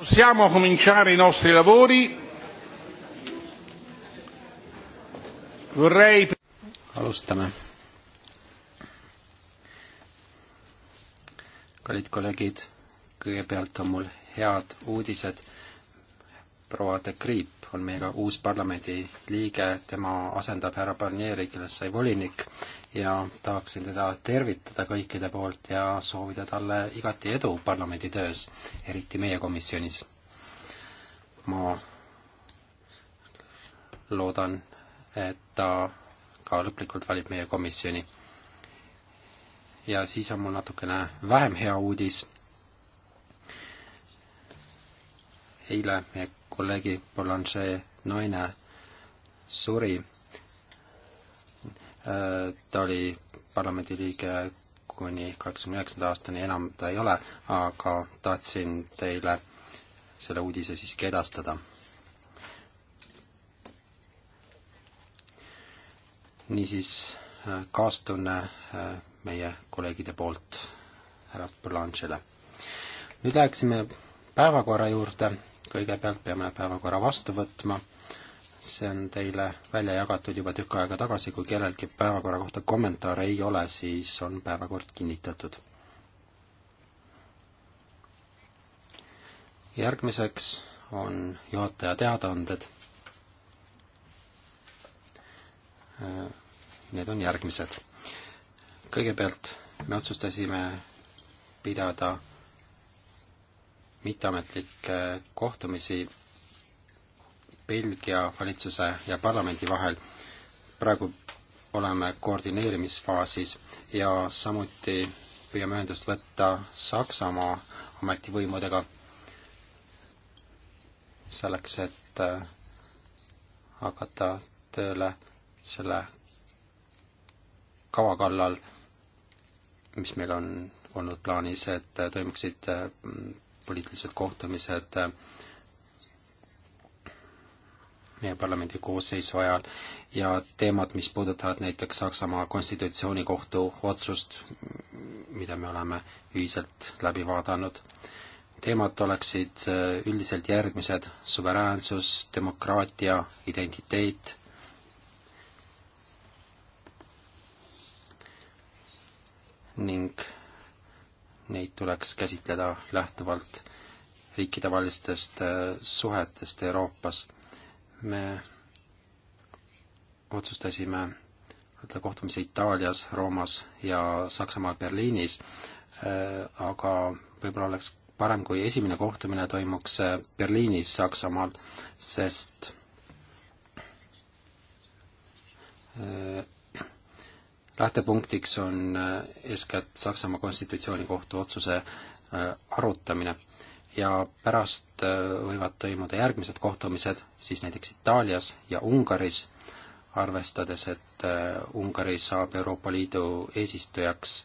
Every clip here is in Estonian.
Possiamo cominciare i nostri lavori. Vorrei... alustame. kallid kolleegid, kõigepealt on mul head uudised proua de Kriip on meiega uus parlamendi liige, tema asendab härra Barnieri, kellest sai volinik, ja tahaksin teda tervitada kõikide poolt ja soovida talle igati edu parlamendi töös, eriti meie komisjonis. ma loodan, et ta ka lõplikult valib meie komisjoni. ja siis on mul natukene vähem hea uudis eile meie kolleegi Boulanger naine suri. Äh, ta oli parlamendiliige kuni kaheksakümne üheksanda aastani, enam ta ei ole, aga tahtsin teile selle uudise siiski edastada. niisiis äh, kaastunne äh, meie kolleegide poolt härra Boulangele. nüüd läheksime päevakorra juurde kõigepealt peame päevakorra vastu võtma, see on teile välja jagatud juba tükk aega tagasi, kui kellelgi päevakorra kohta kommentaare ei ole, siis on päevakord kinnitatud. järgmiseks on juhataja teadaanded. Äh, need on järgmised. kõigepealt me otsustasime pidada mitteametlikke kohtumisi Belgia valitsuse ja parlamendi vahel. praegu oleme koordineerimisfaasis ja samuti püüame ühendust võtta Saksamaa ametivõimudega selleks, et äh, hakata tööle selle kava kallal, mis meil on olnud plaanis, et äh, toimuksid äh, poliitilised kohtumised äh, meie parlamendi koosseisu ajal ja teemad, mis puudutavad näiteks Saksamaa konstitutsioonikohtu otsust, mida me oleme ühiselt läbi vaadanud. teemad oleksid äh, üldiselt järgmised, suveräänsus, demokraatia, identiteet ning neid tuleks käsitleda lähtuvalt riikidevahelistest äh, suhetest Euroopas. me otsustasime ütle kohtumisi Itaalias, Roomas ja Saksamaal Berliinis, äh, aga võib-olla oleks parem, kui esimene kohtumine toimuks äh, Berliinis Saksamaal, sest lähtepunktiks on äh, eeskätt Saksamaa konstitutsioonikohtu otsuse äh, arutamine ja pärast äh, võivad toimuda järgmised kohtumised, siis näiteks Itaalias ja Ungaris, arvestades, et Ungari saab Euroopa Liidu eesistujaks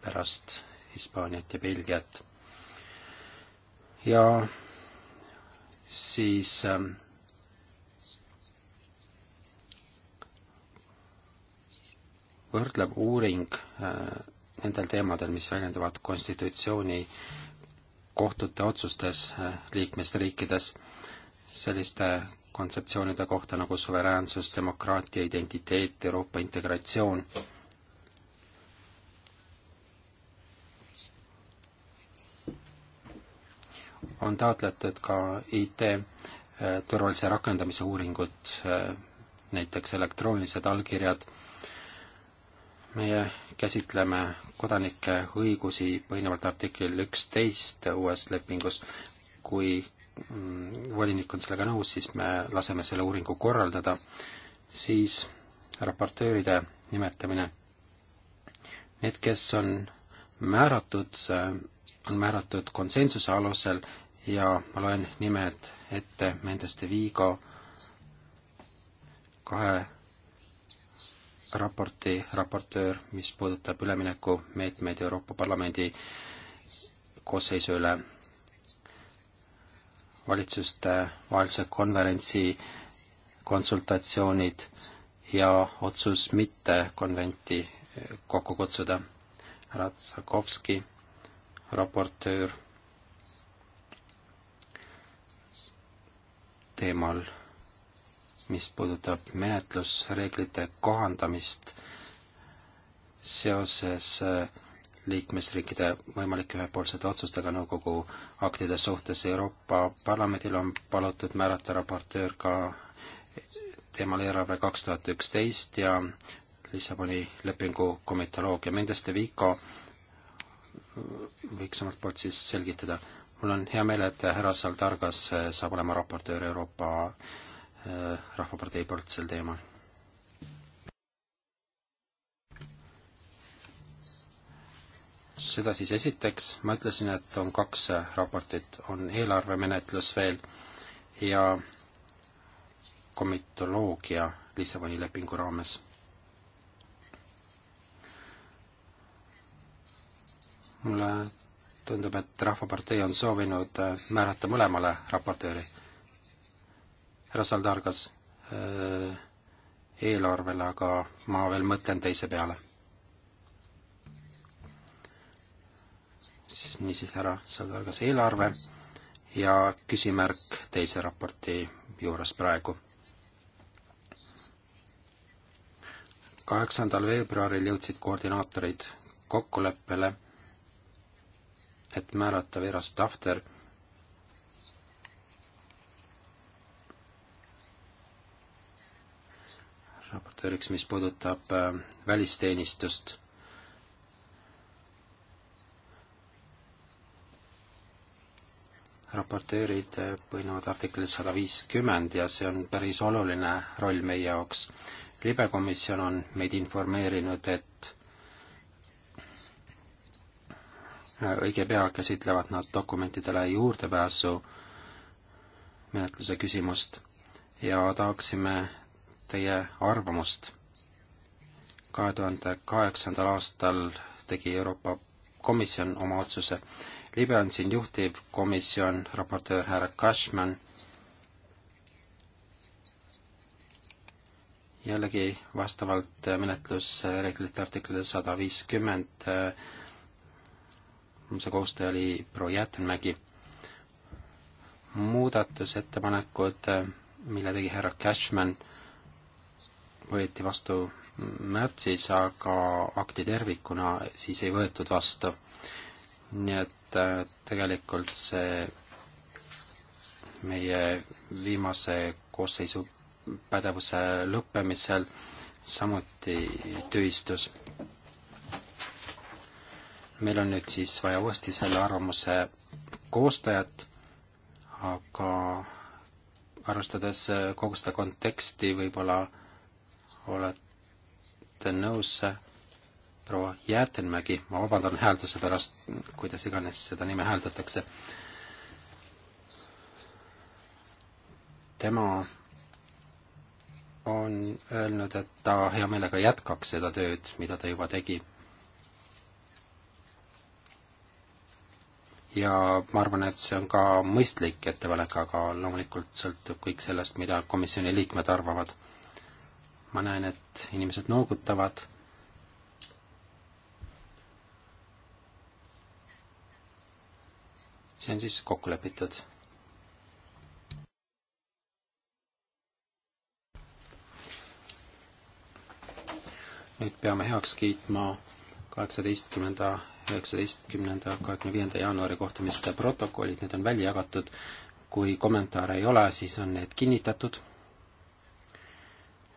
pärast Hispaaniat ja Belgiat. ja siis äh, võrdleb uuring äh, nendel teemadel, mis väljenduvad konstitutsiooni kohtute otsustes äh, liikmesriikides selliste kontseptsioonide kohta nagu suveräänsus, demokraatia, identiteet, Euroopa integratsioon. on taotletud ka IT äh, turvalise rakendamise uuringut, näiteks elektroonilised allkirjad meie käsitleme kodanike õigusi põhinevalt artiklil üksteist uues lepingus. kui mm, volinik on sellega nõus, siis me laseme selle uuringu korraldada, siis raportööride nimetamine. Need, kes on määratud, on määratud konsensuse alusel ja ma loen nimed ette Mendeste Vigo, kahe raporti raportöör, mis puudutab üleminekumeetmeid Euroopa Parlamendi koosseisu üle valitsuste vahelise konverentsi konsultatsioonid ja otsus mitte konventi eh, kokku kutsuda. härra Tsarkovski, raportöör teemal mis puudutab menetlusreeglite kohandamist seoses äh, liikmesriikide võimalike ühepoolsete otsustega nõukogu aktide suhtes. Euroopa Parlamendil on palutud määrata raportöör ka teemal eelarve kaks tuhat üksteist ja Lissaboni lepingu komitoloogia. Mendeste Vico võiks omalt poolt siis selgitada. mul on hea meel, et härra Saldargas äh, saab olema raportöör Euroopa Äh, Rahvapartei poolt sel teemal. seda siis esiteks, ma ütlesin, et on kaks raportit, on eelarvemenetlus veel ja komitoloogia Lissaboni lepingu raames. mulle tundub, et Rahvapartei on soovinud äh, määrata mõlemale raportööri härra Saldargas äh, eelarvele, aga ma veel mõtlen teise peale. siis niisiis härra Saldargas eelarve ja küsimärk teise raporti juures praegu. kaheksandal veebruaril jõudsid koordinaatorid kokkuleppele, et määrata Veras Tahter raportööriks, mis puudutab äh, välisteenistust. raportöörid äh, põhinevad artiklis sada viiskümmend ja see on päris oluline roll meie jaoks. libekomisjon on meid informeerinud, et äh, õige pea käsitlevad nad dokumentidele juurdepääsu menetluse küsimust ja tahaksime teie arvamust. kahe tuhande kaheksandal aastal tegi Euroopa Komisjon oma otsuse. libe on siin juhtivkomisjon, raportöör härra Cashman. jällegi vastavalt menetlusreeglite artiklile sada viiskümmend äh, see koostöö oli proua Jäätenmägi. muudatusettepanekud, äh, mille tegi härra Cashman, võeti vastu märtsis, aga akti tervikuna siis ei võetud vastu. nii et äh, tegelikult see meie viimase koosseisu pädevuse lõppemisel samuti tühistus. meil on nüüd siis vaja uuesti selle arvamuse koostajat, aga arvestades kogu seda konteksti võib-olla olete nõus proua Jäätelmägi, ma vabandan häälduse pärast, kuidas iganes seda nime hääldatakse. tema on öelnud, et ta hea meelega jätkaks seda tööd, mida ta juba tegi. ja ma arvan, et see on ka mõistlik ettepanek, aga loomulikult sõltub kõik sellest, mida komisjoni liikmed arvavad ma näen, et inimesed noogutavad. see on siis kokku lepitud. nüüd peame heaks kiitma kaheksateistkümnenda, üheksateistkümnenda, kahekümne viienda jaanuari kohtumiste protokollid, need on välja jagatud. kui kommentaare ei ole, siis on need kinnitatud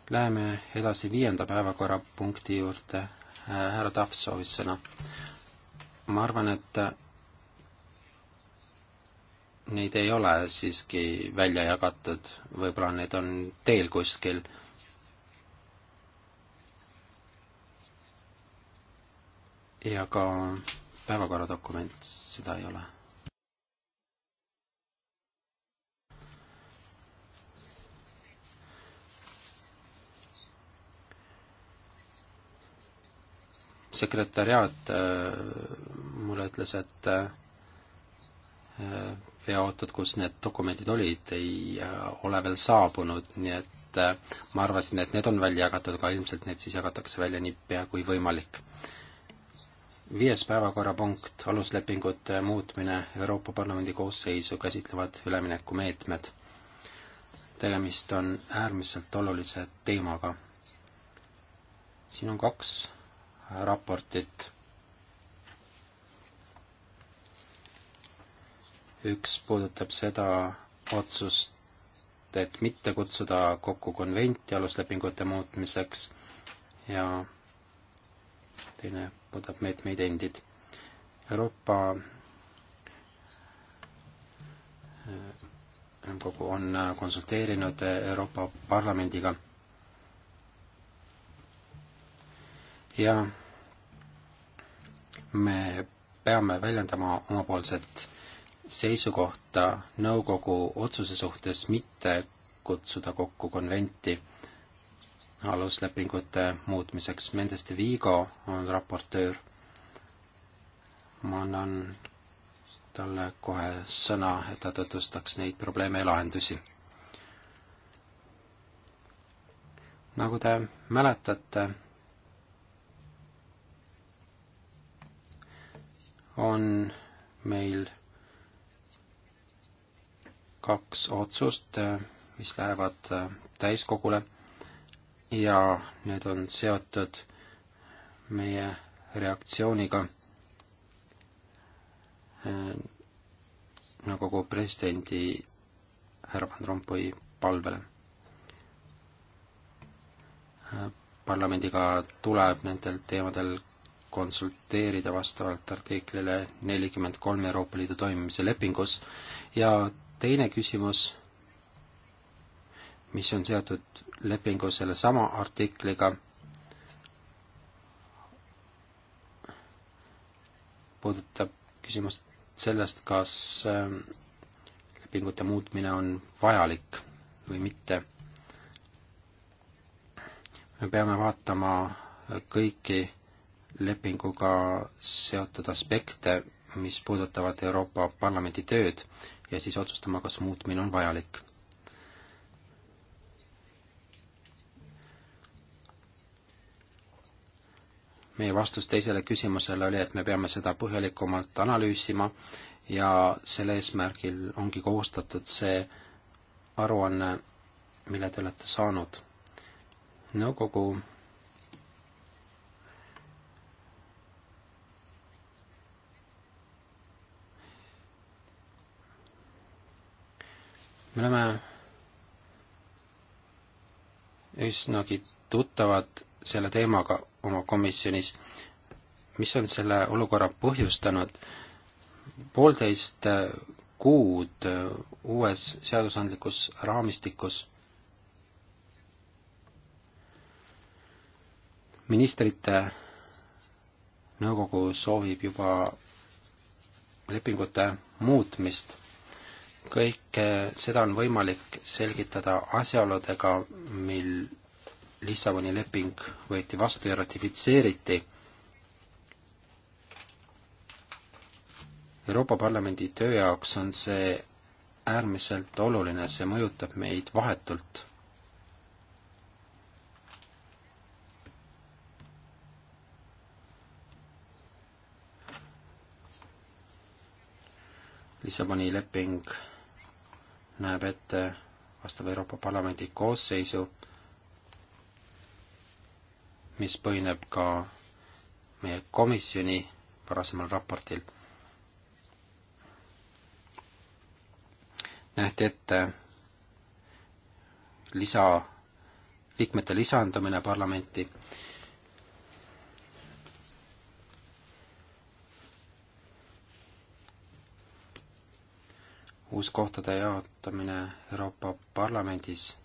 Läheme edasi viienda päevakorrapunkti juurde. härra Tahv soovis sõna. ma arvan, et neid ei ole siiski välja jagatud, võib-olla need on teel kuskil. ja ka päevakorradokument, seda ei ole sekretäriaat äh, mulle ütles, et äh, veoautod, kus need dokumendid olid, ei äh, ole veel saabunud, nii et ma arvasin, et need on välja jagatud, aga ilmselt need siis jagatakse välja niipea kui võimalik. viies päevakorrapunkt, aluslepingute muutmine Euroopa Parlamendi koosseisu käsitlevad üleminekumeetmed. tegemist on äärmiselt olulise teemaga. siin on kaks raportit. üks puudutab seda otsust, et mitte kutsuda kokku konventi aluslepingute muutmiseks ja teine puudutab meetmeid endid. Euroopa Ülemkogu äh, on äh, konsulteerinud äh, Euroopa Parlamendiga ja me peame väljendama omapoolset seisukohta nõukogu otsuse suhtes mitte kutsuda kokku konventi aluslepingute muutmiseks. Mendeste Vigo on raportöör. ma annan talle kohe sõna, et ta tutvustaks neid probleeme ja lahendusi. nagu te mäletate, on meil kaks otsust, mis lähevad äh, täiskogule ja need on seotud meie reaktsiooniga äh, nõukogu presidendi härra Van Rompuy palvele. Äh, parlamendiga tuleb nendel teemadel konsulteerida vastavalt artiklile nelikümmend kolm Euroopa Liidu toimimise lepingus ja teine küsimus, mis on seotud lepingu sellesama artikliga, puudutab küsimust sellest, kas ähm, lepingute muutmine on vajalik või mitte. me peame vaatama kõiki lepinguga seotud aspekte, mis puudutavad Euroopa Parlamendi tööd ja siis otsustama, kas muutmine on vajalik. meie vastus teisele küsimusele oli, et me peame seda põhjalikumalt analüüsima ja sel eesmärgil ongi koostatud see aruanne, mille te olete saanud. nõukogu no, me oleme üsnagi tuttavad selle teemaga oma komisjonis. mis on selle olukorra põhjustanud? poolteist kuud uues seadusandlikus raamistikus ministrite nõukogu soovib juba lepingute muutmist kõike seda on võimalik selgitada asjaoludega, mil Lissaboni leping võeti vastu ja ratifitseeriti. Euroopa Parlamendi töö jaoks on see äärmiselt oluline, see mõjutab meid vahetult. Lissaboni leping näeb ette vastava Euroopa Parlamendi koosseisu, mis põhineb ka meie komisjoni varasemal raportil. nähti ette lisa, liikmete lisandumine parlamenti uus kohtade jaotamine Euroopa Parlamendis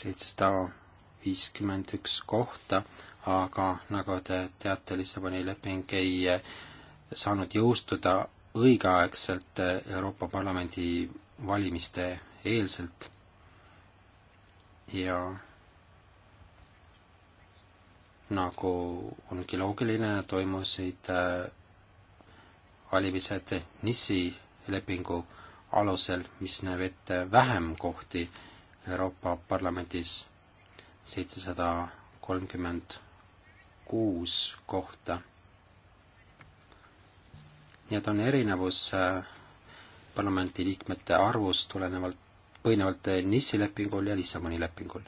seitsesada viiskümmend üks kohta, aga nagu te teate, Lissaboni leping ei eh, saanud jõustuda õigeaegselt eh, Euroopa Parlamendi valimiste eelselt ja nagu ongi loogiline, toimusid äh, valimised NIS-i lepingu alusel, mis näeb ette vähem kohti Euroopa Parlamendis, seitsesada kolmkümmend kuus kohta. nii et on erinevus äh, parlamendiliikmete arvust tulenevalt, põhinevalt NIS-i lepingul ja Lissaboni lepingul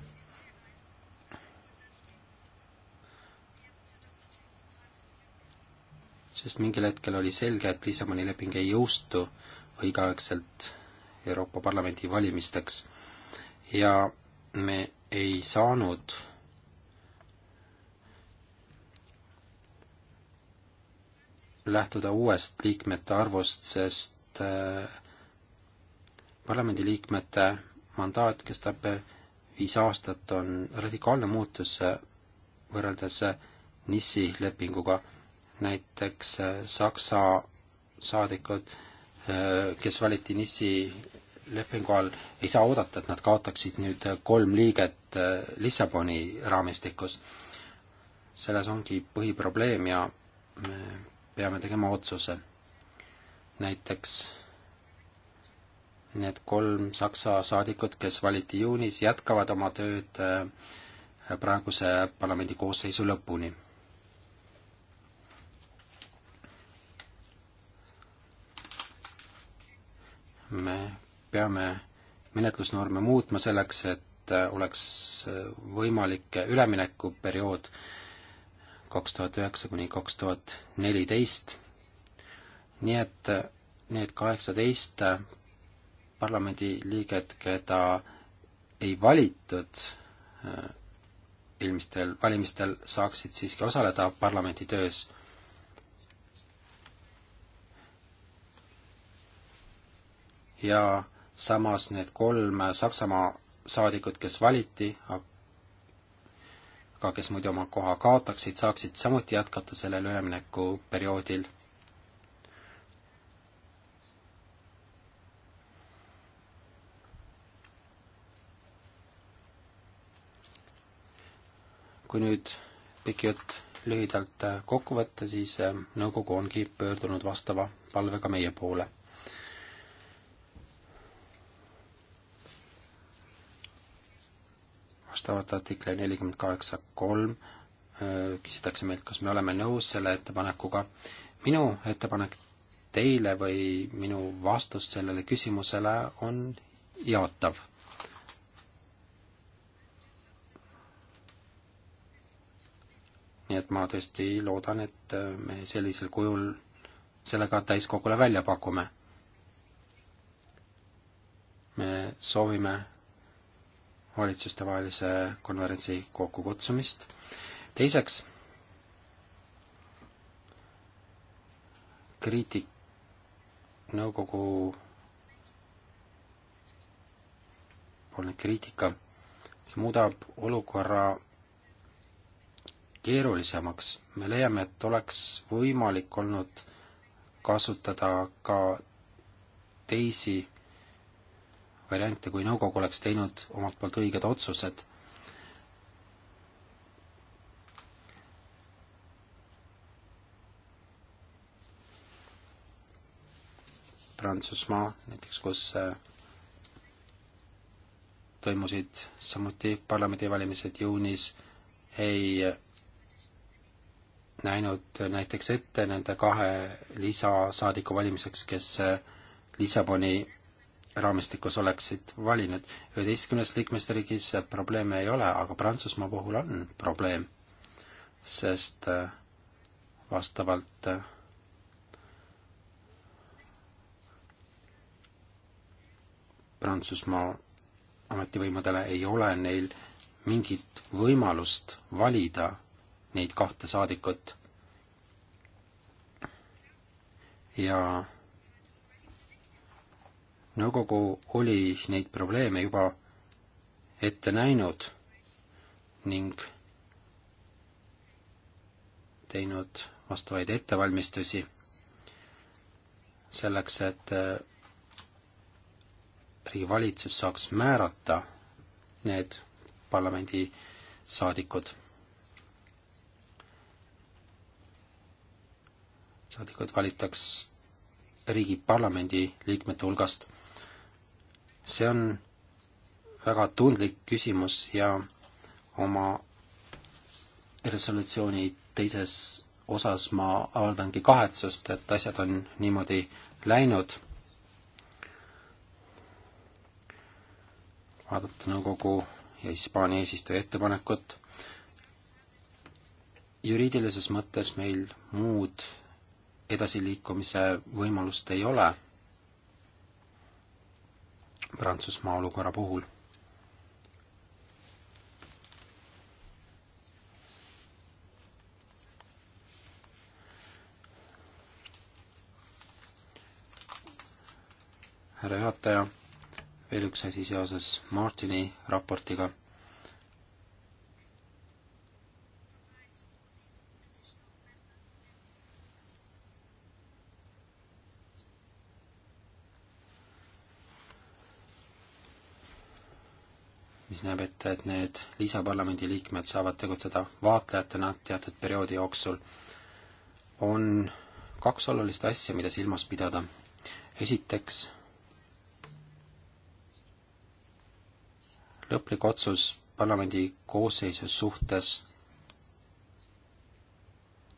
sest mingil hetkel oli selge, et Lissaboni leping ei jõustu õigeaegselt Euroopa Parlamendi valimisteks ja me ei saanud lähtuda uuest liikmete arvust, sest äh, parlamendiliikmete mandaat kestab viis aastat, on radikaalne muutus äh, võrreldes äh, Nissi lepinguga näiteks äh, Saksa saadikud, äh, kes valiti Nissi lepingu all, ei saa oodata, et nad kaotaksid nüüd äh, kolm liiget Lissaboni raamistikus. selles ongi põhiprobleem ja me peame tegema otsuse. näiteks need kolm Saksa saadikut, kes valiti juunis, jätkavad oma tööd praeguse parlamendi koosseisu lõpuni me peame menetlusnorme muutma selleks, et oleks võimalik üleminekuperiood kaks tuhat üheksa kuni kaks tuhat neliteist, nii et need kaheksateist parlamendiliiget, keda ei valitud äh, eelmistel valimistel, saaksid siiski osaleda parlamendi töös ja samas need kolm Saksamaa saadikut, kes valiti, aga kes muidu oma koha kaotaksid, saaksid samuti jätkata sellel üleminekuperioodil. kui nüüd pikk jutt lühidalt kokku võtta, siis äh, nõukogu ongi pöördunud vastava palvega meie poole vastavalt artikli nelikümmend kaheksa kolm äh, küsitakse meilt, kas me oleme nõus selle ettepanekuga. minu ettepanek teile või minu vastus sellele küsimusele on jaatav. nii et ma tõesti loodan, et äh, me sellisel kujul selle ka täiskogule välja pakume. me soovime valitsustevahelise konverentsi kokkukutsumist. teiseks, kriitik nõukogu poolne kriitika, see muudab olukorra keerulisemaks. me leiame, et oleks võimalik olnud kasutada ka teisi variante, kui nõukogu oleks teinud omalt poolt õiged otsused. Prantsusmaa näiteks, kus äh, toimusid samuti parlamendivalimised juunis, ei näinud näiteks ette nende kahe lisasaadiku valimiseks, kes äh, Lissaboni raamistikus oleksid valinud. üheteistkümnes liikmesriigis probleeme ei ole, aga Prantsusmaa puhul on probleem, sest äh, vastavalt äh, Prantsusmaa ametivõimudele ei ole neil mingit võimalust valida neid kahte saadikut ja nõukogu oli neid probleeme juba ette näinud ning teinud vastavaid ettevalmistusi selleks, et äh, riigivalitsus saaks määrata need parlamendisaadikud. saadikud valitaks riigi parlamendi liikmete hulgast see on väga tundlik küsimus ja oma resolutsiooni teises osas ma avaldangi kahetsust, et asjad on niimoodi läinud. vaadata nõukogu ja Hispaania eesistuja ettepanekut. juriidilises mõttes meil muud edasiliikumise võimalust ei ole Prantsusmaa olukorra puhul. härra juhataja, veel üks asi seoses Martini raportiga mis näeb ette, et need lisaparlamendi liikmed saavad tegutseda vaatlejatena teatud perioodi jooksul, on kaks olulist asja, mida silmas pidada. esiteks, lõplik otsus parlamendi koosseisu suhtes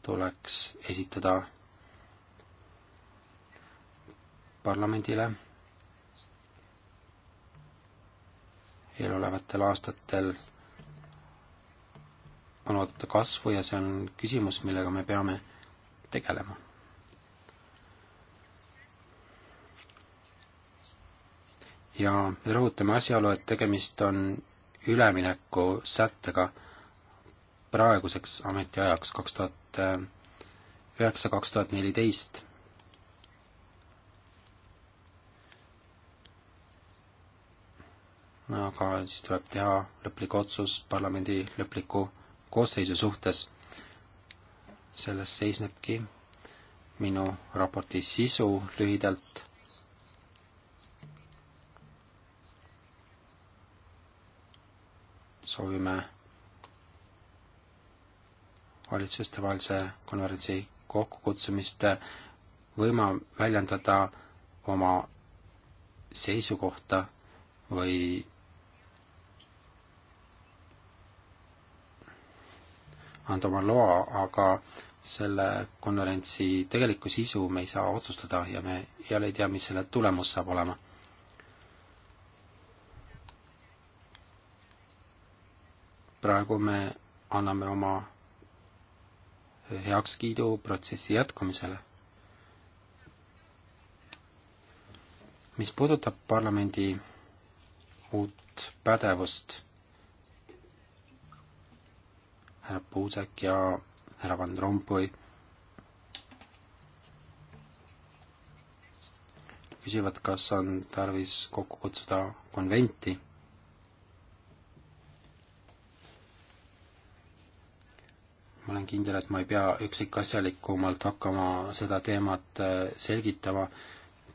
tuleks esitada parlamendile eelolevatel aastatel on oodata kasvu ja see on küsimus, millega me peame tegelema. ja me rõhutame asjaolu, et tegemist on ülemineku sättega praeguseks ametiajaks kaks tuhat üheksa, kaks tuhat neliteist aga siis tuleb teha lõplik otsus parlamendi lõpliku koosseisu suhtes. selles seisnebki minu raporti sisu lühidalt soovime valitsustevahelise konverentsi kokkukutsumist võima väljendada oma seisukohta või anda oma loa, aga selle konverentsi tegelikku sisu me ei saa otsustada ja me jälle ei tea, mis selle tulemus saab olema. praegu me anname oma heakskiidu protsessi jätkumisele. mis puudutab parlamendi uut pädevust härra Puusek ja härra Van Rompuy küsivad, kas on tarvis kokku kutsuda konventi. ma olen kindel, et ma ei pea üksikasjalikumalt hakkama seda teemat äh, selgitama,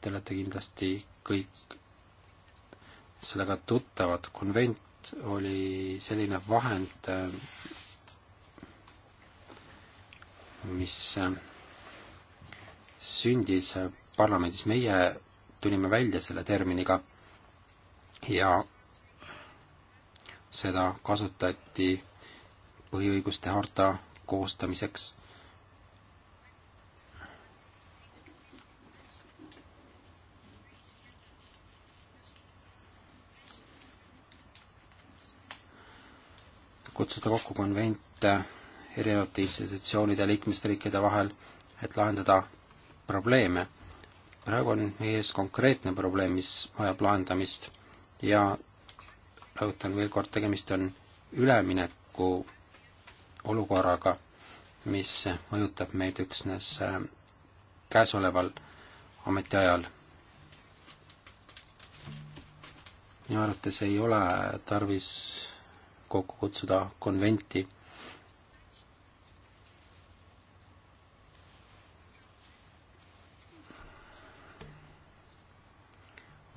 te olete kindlasti kõik sellega tuttavad, konvent oli selline vahend, äh, mis äh, sündis äh, parlamendis, meie tulime välja selle terminiga ja seda kasutati põhiõiguste harta koostamiseks. kutsuda kokku konvente äh, erinevate institutsioonide ja liikmesriikide vahel, et lahendada probleeme. praegu on meie ees konkreetne probleem, mis vajab lahendamist ja rõhutan veel kord, tegemist on ülemineku olukorraga, mis mõjutab meid üksnes äh, käesoleval ametiajal. minu arvates ei ole tarvis kokku kutsuda konventi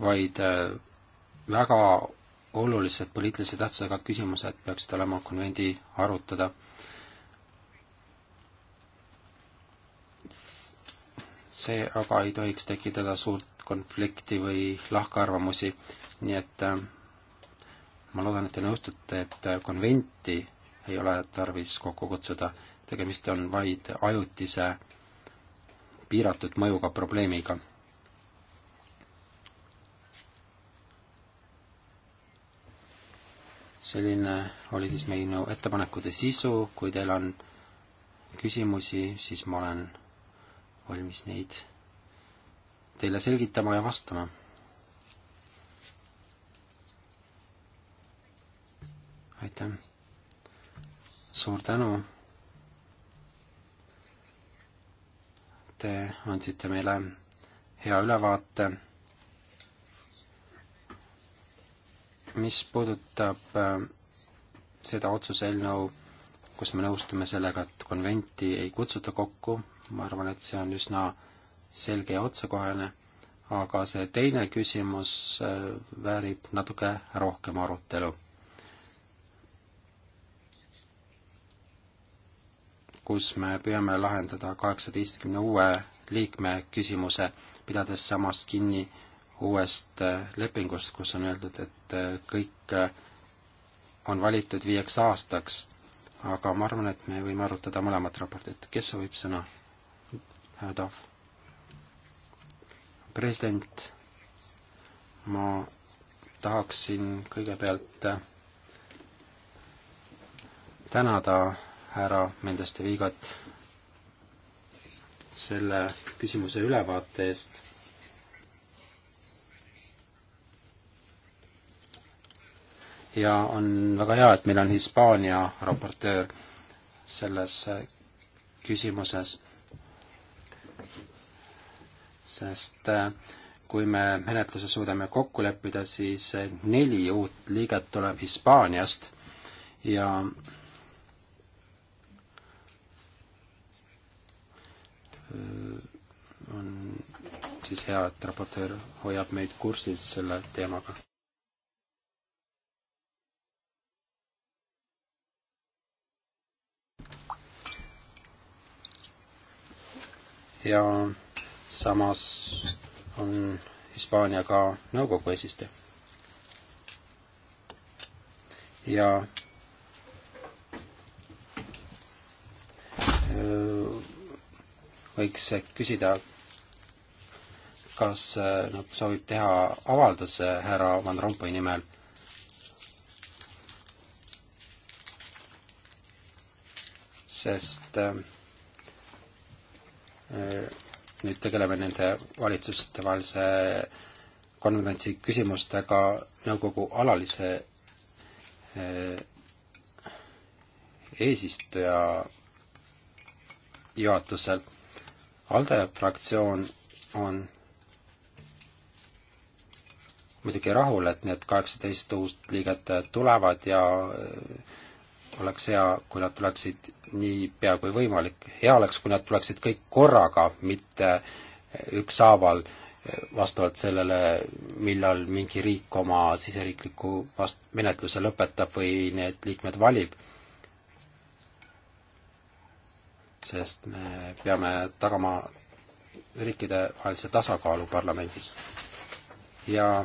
vaid äh, väga olulised poliitilise tähtsusega küsimused peaksid olema konvendi arutada. see aga ei tohiks tekitada suurt konflikti või lahkarvamusi, nii et äh, ma loodan, et te nõustute, et äh, konventi ei ole tarvis kokku kutsuda, tegemist on vaid ajutise piiratud mõjuga probleemiga selline oli siis meie no, ettepanekute sisu, kui teil on küsimusi, siis ma olen valmis neid teile selgitama ja vastama. aitäh! suur tänu! Te andsite meile hea ülevaate mis puudutab äh, seda otsuse eelnõu, kus me nõustume sellega, et konventi ei kutsuta kokku, ma arvan, et see on üsna selge ja otsekohene, aga see teine küsimus äh, väärib natuke rohkem arutelu. kus me püüame lahendada kaheksateistkümne uue liikme küsimuse, pidades samas kinni äh, uuest äh, lepingust, kus on öeldud, et äh, kõik äh, on valitud viieks aastaks. aga ma arvan, et me võime arutada mõlemat raportit. kes soovib sõna? härra Tahv. president, ma tahaksin kõigepealt tänada härra Mendeste Viigat selle küsimuse ülevaate eest ja on väga hea, et meil on Hispaania raportöör selles küsimuses, sest äh, kui me menetluse suudame kokku leppida, siis äh, neli uut liiget tuleb Hispaaniast ja äh, on siis hea, et raportöör hoiab meid kursis selle teemaga. ja samas on Hispaania ka nõukogu eesistuja. ja äh, võiks küsida, kas äh, nad soovib teha avalduse härra Van Rompuy nimel. sest äh, nüüd tegeleme nende valitsustevahelise konverentsi küsimustega nõukogu alalise eh, eesistuja juhatusel. ALDE fraktsioon on muidugi rahul, et need kaheksateist uut liiget tulevad ja äh, oleks hea, kui nad tuleksid niipea kui võimalik. hea oleks, kui nad tuleksid kõik korraga, mitte ükshaaval, vastavalt sellele, millal mingi riik oma siseriikliku vast-, menetluse lõpetab või need liikmed valib. sest me peame tagama riikidevahelise tasakaalu parlamendis. ja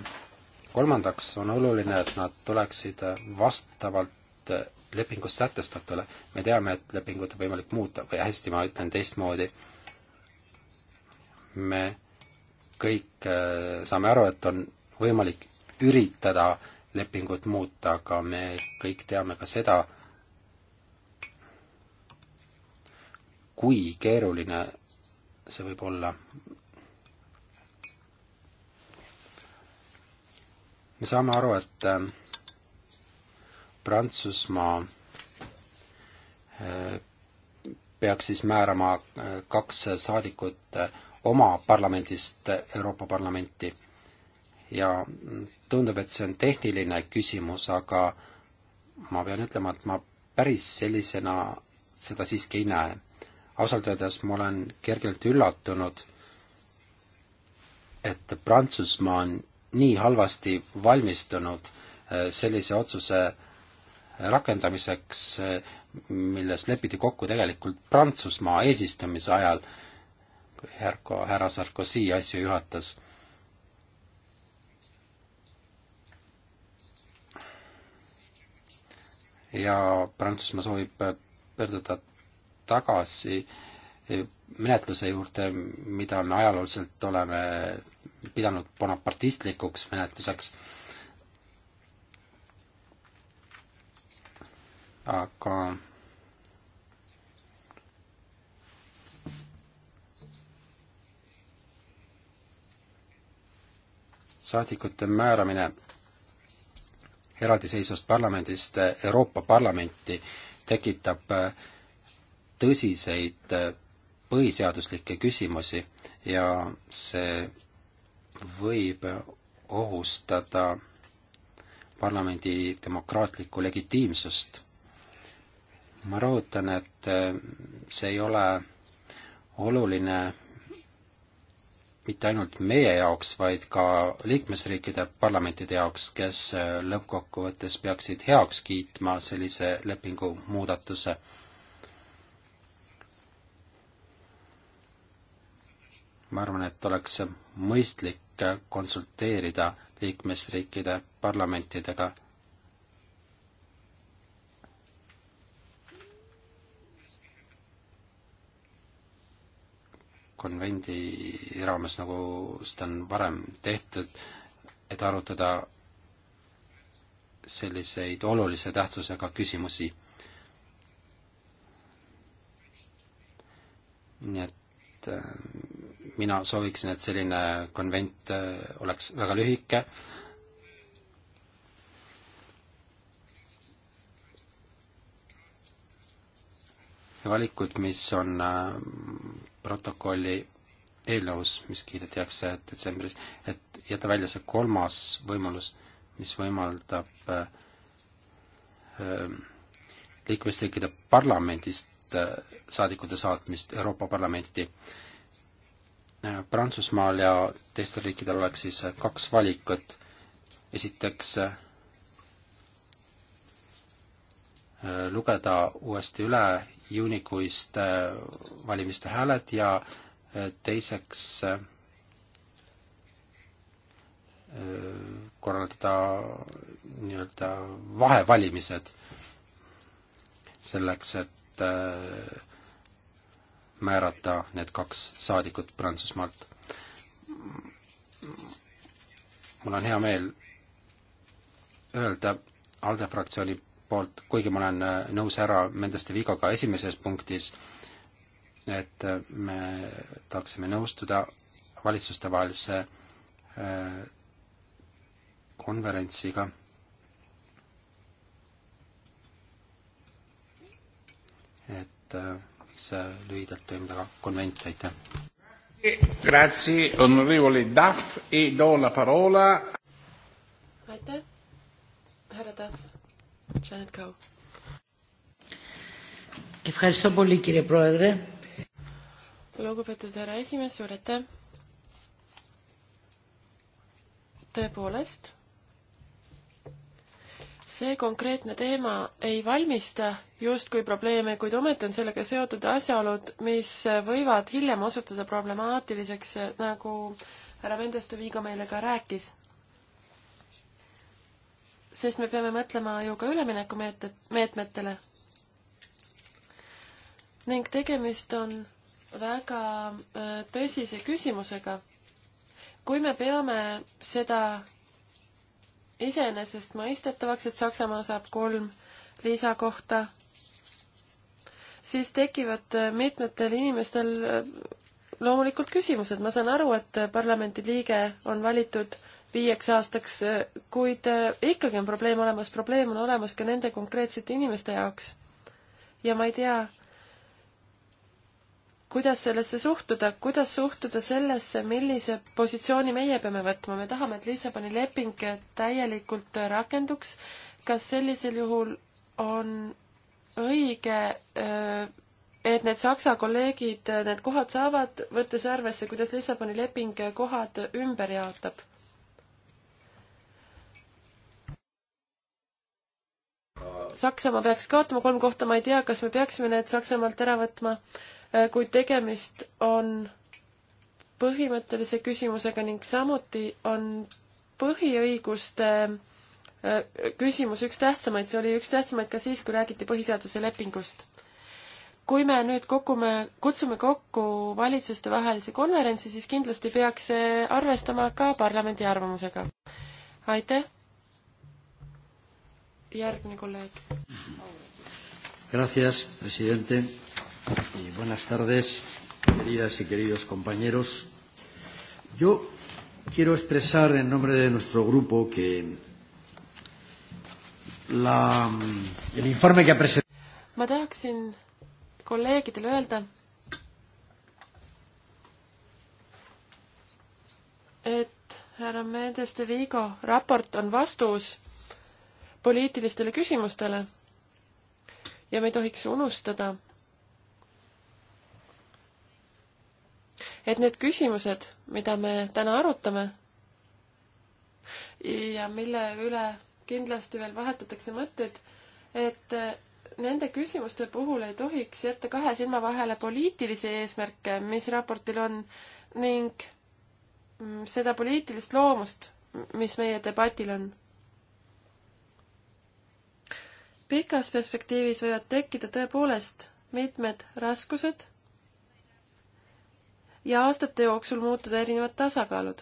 kolmandaks on oluline, et nad tuleksid vastavalt lepingus sätestatule. me teame, et lepingut on võimalik muuta või hästi, ma ütlen teistmoodi, me kõik äh, saame aru, et on võimalik üritada lepingut muuta, aga me kõik teame ka seda, kui keeruline see võib olla. me saame aru, et äh, Prantsusmaa eh, peaks siis määrama eh, kaks saadikut eh, oma parlamendist Euroopa Parlamenti. ja mm, tundub, et see on tehniline küsimus, aga ma pean ütlema, et ma päris sellisena seda siiski ei näe. ausalt öeldes ma olen kergelt üllatunud, et Prantsusmaa on nii halvasti valmistunud sellise otsuse äh, rakendamiseks, milles lepiti kokku tegelikult Prantsusmaa eesistumise ajal, kui Herko, härra Sarkozy asju juhatas. ja Prantsusmaa soovib pöörduda tagasi menetluse juurde, mida me ajalooliselt oleme pidanud bonapartistlikuks menetluseks aga saadikute määramine eraldiseisvast parlamendist Euroopa Parlamenti tekitab tõsiseid põhiseaduslikke küsimusi ja see võib ohustada parlamendi demokraatlikku legitiimsust ma rõhutan, et äh, see ei ole oluline mitte ainult meie jaoks, vaid ka liikmesriikide parlamentide jaoks, kes äh, lõppkokkuvõttes peaksid heaks kiitma sellise lepingu muudatuse. ma arvan, et oleks mõistlik äh, konsulteerida liikmesriikide parlamentidega konvendi raames, nagu seda on varem tehtud, et arutada selliseid olulise tähtsusega küsimusi. nii et äh, mina sooviksin, et selline konvent äh, oleks väga lühike, valikud, mis on äh, protokolli eelnõus, mis kiideti heaks detsembris, et jätta välja see kolmas võimalus, mis võimaldab ähm, liikmesriikide parlamendist äh, saadikute saatmist Euroopa Parlamenti. Äh, Prantsusmaal ja teistel riikidel oleks siis äh, kaks valikut. esiteks lugeda uuesti üle juunikuist äh, valimiste hääled ja äh, teiseks äh, korraldada nii-öelda vahevalimised selleks, et määrata need kaks saadikut Prantsusmaalt. mul on hea meel öelda ALDE fraktsiooni poolt, kuigi ma olen äh, nõus härra Mendeste vigaga esimeses punktis, et äh, me tahaksime nõustuda valitsustevahelise äh, konverentsiga. et võiks lühidalt toimuda ka konvent, aitäh. Grazie, onorevole Duff e do la parola. aitäh, härra Duff Janet Cow. Ευχαριστώ πολύ κύριε Πρόεδρε. Lugupeetud härra esimees, suur aitäh. tõepoolest, see konkreetne teema ei valmista justkui probleeme, kuid ometi on sellega seotud asjaolud, mis võivad hiljem osutuda problemaatiliseks, nagu härra Vendeste Viigo meile ka rääkis sest me peame mõtlema ju ka üleminekumeetmetele. ning tegemist on väga äh, tõsise küsimusega. kui me peame seda iseenesestmõistetavaks, et Saksamaa saab kolm lisakohta, siis tekivad äh, mitmetel inimestel äh, loomulikult küsimused. ma saan aru, et parlamendi liige on valitud viieks aastaks, kuid eh, ikkagi on probleem olemas, probleem on olemas ka nende konkreetsete inimeste jaoks. ja ma ei tea, kuidas sellesse suhtuda, kuidas suhtuda sellesse, millise positsiooni meie peame võtma, me tahame, et Lissaboni leping täielikult rakenduks, kas sellisel juhul on õige, eh, et need Saksa kolleegid eh, need kohad saavad, võttes arvesse, kuidas Lissaboni leping kohad ümber jaotab? Saksamaa peaks kaotama kolm kohta, ma ei tea, kas me peaksime need Saksamaalt ära võtma, äh, kuid tegemist on põhimõttelise küsimusega ning samuti on põhiõiguste äh, küsimus üks tähtsamaid, see oli üks tähtsamaid ka siis, kui räägiti põhiseaduse lepingust. kui me nüüd kogume, kutsume kokku valitsustevahelise konverentsi, siis kindlasti peaks see arvestama ka parlamendi arvamusega. aitäh! järgmine kolleeg. Gracias, presidente y buenas tardes, queridas y queridos compañeros. Yo quiero expresar en nombre de nuestro grupo que la, el informe que ha presentado. ma tahaksin kolleegidele öelda, et härra Mendes de Vigo raport on vastus poliitilistele küsimustele ja me ei tohiks unustada, et need küsimused, mida me täna arutame ja mille üle kindlasti veel vahetatakse mõtteid, et nende küsimuste puhul ei tohiks jätta kahe silma vahele poliitilisi eesmärke, mis raportil on, ning seda poliitilist loomust, mis meie debatil on pikas perspektiivis võivad tekkida tõepoolest mitmed raskused ja aastate jooksul muutuda erinevad tasakaalud.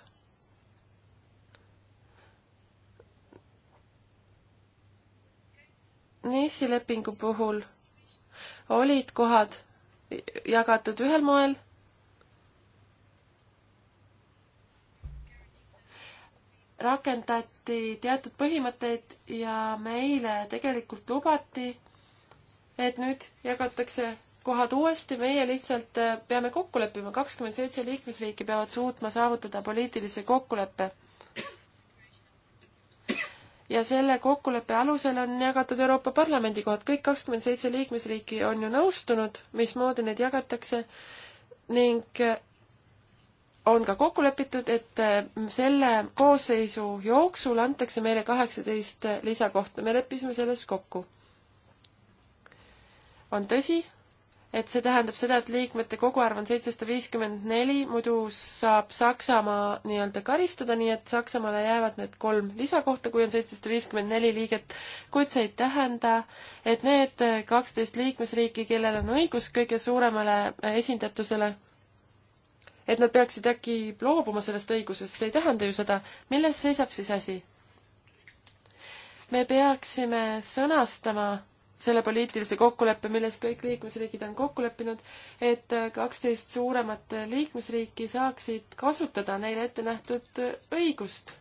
Niissi lepingu puhul olid kohad jagatud ühel moel rakendati teatud põhimõtteid ja meile tegelikult lubati, et nüüd jagatakse kohad uuesti, meie lihtsalt äh, peame kokku leppima, kakskümmend seitse liikmesriiki peavad suutma saavutada poliitilise kokkuleppe. ja selle kokkuleppe alusel on jagatud Euroopa Parlamendi kohad, kõik kakskümmend seitse liikmesriiki on ju nõustunud, mismoodi neid jagatakse ning äh, on ka kokku lepitud, et äh, selle koosseisu jooksul antakse meile kaheksateist lisakohta, me leppisime selles kokku. on tõsi, et see tähendab seda, et liikmete koguarv on seitsesada viiskümmend neli, muidu saab Saksamaa nii-öelda karistada, nii et Saksamaale jäävad need kolm lisakohta, kui on seitsesada viiskümmend neli liiget, kuid see ei tähenda, et need äh, kaksteist liikmesriiki, kellel on õigus kõige suuremale äh, esindatusele, et nad peaksid äkki loobuma sellest õigusest, see ei tähenda ju seda, milles seisab siis asi? me peaksime sõnastama selle poliitilise kokkuleppe, milles kõik liikmesriigid on kokku leppinud, et kaksteist suuremat liikmesriiki saaksid kasutada neile ette nähtud õigust.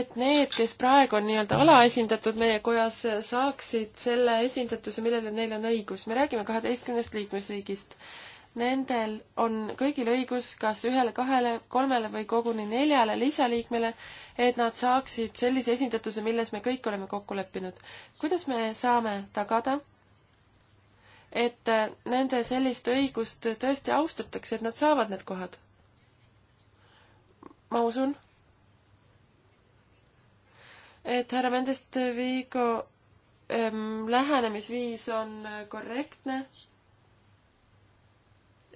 et need, kes praegu on nii-öelda alaesindatud meie kojas, saaksid selle esindatuse, millele neil on õigus. me räägime kaheteistkümnest liikmesriigist nendel on kõigil õigus kas ühele, kahele, kolmele või koguni neljale lisaliikmele, et nad saaksid sellise esindatuse, milles me kõik oleme kokku leppinud. kuidas me saame tagada, et äh, nende sellist õigust tõesti austatakse, et nad saavad need kohad? ma usun, et härra Mendest Viigo ähm, lähenemisviis on äh, korrektne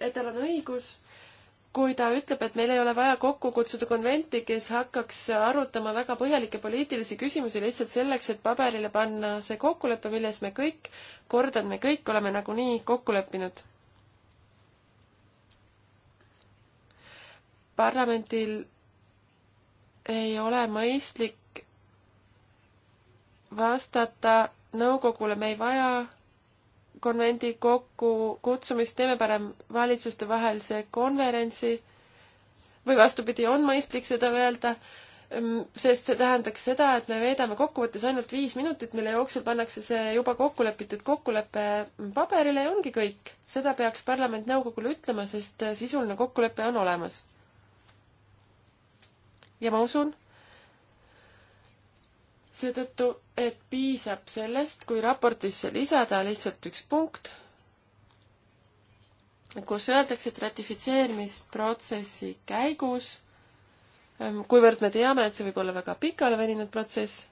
et tal on õigus, kui ta ütleb, et meil ei ole vaja kokku kutsuda konventi, kes hakkaks arutama väga põhjalikke poliitilisi küsimusi lihtsalt selleks, et paberile panna see kokkulepe, milles me kõik, kordan, me kõik oleme nagunii kokku leppinud. parlamendil ei ole mõistlik vastata nõukogule, me ei vaja konvendi kokkukutsumist, teeme parem valitsustevahelise konverentsi või vastupidi, on mõistlik seda öelda, mm, sest see tähendaks seda, et me veedame kokkuvõttes ainult viis minutit, mille jooksul pannakse see juba kokku lepitud kokkulepe paberile ja ongi kõik. seda peaks parlament nõukogule ütlema, sest sisuline kokkulepe on olemas. ja ma usun, seetõttu, et piisab sellest, kui raportisse lisada lihtsalt üks punkt, kus öeldakse, et ratifitseerimisprotsessi käigus, ähm, kuivõrd me teame, et see võib olla väga pikale veninud protsess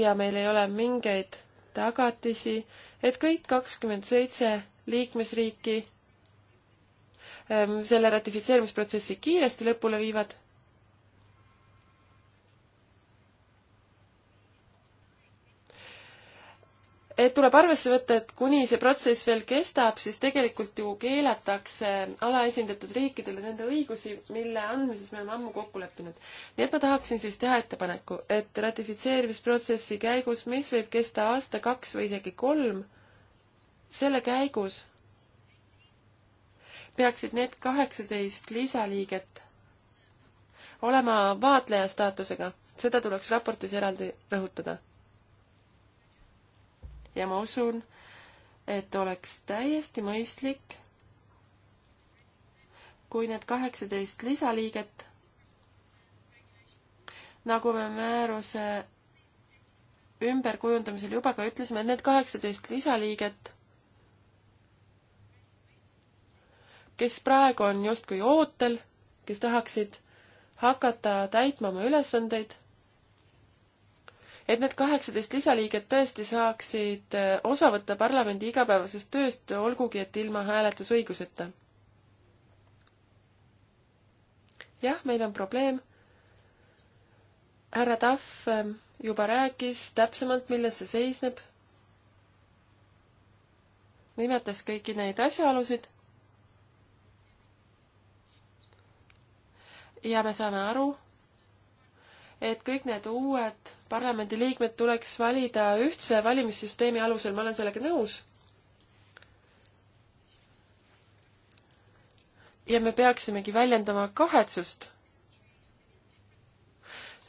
ja meil ei ole mingeid tagatisi, et kõik kakskümmend seitse liikmesriiki ähm, selle ratifitseerimisprotsessi kiiresti lõpule viivad et tuleb arvesse võtta, et kuni see protsess veel kestab, siis tegelikult ju keelatakse alaesindatud riikidele nende õigusi, mille andmises me oleme ammu kokku leppinud. nii et ma tahaksin siis teha ettepaneku, et ratifitseerimisprotsessi käigus, mis võib kesta aasta, kaks või isegi kolm, selle käigus peaksid need kaheksateist lisaliiget olema vaatleja staatusega, seda tuleks raportis eraldi rõhutada ja ma usun, et oleks täiesti mõistlik, kui need kaheksateist lisaliiget, nagu me määruse ümberkujundamisel juba ka ütlesime, et need kaheksateist lisaliiget, kes praegu on justkui ootel, kes tahaksid hakata täitma oma ülesandeid, et need kaheksateist lisaliiget tõesti saaksid äh, osa võtta parlamendi igapäevasest tööst, olgugi et ilma hääletusõiguseta. jah, meil on probleem. härra Tahv ähm, juba rääkis täpsemalt, milles see seisneb. nimetas kõiki neid asjaolusid. ja me saame aru et kõik need uued parlamendiliikmed tuleks valida ühtse valimissüsteemi alusel, ma olen sellega nõus. ja me peaksimegi väljendama kahetsust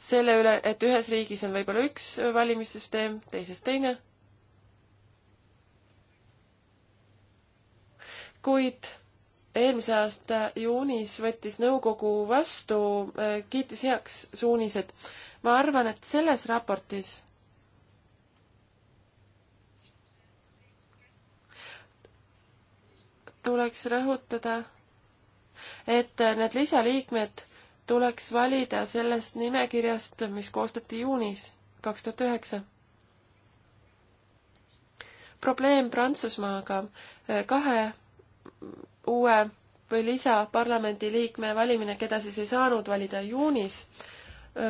selle üle, et ühes riigis on võib-olla üks valimissüsteem, teises teine kuid eelmise aasta juunis võttis nõukogu vastu, äh, kiitis heaks suunised. ma arvan, et selles raportis tuleks rõhutada, et äh, need lisaliikmed tuleks valida sellest nimekirjast, mis koostati juunis kaks tuhat üheksa probleem Prantsusmaaga äh, kahe uue või lisa parlamendiliikme valimine, keda siis ei saanud valida juunis.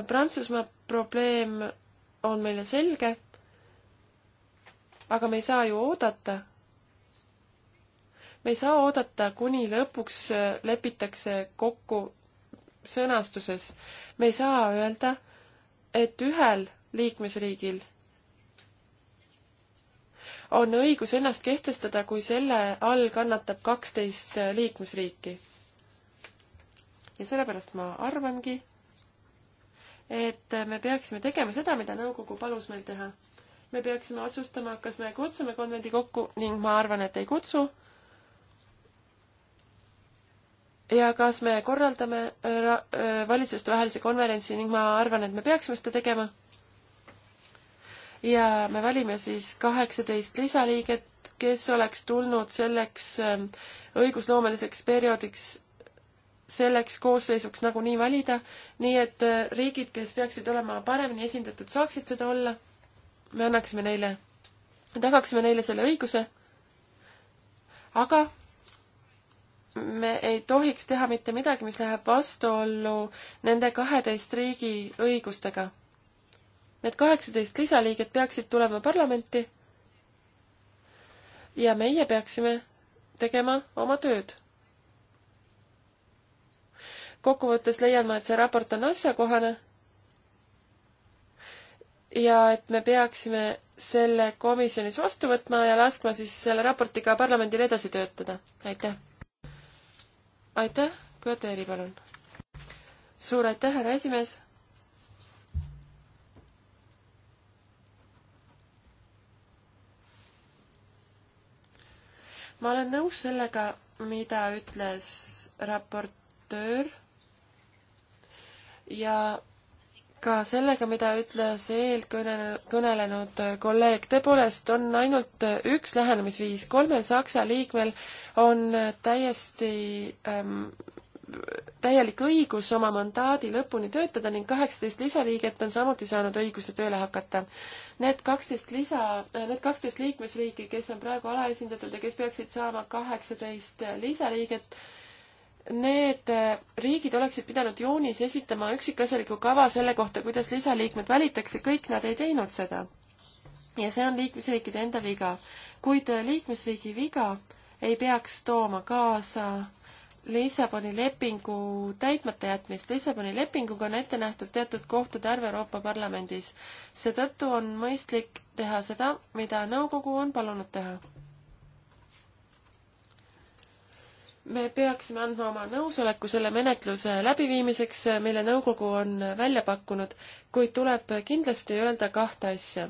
Prantsusmaa probleem on meile selge, aga me ei saa ju oodata. me ei saa oodata, kuni lõpuks lepitakse kokku sõnastuses. me ei saa öelda, et ühel liikmesriigil on õigus ennast kehtestada, kui selle all kannatab kaksteist liikmesriiki. ja sellepärast ma arvangi, et me peaksime tegema seda, mida nõukogu palus meil teha. me peaksime otsustama, kas me kutsume konvendi kokku ning ma arvan, et ei kutsu. ja kas me korraldame äh, valitsustevahelise konverentsi ning ma arvan, et me peaksime seda tegema ja me valime siis kaheksateist lisaliiget, kes oleks tulnud selleks ähm, õigusloomeliseks perioodiks selleks koosseisuks nagunii valida, nii et äh, riigid, kes peaksid olema paremini esindatud, saaksid seda olla. me annaksime neile, tagaksime neile selle õiguse. aga me ei tohiks teha mitte midagi, mis läheb vastuollu nende kaheteist riigi õigustega Need kaheksateist lisaliiget peaksid tulema parlamenti ja meie peaksime tegema oma tööd. kokkuvõttes leian ma, et see raport on asjakohane ja et me peaksime selle komisjonis vastu võtma ja laskma siis selle raportiga parlamendil edasi töötada. aitäh! aitäh, Kõteri, palun! suur aitäh, härra esimees! ma olen nõus sellega, mida ütles raportöör ja ka sellega, mida ütles eelkõnelenud kolleeg, tõepoolest on ainult üks lähenemisviis, kolmel Saksa liikmel on täiesti ähm, täielik õigus oma mandaadi lõpuni töötada ning kaheksateist lisaliiget on samuti saanud õiguse tööle hakata. Need kaksteist lisa, need kaksteist liikmesriiki, kes on praegu alaesindatud ja kes peaksid saama kaheksateist lisaliiget, need riigid oleksid pidanud juunis esitama üksikasjaliku kava selle kohta, kuidas lisaliikmed valitakse, kõik nad ei teinud seda. ja see on liikmesriikide enda viga. kuid liikmesriigi viga ei peaks tooma kaasa Lissaboni lepingu täitmata jätmist. Lissaboni lepinguga on ette nähtud teatud kohtade arv Euroopa Parlamendis. seetõttu on mõistlik teha seda, mida nõukogu on palunud teha. me peaksime andma oma nõusoleku selle menetluse läbiviimiseks, mille nõukogu on välja pakkunud, kuid tuleb kindlasti öelda kahte asja.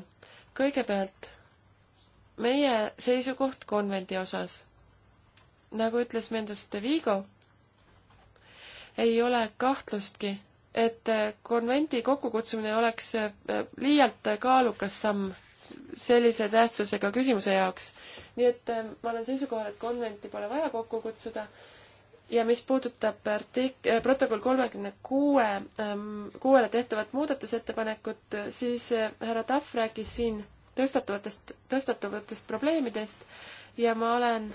kõigepealt meie seisukoht konvendi osas nagu ütles Mendes de Vigo, ei ole kahtlustki, et äh, konventi kokkukutsumine oleks äh, liialt kaalukas samm sellise tähtsusega küsimuse jaoks. nii et äh, ma olen seisukohal, et konventi pole vaja kokku kutsuda ja mis puudutab artik-, protokoll kolmekümne kuue, ähm, kuuele tehtavat muudatusettepanekut, siis härra Tahv rääkis siin tõstatuvatest, tõstatuvatest probleemidest ja ma olen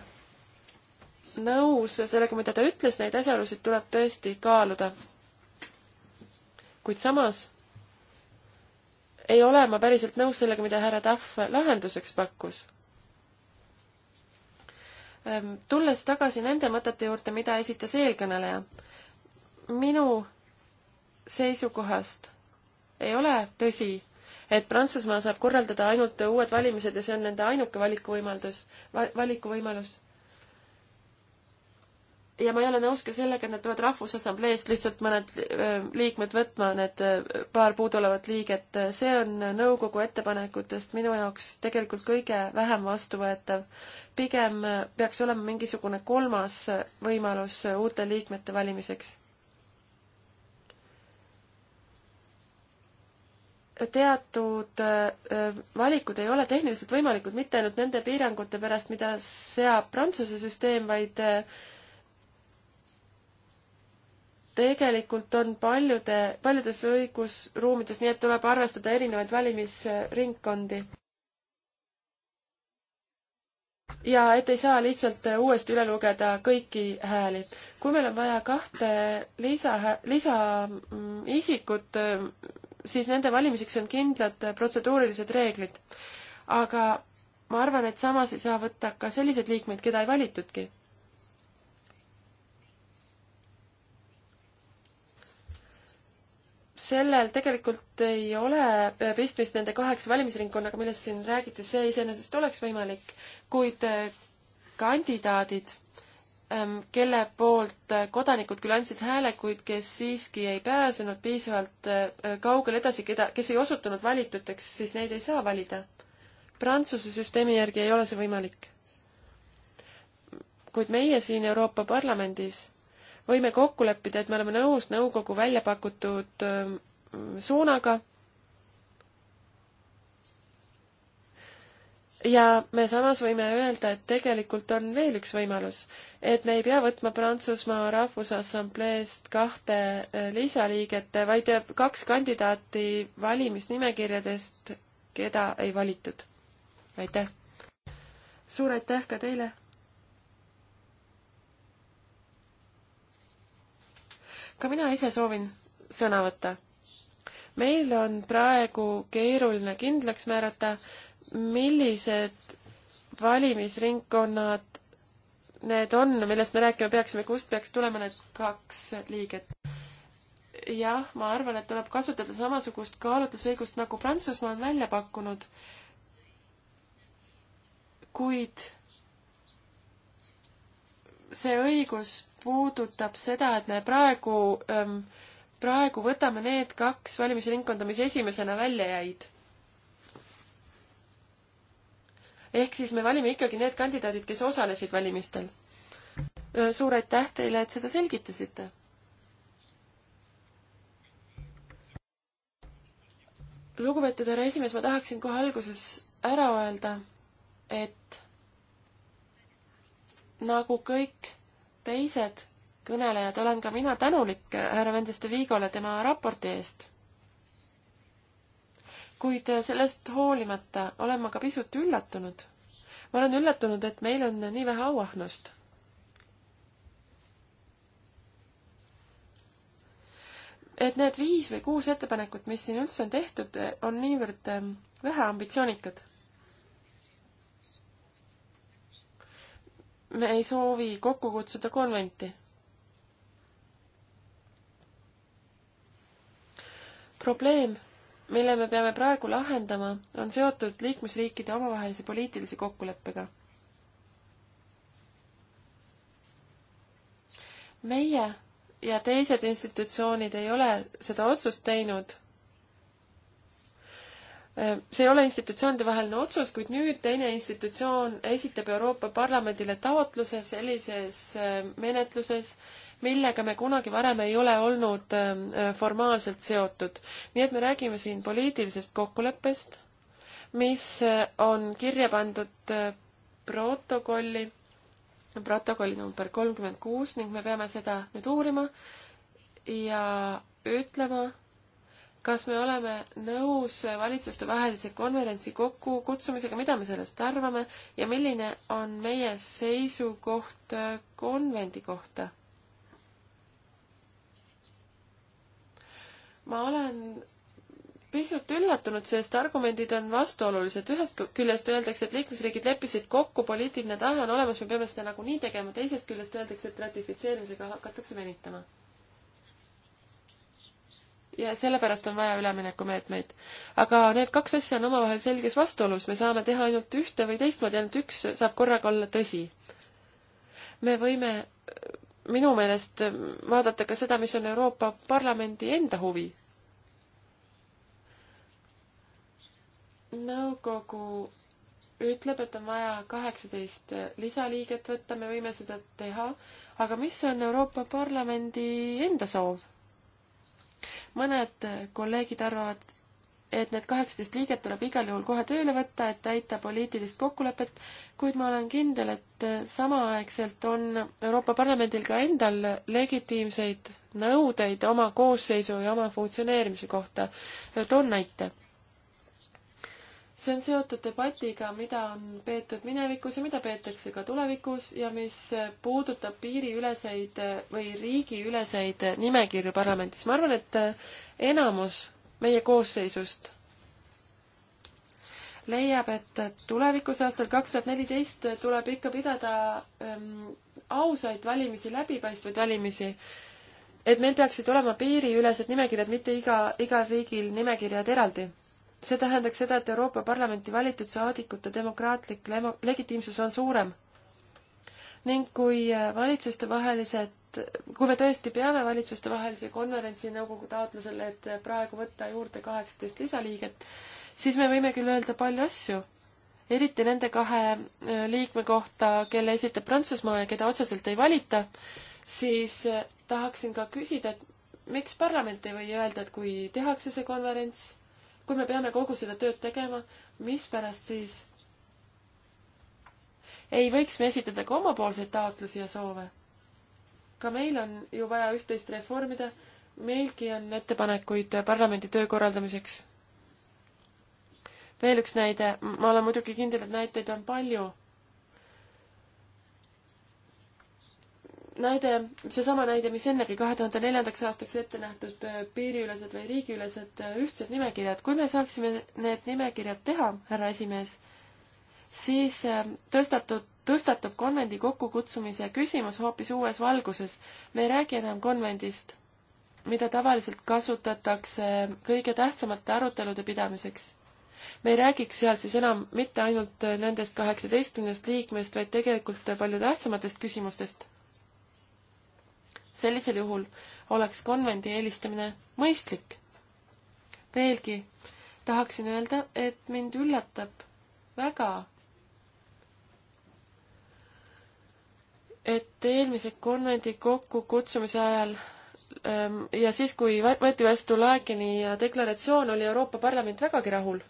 nõus sellega, mida ta ütles, neid asjaolusid tuleb tõesti kaaluda. kuid samas ei ole ma päriselt nõus sellega, mida härra Tahv lahenduseks pakkus. Ehm, tulles tagasi nende mõtete juurde, mida esitas eelkõneleja, minu seisukohast ei ole tõsi, et Prantsusmaa saab korraldada ainult uued valimised ja see on nende ainuke valikuvõimalus, valikuvõimalus ja ma ei ole nõus ka sellega, et nad peavad Rahvusassambleest lihtsalt mõned äh, liikmed võtma, need äh, paar puuduolevat liiget. see on nõukogu ettepanekutest minu jaoks tegelikult kõige vähem vastuvõetav. pigem äh, peaks olema mingisugune kolmas võimalus uute liikmete valimiseks. teatud valikud ei ole tehniliselt võimalikud mitte ainult nende piirangute pärast, mida seab Prantsuse süsteem, vaid tegelikult on paljude, paljudes õigusruumides, nii et tuleb arvestada erinevaid valimisringkondi. ja et ei saa lihtsalt uuesti üle lugeda kõiki hääli. kui meil on vaja kahte lisa, lisaisikut, mm, siis nende valimiseks on kindlad protseduurilised reeglid. aga ma arvan, et samas ei saa võtta ka selliseid liikmeid, keda ei valitudki sellel tegelikult ei ole pistmist nende kaheksa valimisringkonnaga, millest siin räägiti, see iseenesest oleks võimalik, kuid äh, kandidaadid, ähm, kelle poolt äh, kodanikud küll andsid hääle, kuid kes siiski ei pääsenud piisavalt äh, kaugele edasi, keda, kes ei osutunud valituteks, siis neid ei saa valida. Prantsuse süsteemi järgi ei ole see võimalik. kuid meie siin Euroopa Parlamendis võime kokku leppida, et me oleme nõus nõukogu välja pakutud ähm, suunaga. ja me samas võime öelda, et tegelikult on veel üks võimalus, et me ei pea võtma Prantsusmaa Rahvusassambleest kahte äh, lisaliiget, vaid kaks kandidaati valimisnimekirjadest, keda ei valitud. aitäh! suur aitäh ka teile! ka mina ise soovin sõna võtta. meil on praegu keeruline kindlaks määrata, millised valimisringkonnad need on, millest me rääkima peaksime, kust peaks tulema need kaks liiget? jah, ma arvan, et tuleb kasutada samasugust kaalutlusõigust, nagu Prantsusmaa on välja pakkunud. kuid see õigus puudutab seda, et me praegu, ähm, praegu võtame need kaks valimisringkonda, mis esimesena välja jäid. ehk siis me valime ikkagi need kandidaadid, kes osalesid valimistel. suur aitäh teile, et seda selgitasite lugupeetud härra esimees, ma tahaksin kohe alguses ära öelda, et nagu kõik teised kõnelejad, olen ka mina tänulik härra Vendeste Viigole tema raporti eest. kuid sellest hoolimata olen ma ka pisut üllatunud. ma olen üllatunud, et meil on nii vähe auahnust. et need viis või kuus ettepanekut, mis siin üldse on tehtud, on niivõrd ähm, väheambitsioonikad me ei soovi kokku kutsuda konventi. probleem, mille me peame praegu lahendama, on seotud liikmesriikide omavahelise poliitilise kokkuleppega. meie ja teised institutsioonid ei ole seda otsust teinud Äh, see ei ole institutsioonide vaheline otsus, kuid nüüd teine institutsioon esitab Euroopa Parlamendile taotluse sellises äh, menetluses, millega me kunagi varem ei ole olnud ähm, äh, formaalselt seotud. nii et me räägime siin poliitilisest kokkuleppest, mis on kirja pandud protokolli, protokolli number kolmkümmend kuus ning me peame seda nüüd uurima ja ütlema, kas me oleme nõus valitsustevahelise konverentsi kokkukutsumisega, mida me sellest arvame ja milline on meie seisukoht äh, konvendi kohta? ma olen pisut üllatunud, sest argumendid on vastuolulised. ühest küljest öeldakse, et liikmesriigid leppisid kokku, poliitiline tahe on olemas, me peame seda nagunii tegema, teisest küljest öeldakse, et ratifitseerimisega hakatakse venitama ja sellepärast on vaja üleminekumeetmeid. aga need kaks asja on omavahel selges vastuolus, me saame teha ainult ühte või teistmoodi, ainult üks saab korraga olla tõsi. me võime minu meelest vaadata ka seda, mis on Euroopa Parlamendi enda huvi. nõukogu ütleb, et on vaja kaheksateist lisaliiget võtta, me võime seda teha, aga mis on Euroopa Parlamendi enda soov? mõned kolleegid arvavad, et need kaheksateist liiget tuleb igal juhul kohe tööle võtta, et täita poliitilist kokkulepet, kuid ma olen kindel, et samaaegselt on Euroopa Parlamendil ka endal legitiimseid nõudeid oma koosseisu ja oma funktsioneerimise kohta. toon näite see on seotud debatiga, mida on peetud minevikus ja mida peetakse ka tulevikus ja mis puudutab piiriüleseid või riigiüleseid nimekirju parlamendis. ma arvan, et enamus meie koosseisust leiab, et tulevikus aastal kaks tuhat neliteist tuleb ikka pidada ähm, ausaid valimisi, läbipaistvaid valimisi. et meil peaksid olema piiriülesed nimekirjad, mitte iga, igal riigil nimekirjad eraldi see tähendaks seda, et Euroopa Parlamenti valitud saadikute demokraatlik legitiimsus on suurem. ning kui äh, valitsustevahelised, kui me tõesti peame valitsustevahelise konverentsi nõukogu taotlusel, et äh, praegu võtta juurde kaheksateist lisaliiget, siis me võime küll öelda palju asju, eriti nende kahe äh, liikme kohta, kelle esitab Prantsusmaa ja keda otseselt ei valita, siis tahaksin ka küsida, et miks parlament ei või öelda, et kui tehakse see konverents, kui me peame kogu seda tööd tegema, mispärast siis ei võiks me esitada ka omapoolseid taotlusi ja soove? ka meil on ju vaja üht-teist reformida, meilgi on ettepanekuid parlamendi töö korraldamiseks. veel üks näide, ma olen muidugi kindel, et näiteid on palju näide, seesama näide, mis ennegi kahe tuhande neljandaks aastaks ette nähtud äh, piiriülesed või riigiülesed äh, ühtsed nimekirjad, kui me saaksime need nimekirjad teha, härra esimees, siis äh, tõstatud, tõstatub konvendi kokkukutsumise küsimus hoopis uues valguses. me ei räägi enam konvendist, mida tavaliselt kasutatakse kõige tähtsamate arutelude pidamiseks me ei räägiks seal siis enam mitte ainult nendest kaheksateistkümnest liikmest, vaid tegelikult palju tähtsamatest küsimustest sellisel juhul oleks konvendi eelistamine mõistlik. veelgi tahaksin öelda, et mind üllatab väga, et eelmise konvendi kokkukutsumise ajal ähm, ja siis, kui võeti vastu Laekeni deklaratsioon, oli Euroopa Parlament vägagi rahul.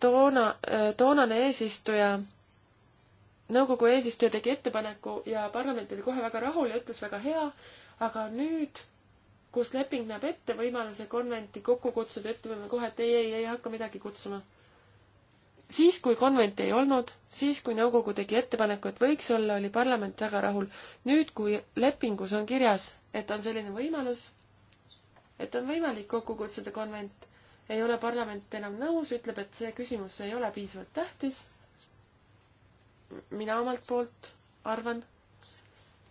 toona, äh, toonane eesistuja nõukogu eesistuja tegi ettepaneku ja parlament oli kohe väga rahul ja ütles väga hea, aga nüüd, kus leping näeb ette võimaluse konventi kokku kutsuda, ütleme kohe, et ei, ei, ei hakka midagi kutsuma. siis, kui konventi ei olnud, siis, kui nõukogu tegi ettepaneku, et võiks olla, oli parlament väga rahul. nüüd, kui lepingus on kirjas, et on selline võimalus, et on võimalik kokku kutsuda konvent, ei ole parlament enam nõus, ütleb, et see küsimus ei ole piisavalt tähtis mina omalt poolt arvan,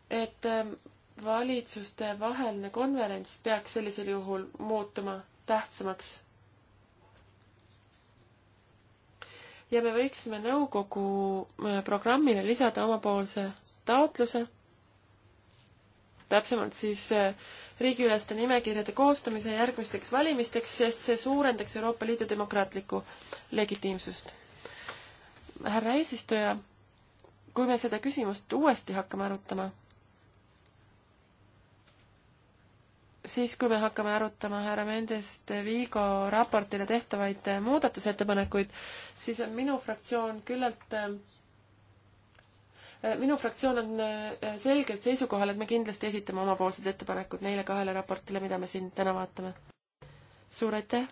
et ähm, valitsuste vaheline konverents peaks sellisel juhul muutuma tähtsamaks. ja me võiksime nõukogu äh, programmile lisada omapoolse taotluse, täpsemalt siis äh, riigiüleste nimekirjade koostamise järgmisteks valimisteks, sest see suurendaks Euroopa Liidu demokraatlikku legitiimsust. härra eesistuja kui me seda küsimust uuesti hakkame arutama, siis, kui me hakkame arutama härra Mendest Viigo raportile tehtavaid muudatusettepanekuid, siis on minu fraktsioon küllalt, äh, minu fraktsioon on äh, selgelt seisukohal, et me kindlasti esitame omapoolsed ettepanekud neile kahele raportile, mida me siin täna vaatame. suur aitäh!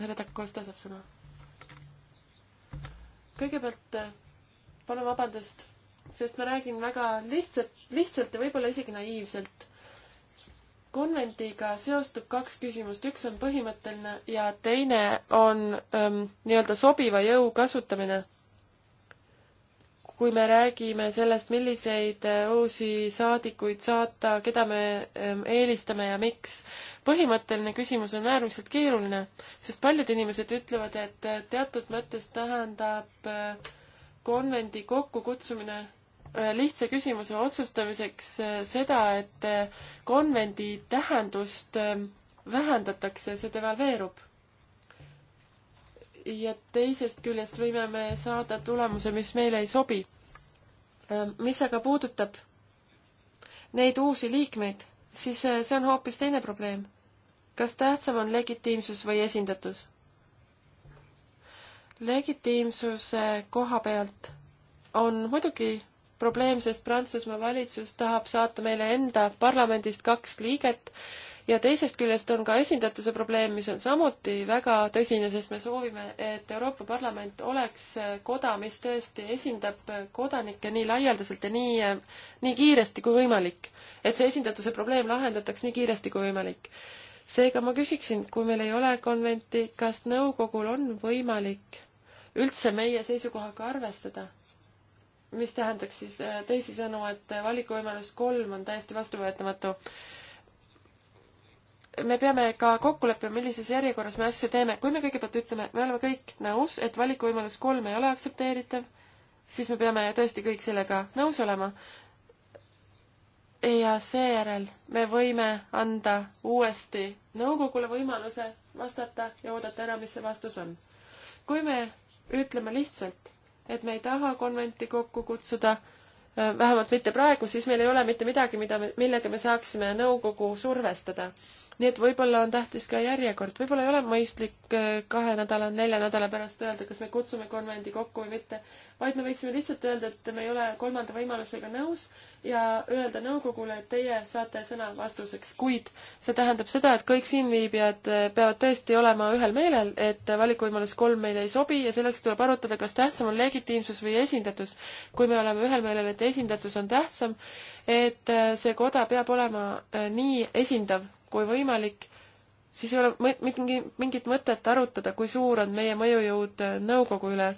härra Takosta saab sõna. kõigepealt äh, palun vabandust, sest ma räägin väga lihtsalt, lihtsalt ja võib-olla isegi naiivselt. konvendiga seostub kaks küsimust, üks on põhimõtteline ja teine on ähm, nii-öelda sobiva jõu kasutamine. kui me räägime sellest, milliseid äh, uusi saadikuid saata, keda me ähm, eelistame ja miks, põhimõtteline küsimus on äärmiselt keeruline, sest paljud inimesed ütlevad, et äh, teatud mõttes tähendab äh, konvendi kokkukutsumine äh, lihtsa küsimuse otsustamiseks äh, seda, et äh, konvendi tähendust ähm, vähendatakse, see devalveerub. ja teisest küljest võime me saada tulemuse, mis meile ei sobi. Ähm, mis aga puudutab neid uusi liikmeid, siis see on hoopis teine probleem. kas tähtsam on legitiimsus või esindatus? legitiimsuse koha pealt on muidugi probleem, sest Prantsusmaa valitsus tahab saata meile enda parlamendist kaks liiget ja teisest küljest on ka esindatuse probleem, mis on samuti väga tõsine, sest me soovime, et Euroopa Parlament oleks koda, mis tõesti esindab kodanikke nii laialdaselt ja nii, nii kiiresti kui võimalik. et see esindatuse probleem lahendataks nii kiiresti kui võimalik. seega ma küsiksin, kui meil ei ole konventi, kas nõukogul on võimalik üldse meie seisukohaga arvestada. mis tähendaks siis äh, teisisõnu, et valikuvõimalus kolm on täiesti vastuvõetamatu. me peame ka kokku leppima, millises järjekorras me asju teeme. kui me kõigepealt ütleme, me oleme kõik nõus, et valikuvõimalus kolm ei ole aktsepteeritav, siis me peame tõesti kõik sellega nõus olema ja seejärel me võime anda uuesti nõukogule võimaluse vastata ja oodata ära, mis see vastus on. kui me ütleme lihtsalt, et me ei taha konventi kokku kutsuda, äh, vähemalt mitte praegu, siis meil ei ole mitte midagi, mida me, millega me saaksime nõukogu survestada nii et võib-olla on tähtis ka järjekord, võib-olla ei ole mõistlik äh, kahe nädala, nelja nädala pärast öelda, kas me kutsume konvendi kokku või mitte, vaid me võiksime lihtsalt öelda, et me ei ole kolmanda võimalusega nõus ja öelda nõukogule, et teie saate sõna vastuseks, kuid see tähendab seda, et kõik siinviibijad äh, peavad tõesti olema ühel meelel, et valikuvõimalus kolm meile ei sobi ja selleks tuleb arutada, kas tähtsam on legitiimsus või esindatus. kui me oleme ühel meelel, et esindatus on tähtsam, et äh, see koda peab olema nii esindav kui võimalik, siis ei ole mingi, mingit mõtet arutada, kui suur on meie mõjujõud äh, nõukogu üle.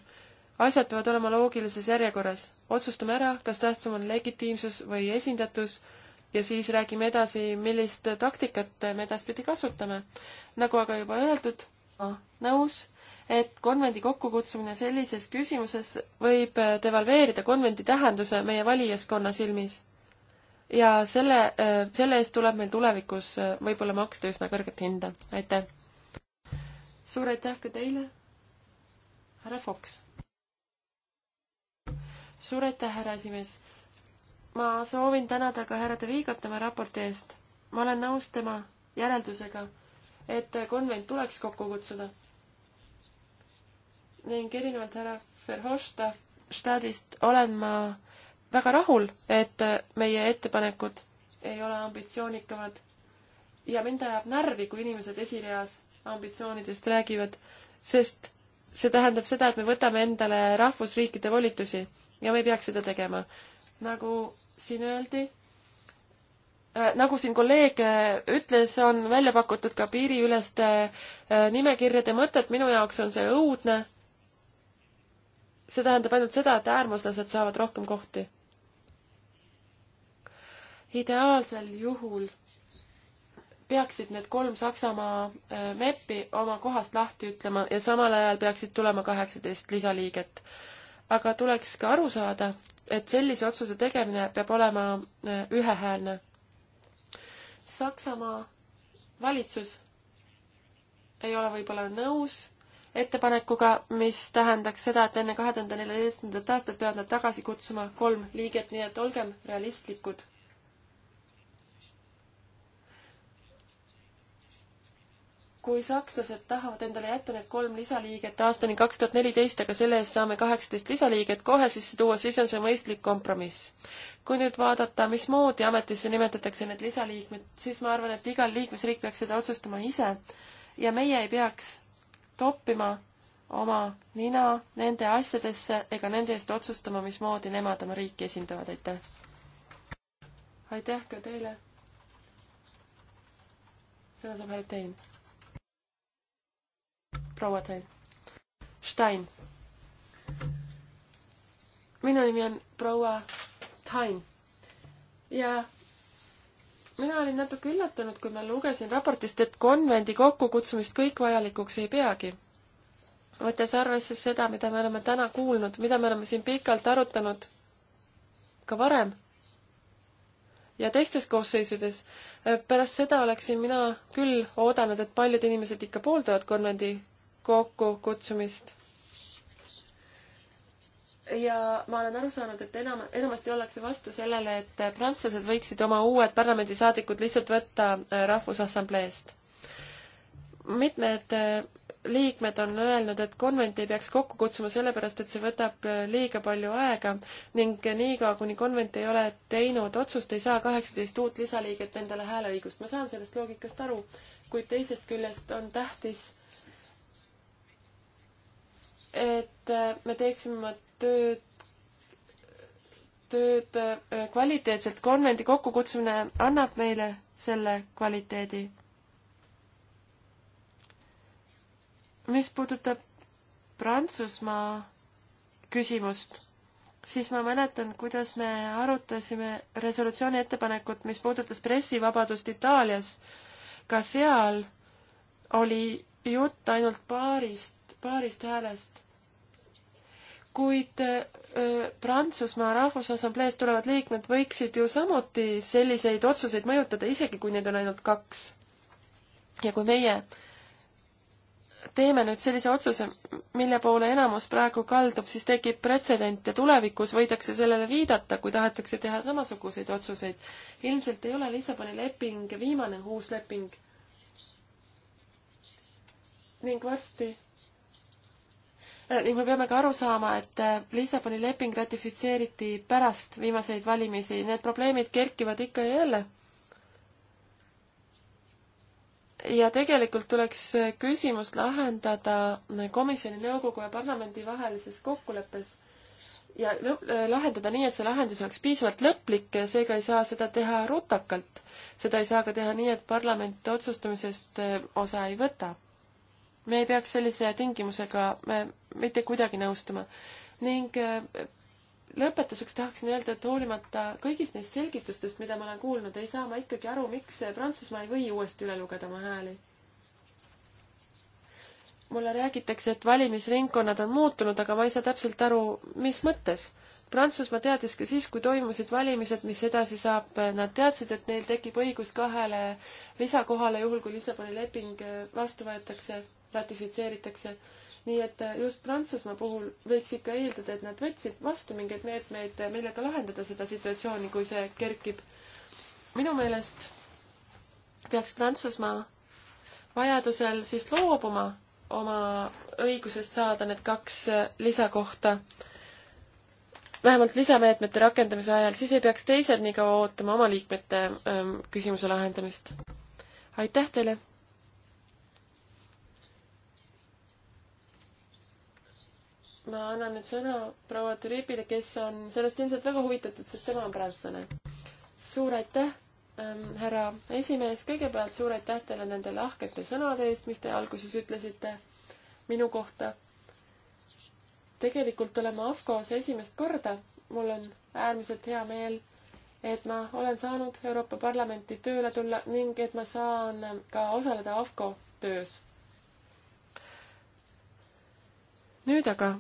asjad peavad olema loogilises järjekorras. otsustame ära, kas tähtsam on legitiimsus või esindatus ja siis räägime edasi, millist taktikat me edaspidi kasutame. nagu aga juba öeldud, nõus, et konvendi kokkukutsumine sellises küsimuses võib äh, devalveerida konvendi tähenduse meie valijaskonna silmis ja selle, äh, selle eest tuleb meil tulevikus äh, võib-olla maksta üsna kõrget hinda. aitäh! suur aitäh ka teile, härra Fox! suur aitäh, härra esimees! ma soovin tänada ka härra De Vigot tema raporti eest. ma olen nõus tema järeldusega, et konvent tuleks kokku kutsuda. ning erinevalt härra Verhofstadist olen ma väga rahul, et meie ettepanekud ei ole ambitsioonikamad ja mind ajab närvi, kui inimesed esireas ambitsioonidest räägivad, sest see tähendab seda, et me võtame endale rahvusriikide volitusi ja me ei peaks seda tegema. nagu siin öeldi äh,, nagu siin kolleeg äh, ütles, on välja pakutud ka piiriüleste äh, nimekirjade mõtet, minu jaoks on see õudne. see tähendab ainult seda, et äärmuslased saavad rohkem kohti ideaalsel juhul peaksid need kolm Saksamaa äh, MEP-i oma kohast lahti ütlema ja samal ajal peaksid tulema kaheksateist lisaliiget. aga tuleks ka aru saada, et sellise otsuse tegemine peab olema äh, ühehäälne. Saksamaa valitsus ei ole võib-olla nõus ettepanekuga, mis tähendaks seda, et enne kahe tuhande neljateistkümnendat aastat peavad nad tagasi kutsuma kolm liiget, nii et olgem realistlikud kui sakslased tahavad endale jätta need kolm lisaliiget aastani kaks tuhat neliteist, aga selle eest saame kaheksateist lisaliiget kohe sisse tuua, siis on see mõistlik kompromiss. kui nüüd vaadata, mismoodi ametisse nimetatakse need lisaliikmed, siis ma arvan, et igal liikmesriik peaks seda otsustama ise ja meie ei peaks toppima oma nina nende asjadesse ega nende eest otsustama, mismoodi nemad oma riiki esindavad, aitäh! aitäh ka teile! seda saab ainult teinud proua Tain. Stein. minu nimi on proua Tain ja mina olin natuke üllatunud, kui ma lugesin raportist, et konvendi kokkukutsumist kõik vajalikuks ei peagi. võttes arvesse seda, mida me oleme täna kuulnud, mida me oleme siin pikalt arutanud ka varem ja teistes koosseisudes, pärast seda oleksin mina küll oodanud, et paljud inimesed ikka pooldavad konvendi kokkukutsumist. ja ma olen aru saanud, et enam, enamasti ollakse vastu sellele, et prantslased võiksid oma uued parlamendisaadikud lihtsalt võtta äh, Rahvusassambleest. mitmed äh, liikmed on öelnud, et konventi ei peaks kokku kutsuma sellepärast, et see võtab äh, liiga palju aega ning niikaua, kuni konvent ei ole teinud otsust, ei saa kaheksateist uut lisaliiget endale hääleõigust. ma saan sellest loogikast aru, kuid teisest küljest on tähtis et äh, me teeksime oma tööd, tööd äh, kvaliteetselt. konvendi kokkukutsumine annab meile selle kvaliteedi. mis puudutab Prantsusmaa küsimust, siis ma mäletan, kuidas me arutasime resolutsiooni ettepanekut, mis puudutas pressivabadust Itaalias. ka seal oli jutt ainult paarist paarist häälest. kuid Prantsusmaa Rahvusassambleest tulevad liikmed võiksid ju samuti selliseid otsuseid mõjutada, isegi kui neid on ainult kaks. ja kui meie teeme nüüd sellise otsuse, mille poole enamus praegu kaldub, siis tekib pretsedent ja tulevikus võidakse sellele viidata, kui tahetakse teha samasuguseid otsuseid. ilmselt ei ole Lissaboni leping viimane uus leping. ning varsti Äh, ning me peame ka aru saama, et äh, Lissaboni leping ratifitseeriti pärast viimaseid valimisi, need probleemid kerkivad ikka ja jälle. ja tegelikult tuleks äh, küsimus lahendada komisjoni, nõukogu ja parlamendi vahelises kokkuleppes ja lahendada nii, et see lahendus oleks piisavalt lõplik ja seega ei saa seda teha rutakalt. seda ei saa ka teha nii, et parlament otsustamisest osa ei võta me ei peaks sellise tingimusega mitte kuidagi nõustuma. ning äh, lõpetuseks tahaksin öelda, et hoolimata kõigist neist selgitustest, mida ma olen kuulnud, ei saa ma ikkagi aru, miks Prantsusmaa ei või uuesti üle lugeda oma hääli. mulle räägitakse, et valimisringkonnad on muutunud, aga ma ei saa täpselt aru, mis mõttes. Prantsusmaa teadis ka siis, kui toimusid valimised, mis edasi saab, nad teadsid, et neil tekib õigus kahele lisakohale, juhul kui Lissaboni leping äh, vastu võetakse ratifitseeritakse. nii et äh, just Prantsusmaa puhul võiks ikka eeldada, et nad võtsid vastu mingeid meetmeid, äh, millega lahendada seda situatsiooni, kui see kerkib. minu meelest peaks Prantsusmaa vajadusel siis loobuma oma õigusest saada need kaks äh, lisakohta vähemalt lisameetmete rakendamise ajal, siis ei peaks teised nii kaua ootama oma liikmete öö, ähm, küsimuse lahendamist. aitäh teile! ma annan nüüd sõna proua Türipile, kes on sellest ilmselt väga huvitatud, sest tema on prantslane. suur aitäh ähm,, härra esimees, kõigepealt suur aitäh teile nende lahkete sõnade eest, mis te alguses ütlesite minu kohta. tegelikult olen ma AFCO-s esimest korda, mul on äärmiselt hea meel, et ma olen saanud Euroopa Parlamenti tööle tulla ning et ma saan ka osaleda AFCO töös. nüüd aga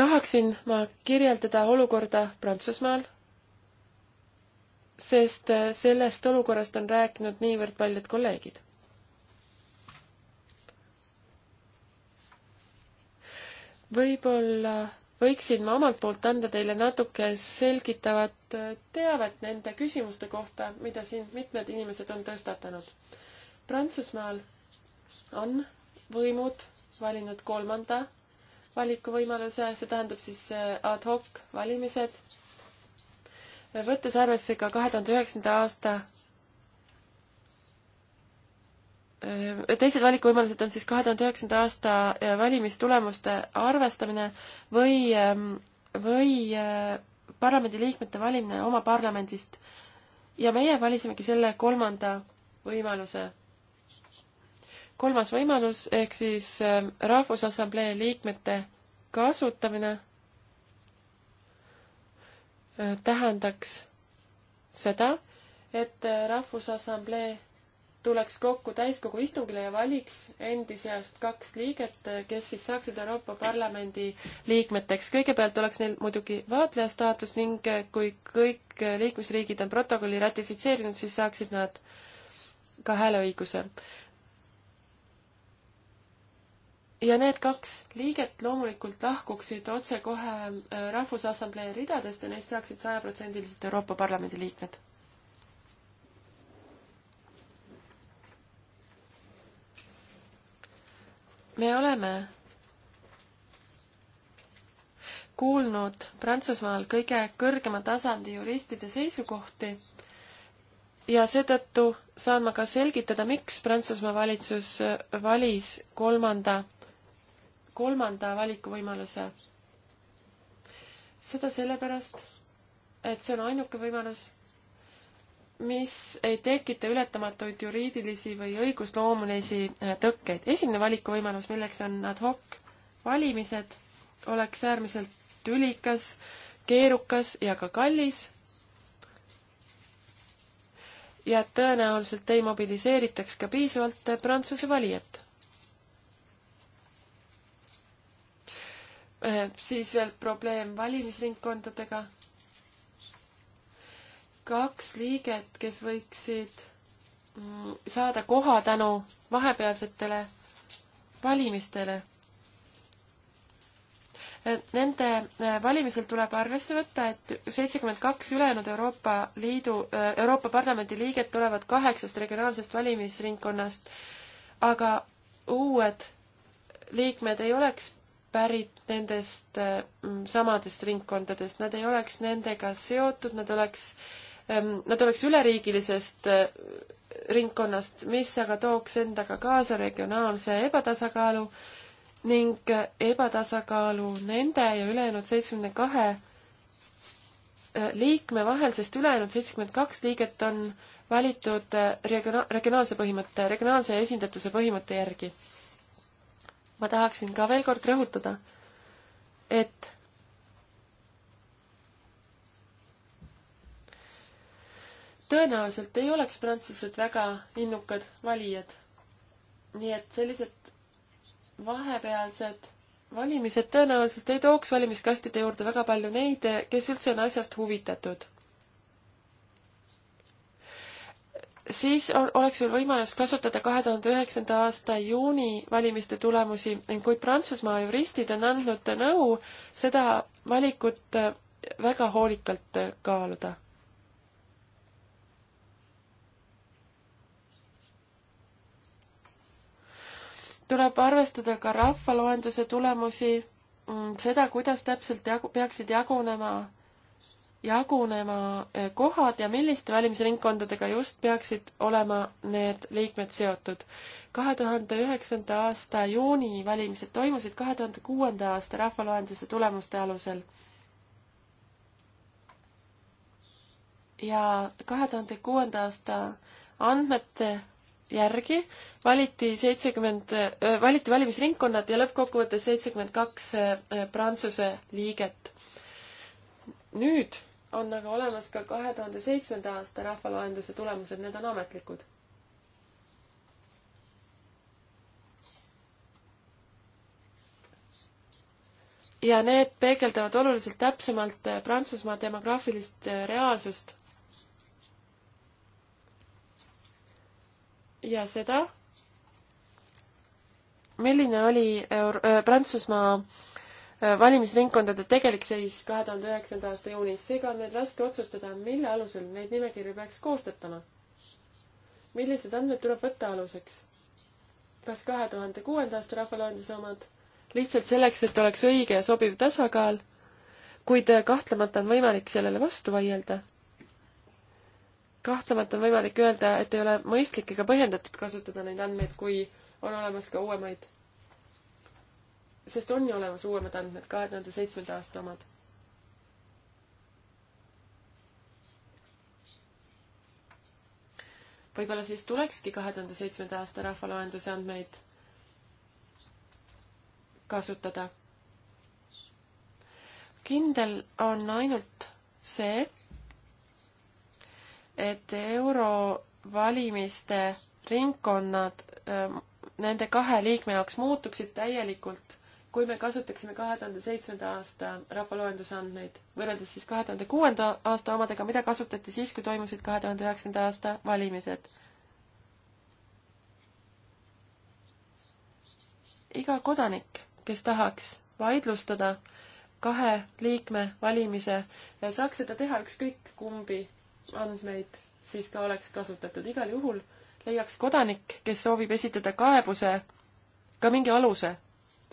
tahaksin ma kirjeldada olukorda Prantsusmaal, sest äh, sellest olukorrast on rääkinud niivõrd paljud kolleegid. võib-olla võiksin ma omalt poolt anda teile natuke selgitavat äh, teavet nende küsimuste kohta, mida siin mitmed inimesed on tõstatanud. Prantsusmaal on võimud valinud kolmanda valikuvõimaluse, see tähendab siis äh, ad hoc valimised, võttes arvesse ka kahe tuhande üheksanda aasta äh, teised valikuvõimalused on siis kahe tuhande üheksanda aasta äh, valimistulemuste arvestamine või, ähm, või parlamendiliikmete valimine oma parlamendist. ja meie valisimegi selle kolmanda võimaluse kolmas võimalus ehk siis äh, Rahvusassamblee liikmete kasutamine äh, tähendaks seda, et äh, Rahvusassamblee tuleks kokku täiskogu istungile ja valiks endi seast kaks liiget, kes siis saaksid Euroopa Parlamendi liikmeteks. kõigepealt oleks neil muidugi vaatleja staatus ning kui kõik liikmesriigid on protokolli ratifitseerinud, siis saaksid nad ka hääleõiguse ja need kaks liiget loomulikult lahkuksid otsekohe äh, Rahvusassamblee ridadest ja neist saaksid sajaprotsendiliselt Euroopa Parlamendi liikmed. me oleme kuulnud Prantsusmaal kõige kõrgema tasandi juristide seisukohti ja seetõttu saan ma ka selgitada, miks Prantsusmaa valitsus äh, valis kolmanda kolmanda valikuvõimaluse. seda sellepärast, et see on ainuke võimalus, mis ei tekita ületamatuid juriidilisi või õigusloomulisi äh, tõkkeid. esimene valikuvõimalus, milleks on ad hoc valimised, oleks äärmiselt tülikas, keerukas ja ka kallis ja tõenäoliselt ei mobiliseeritaks ka piisavalt Prantsuse valijat. Äh, siis veel probleem valimisringkondadega. kaks liiget, kes võiksid mm, saada koha tänu vahepealsetele valimistele. Äh, nende äh, valimisel tuleb arvesse võtta, et seitsekümmend kaks ülejäänud Euroopa Liidu, Euroopa Parlamendi liiget tulevad kaheksast regionaalsest valimisringkonnast, aga uued liikmed ei oleks pärit nendest mm, samadest ringkondadest, nad ei oleks nendega seotud, nad oleks, nad oleks üleriigilisest eh, ringkonnast, mis aga tooks endaga kaasa regionaalse ebatasakaalu ning eh, ebatasakaalu nende ja ülejäänud seitsmekümne kahe eh, liikme vahel, sest ülejäänud seitsekümmend kaks liiget on valitud regiona-, regionaalse põhimõtte, regionaalse esindatuse põhimõtte järgi ma tahaksin ka veel kord rõhutada, et tõenäoliselt ei oleks prantslased väga innukad valijad. nii et sellised vahepealsed valimised tõenäoliselt ei tooks valimiskastide juurde väga palju neid, kes üldse on asjast huvitatud siis oleks veel võimalus kasutada kahe tuhande üheksanda aasta juuni valimiste tulemusi, kuid Prantsusmaa juristid on andnud nõu seda valikut väga hoolikalt kaaluda. tuleb arvestada ka rahvaloenduse tulemusi, seda, kuidas täpselt jagu, peaksid jagunema jagunema eh, kohad ja milliste valimisringkondadega just peaksid olema need liikmed seotud. kahe tuhande üheksanda aasta juuni valimised toimusid kahe tuhande kuuenda aasta rahvaloenduse tulemuste alusel. ja kahe tuhande kuuenda aasta andmete järgi valiti seitsekümmend, eh, valiti valimisringkonnad ja lõppkokkuvõttes seitsekümmend kaks eh, Prantsuse liiget. nüüd on aga olemas ka kahe tuhande seitsmenda aasta rahvaloenduse tulemused, need on ametlikud. ja need peegeldavad oluliselt täpsemalt Prantsusmaa demograafilist reaalsust. ja seda, milline oli Euro-, äh, Prantsusmaa Äh, valimisringkondade tegelik seis kahe tuhande üheksanda aasta juunis, seega on meil raske otsustada, mille alusel neid nimekirju peaks koostatama. millised andmed tuleb võtta aluseks? kas kahe tuhande kuuenda aasta rahvaloenduse omad? lihtsalt selleks, et oleks õige ja sobiv tasakaal, kuid äh, kahtlemata on võimalik sellele vastu vaielda. kahtlemata on võimalik öelda, et ei ole mõistlik ega põhjendatud kasutada neid andmeid, kui on olemas ka uuemaid sest on ju olemas uuemad andmed, kahe tuhande seitsmenda aasta omad. võib-olla siis tulekski kahe tuhande seitsmenda aasta rahvaloenduse andmeid kasutada. kindel on ainult see, et eurovalimiste ringkonnad ähm, nende kahe liikme jaoks muutuksid täielikult kui me kasutaksime kahe tuhande seitsmenda aasta rahvaloenduse andmeid, võrreldes siis kahe tuhande kuuenda aasta omadega, mida kasutati siis, kui toimusid kahe tuhande üheksanda aasta valimised. iga kodanik, kes tahaks vaidlustada kahe liikme valimise, saaks seda teha ükskõik kumbi andmeid siis ka oleks kasutatud. igal juhul leiaks kodanik, kes soovib esitada kaebuse, ka mingi aluse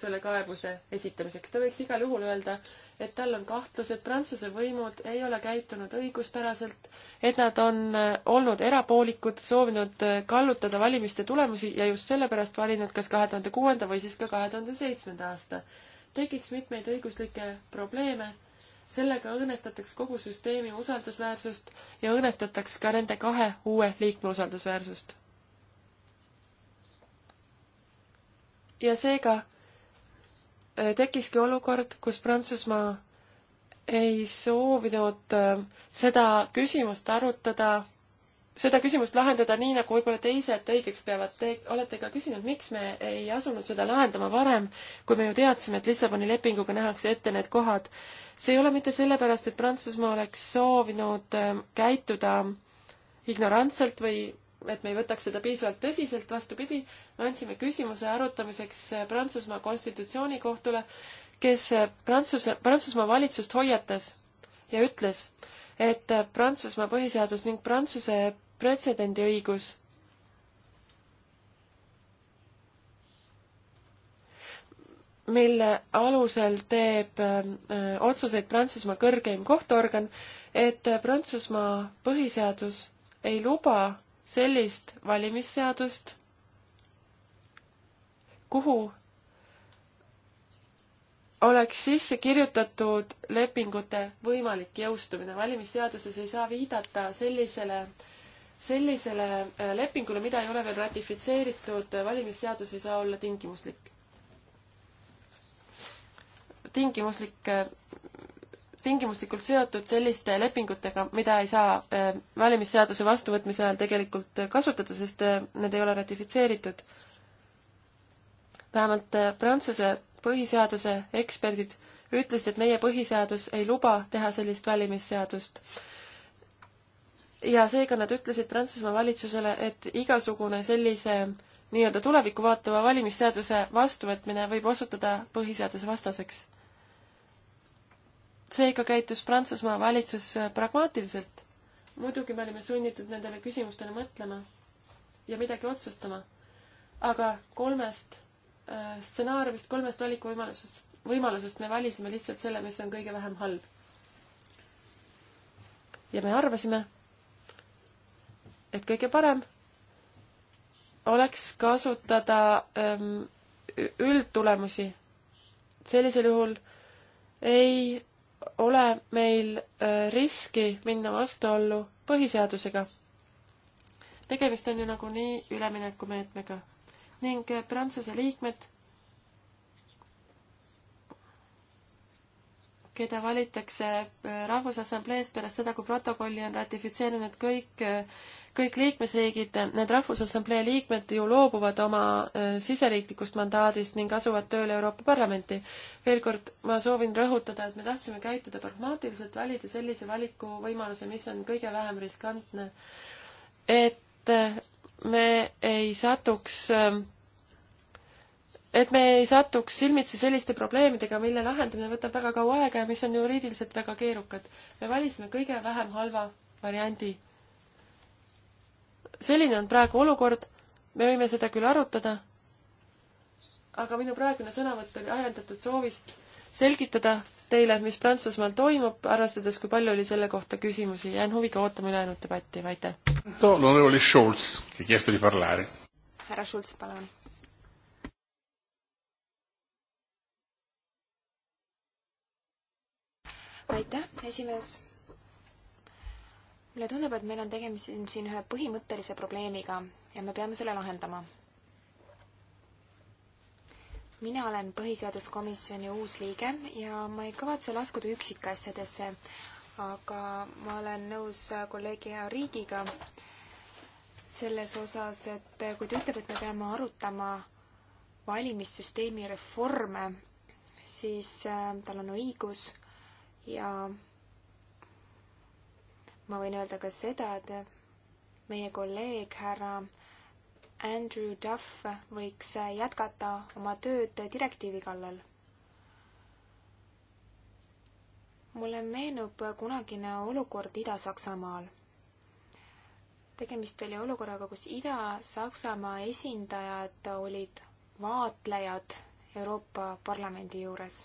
selle kaebuse esitamiseks. ta võiks igal juhul öelda, et tal on kahtlus, et Prantsuse võimud ei ole käitunud õiguspäraselt, et nad on äh, olnud erapoolikud, soovinud äh, kallutada valimiste tulemusi ja just sellepärast valinud kas kahe tuhande kuuenda või siis ka kahe tuhande seitsmenda aasta. tekiks mitmeid õiguslikke probleeme, sellega õõnestataks kogu süsteemi usaldusväärsust ja õõnestataks ka nende kahe uue liikme usaldusväärsust ja seega Äh, tekkiski olukord, kus Prantsusmaa ei soovinud äh, seda küsimust arutada, seda küsimust lahendada nii, nagu võib-olla teised õigeks peavad. Te olete ka küsinud, miks me ei asunud seda lahendama varem, kui me ju teadsime, et Lissaboni lepinguga nähakse ette need kohad. see ei ole mitte sellepärast, et Prantsusmaa oleks soovinud äh, käituda ignorantselt või et me ei võtaks seda piisavalt tõsiselt, vastupidi, me andsime küsimuse arutamiseks eh, Prantsusmaa konstitutsioonikohtule, kes eh, Prantsuse, Prantsusmaa valitsust hoiatas ja ütles, et eh, Prantsusmaa põhiseadus ning Prantsuse pretsedendiõigus mille alusel teeb öö, otsuseid Prantsusmaa kõrgeim kohtuorgan, et Prantsusmaa põhiseadus ei luba sellist valimisseadust, kuhu oleks sisse kirjutatud lepingute võimalik jõustumine. valimisseaduses ei saa viidata sellisele, sellisele äh, lepingule, mida ei ole veel ratifitseeritud. valimisseadus ei saa olla tingimuslik. tingimuslik äh, tingimuslikult seotud selliste lepingutega, mida ei saa äh, valimisseaduse vastuvõtmise ajal tegelikult äh, kasutada, sest äh, need ei ole ratifitseeritud. vähemalt Prantsuse põhiseaduse eksperdid ütlesid, et meie põhiseadus ei luba teha sellist valimisseadust. ja seega nad ütlesid Prantsusmaa valitsusele, et igasugune sellise nii-öelda tulevikku vaatava valimisseaduse vastuvõtmine võib osutuda põhiseaduse vastaseks seega käitus Prantsusmaa valitsus äh, pragmaatiliselt. muidugi me olime sunnitud nendele küsimustele mõtlema ja midagi otsustama. aga kolmest äh, stsenaariumist, kolmest valikuvõimalusest, võimalusest me valisime lihtsalt selle, mis on kõige vähem halb. ja me arvasime, et kõige parem oleks kasutada ähm, üldtulemusi. sellisel juhul ei ole meil äh, riski minna vastuollu põhiseadusega. tegemist on ju nagunii üleminekumeetmega ning äh, Prantsuse liikmed, keda valitakse äh, Rahvusassambleest pärast seda, kui protokolli on ratifitseerinud kõik kõik liikmesriigid, need Rahvusassamblee liikmed ju loobuvad oma siseriiklikust mandaadist ning asuvad tööle Euroopa Parlamenti. veel kord, ma soovin rõhutada, et me tahtsime käituda pragmaatiliselt, valida sellise valikuvõimaluse, mis on kõige vähem riskantne. et me ei satuks et me ei satuks silmitsi selliste probleemidega, mille lahendamine võtab väga kaua aega ja mis on juriidiliselt väga keerukad. me valisime kõige vähem halva variandi selline on praegu olukord, me võime seda küll arutada, aga minu praegune sõnavõtt oli ajendatud soovist selgitada teile, mis Prantsusmaal toimub, arvestades, kui palju oli selle kohta küsimusi. jään huviga ootama ülejäänud debatti, aitäh! härra Schulz, palun! aitäh, esimees mulle tundub, et meil on tegemist siin ühe põhimõttelise probleemiga ja me peame selle lahendama. mina olen põhiseaduskomisjoni uus liige ja ma ei kavatse laskuda üksikasjadesse, aga ma olen nõus kolleegi hea Riigiga selles osas, et kui ta ütleb, et me peame arutama valimissüsteemi reforme, siis äh, tal on õigus ja ma võin öelda ka seda, et meie kolleeg härra Andrew Duff võiks jätkata oma tööd direktiivi kallal. mulle meenub kunagine olukord Ida-Saksamaal. tegemist oli olukorraga, kus Ida-Saksamaa esindajad olid vaatlejad Euroopa Parlamendi juures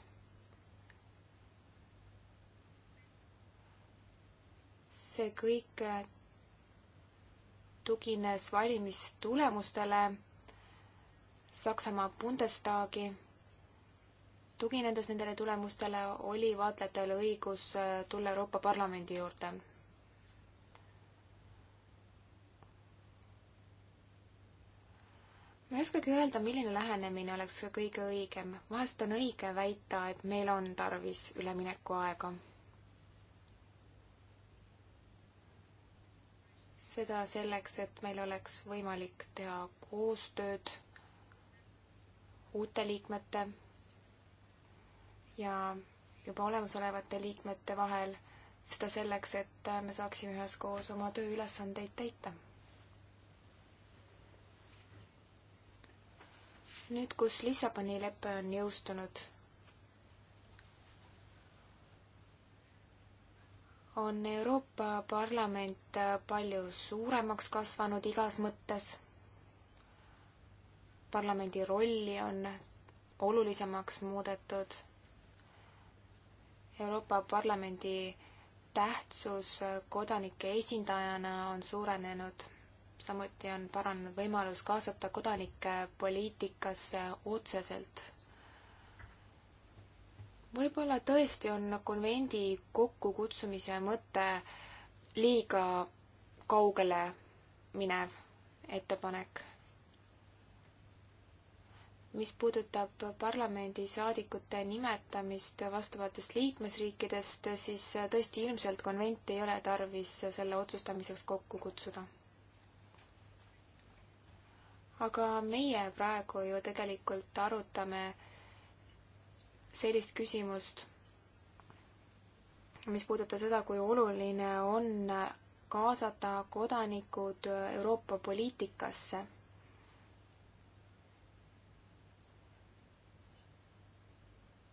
see kõik tugines valimistulemustele Saksamaa Bundestagi. tuginedes nendele tulemustele, oli vaatlejatel õigus äh, tulla Euroopa Parlamendi juurde ma ei oskagi öelda, milline lähenemine oleks kõige õigem. vahest on õige väita, et meil on tarvis üleminekuaega seda selleks, et meil oleks võimalik teha koostööd uute liikmete ja juba olemasolevate liikmete vahel, seda selleks, et me saaksime üheskoos oma tööülesandeid täita. nüüd, kus Lissaboni lepe on jõustunud on Euroopa Parlament palju suuremaks kasvanud igas mõttes. parlamendi rolli on olulisemaks muudetud. Euroopa Parlamendi tähtsus kodanike esindajana on suurenenud. samuti on paranenud võimalus kaasata kodanikke poliitikasse otseselt võib-olla tõesti on konvendi kokkukutsumise mõte liiga kaugele minev ettepanek. mis puudutab parlamendisaadikute nimetamist vastavatest liikmesriikidest, siis tõesti ilmselt konventi ei ole tarvis selle otsustamiseks kokku kutsuda. aga meie praegu ju tegelikult arutame sellist küsimust, mis puudutab seda, kui oluline on kaasata kodanikud Euroopa poliitikasse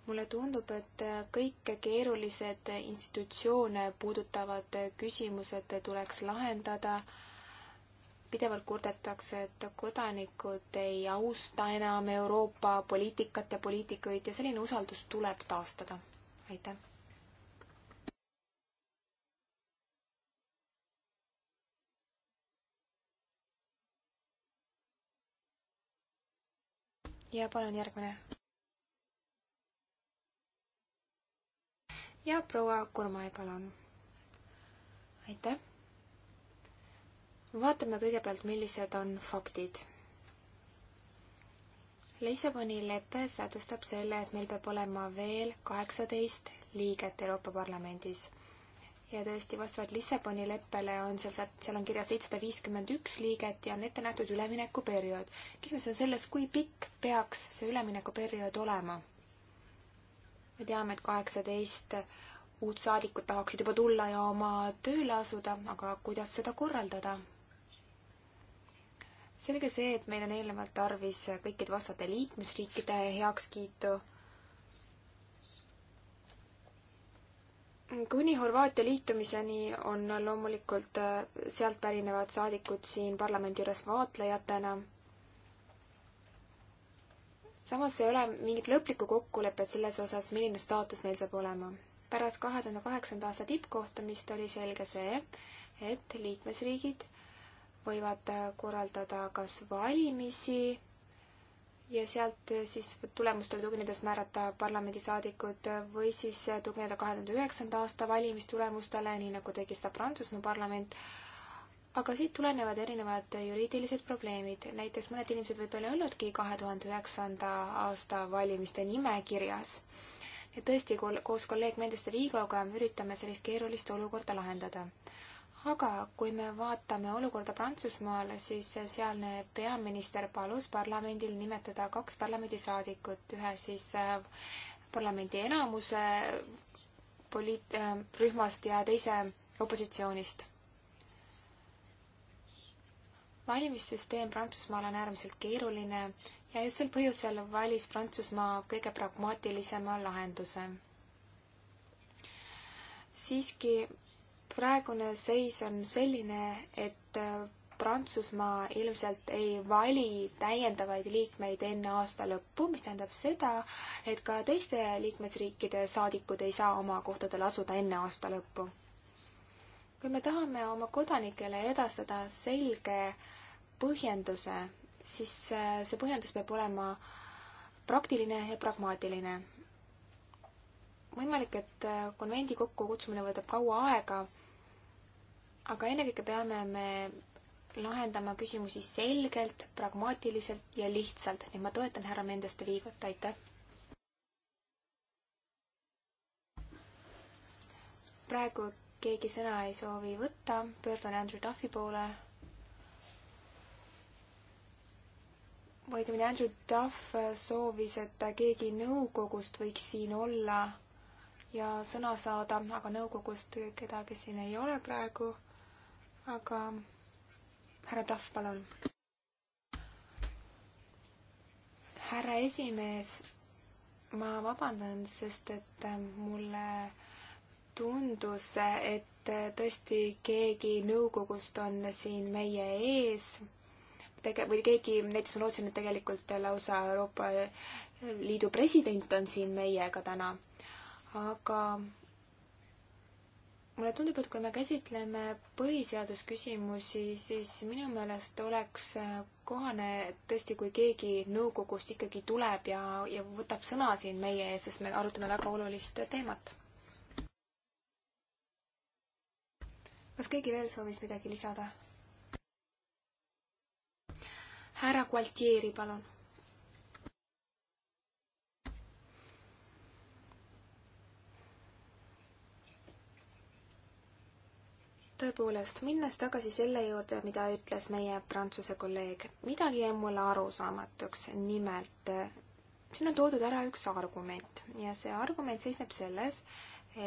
mulle tundub, et kõik keerulised institutsioone puudutavad küsimused tuleks lahendada pidevalt kurdetakse, et kodanikud ei austa enam Euroopa poliitikat ja poliitikuid ja selline usaldus tuleb taastada. aitäh! ja palun järgmine. ja proua Kurmai, palun. aitäh vaatame kõigepealt, millised on faktid. Lissaboni lepe sätestab selle, et meil peab olema veel kaheksateist liiget Euroopa Parlamendis ja tõesti, vastavalt Lissaboni leppele on seal, seal on kirjas seitsesada viiskümmend üks liiget ja on ette nähtud üleminekuperiood. küsimus on selles, kui pikk peaks see üleminekuperiood olema? me teame, et kaheksateist uut saadikut tahaksid juba tulla ja oma tööle asuda, aga kuidas seda korraldada? selge see, et meil on eelnevalt tarvis kõikide vastavate liikmesriikide heakskiitu. kuni Horvaatia liitumiseni on loomulikult äh, sealt pärinevad saadikud siin parlamendi juures vaatlejatena. samas ei ole mingit lõplikku kokkulepet selles osas, milline staatus neil saab olema. pärast kahe tuhande kaheksanda aasta tippkohtumist oli selge see, et liikmesriigid võivad äh, korraldada kas valimisi ja sealt äh, siis tulemustele tuginedes määrata parlamendisaadikud äh, või siis tugineda kahe tuhande üheksanda aasta valimistulemustele, nii nagu tegi seda Prantsusmaa parlament. aga siit tulenevad erinevad juriidilised probleemid, näiteks mõned inimesed võib-olla ei olnudki kahe tuhande üheksanda aasta valimiste nimekirjas. ja tõesti, koos kolleeg Mendeste Viigoga üritame sellist keerulist olukorda lahendada aga kui me vaatame olukorda Prantsusmaal, siis sealne peaminister palus parlamendil nimetada kaks parlamendisaadikut, ühe siis äh, parlamendi enamuse poliit-, äh, rühmast ja teise opositsioonist. valimissüsteem Prantsusmaal on äärmiselt keeruline ja just sel põhjusel valis Prantsusmaa kõige pragmaatilisema lahenduse. siiski praegune seis on selline, et äh, Prantsusmaa ilmselt ei vali täiendavaid liikmeid enne aasta lõppu, mis tähendab seda, et ka teiste liikmesriikide saadikud ei saa oma kohtadele asuda enne aasta lõppu. kui me tahame oma kodanikele edastada selge põhjenduse, siis äh, see põhjendus peab olema praktiline ja pragmaatiline. võimalik, et äh, konvendi kokkukutsumine võtab kaua aega aga ennekõike peame me lahendama küsimusi selgelt, pragmaatiliselt ja lihtsalt ning ma toetan härra Mendeste Viigot, aitäh! praegu keegi sõna ei soovi võtta, pöördun Andrew Duffy poole. või õigemini Andrew Duff soovis, et keegi nõukogust võiks siin olla ja sõna saada, aga nõukogust kedagi siin ei ole praegu aga härra Tahv, palun. härra esimees, ma vabandan, sest et äh, mulle tundus, et äh, tõesti keegi nõukogust on siin meie ees tege-, või keegi, näiteks ma lootsin, et tegelikult lausa Euroopa Liidu president on siin meiega täna, aga mulle tundub, et kui me käsitleme põhiseadusküsimusi, siis minu meelest oleks äh, kohane tõesti, kui keegi nõukogust ikkagi tuleb ja, ja võtab sõna siin meie ees, sest me arutame väga olulist teemat. kas keegi veel soovis midagi lisada? härra Gualtieri, palun tõepoolest, minnes tagasi selle juurde, mida ütles meie prantsuse kolleeg, midagi jäi mulle arusaamatuks, nimelt siin on toodud ära üks argument ja see argument seisneb selles,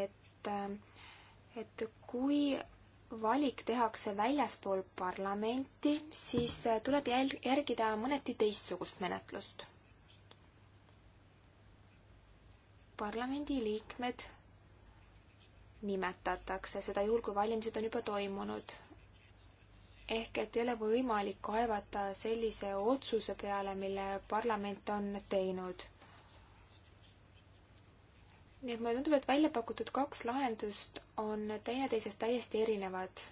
et, et kui valik tehakse väljaspool parlamenti, siis tuleb jäl-, järgida mõneti teistsugust menetlust. parlamendiliikmed nimetatakse, seda juhul, kui valimised on juba toimunud. ehk et ei ole võimalik kaevata sellise otsuse peale, mille parlament on teinud. nii et mulle tundub, et välja pakutud kaks lahendust on teineteisest täiesti erinevad.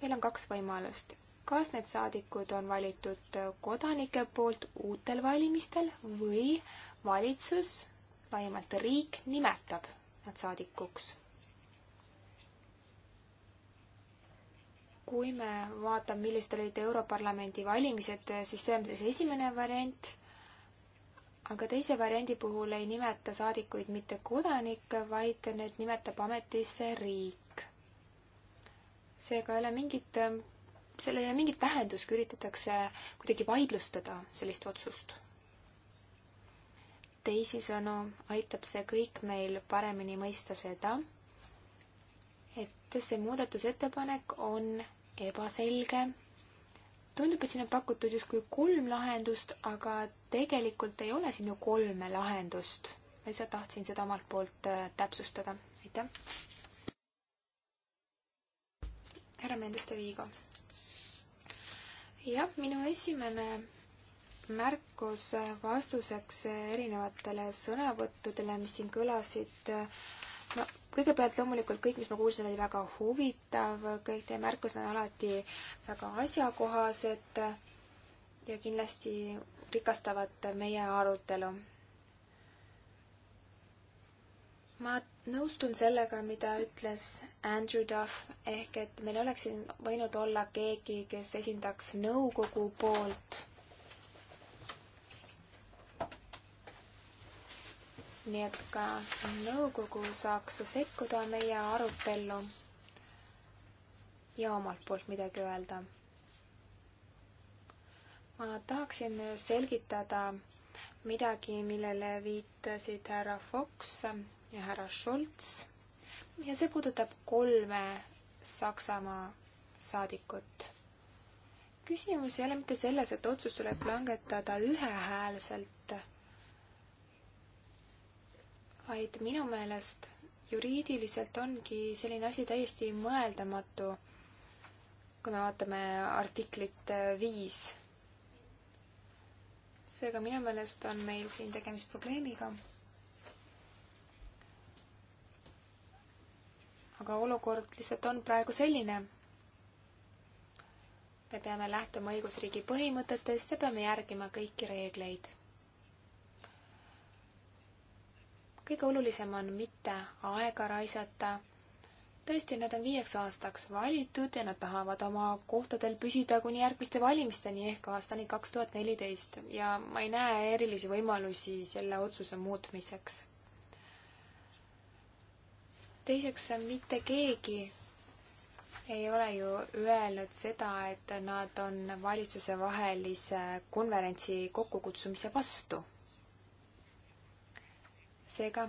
meil on kaks võimalust. kas need saadikud on valitud kodanike poolt uutel valimistel või valitsus, laiemalt riik, nimetab saadikuks. kui me vaatame, millised olid Europarlamendi valimised, siis see on siis esimene variant, aga teise variandi puhul ei nimeta saadikuid mitte kodanik, vaid need nimetab ametisse riik. seega ei ole mingit, sellel ei ole mingit tähendust, kui üritatakse kuidagi vaidlustada sellist otsust teisisõnu aitab see kõik meil paremini mõista seda, et see muudatusettepanek on ebaselge. tundub, et siin on pakutud justkui kolm lahendust, aga tegelikult ei ole siin ju kolme lahendust. ma lihtsalt tahtsin seda omalt poolt äh, täpsustada. aitäh! härra Mendeste Viigo. jah, minu esimene märkus vastuseks erinevatele sõnavõttudele, mis siin kõlasid. no kõigepealt loomulikult kõik, mis ma kuulsin, oli väga huvitav, kõik teie märkused on alati väga asjakohased ja kindlasti rikastavad meie arutelu. ma nõustun sellega, mida ütles Andrew Duff, ehk et meil oleks siin võinud olla keegi, kes esindaks nõukogu poolt nii et ka nõukogu saaks sekkuda meie arutellu ja omalt poolt midagi öelda. ma tahaksin selgitada midagi, millele viitasid härra Fox ja härra Schultz ja see puudutab kolme Saksamaa saadikut. küsimus ei ole mitte selles, et otsus tuleb langetada ühehäälselt vaid minu meelest juriidiliselt ongi selline asi täiesti mõeldamatu, kui me vaatame artiklit äh, viis. seega minu meelest on meil siin tegemist probleemiga aga olukord lihtsalt on praegu selline. me peame lähtuma õigusriigi põhimõtetest ja peame järgima kõiki reegleid. kõige olulisem on mitte aega raisata. tõesti, nad on viieks aastaks valitud ja nad tahavad oma kohtadel püsida kuni järgmiste valimisteni ehk aastani kaks tuhat neliteist ja ma ei näe erilisi võimalusi selle otsuse muutmiseks. teiseks, mitte keegi ei ole ju öelnud seda, et nad on valitsusevahelise konverentsi kokkukutsumise vastu seega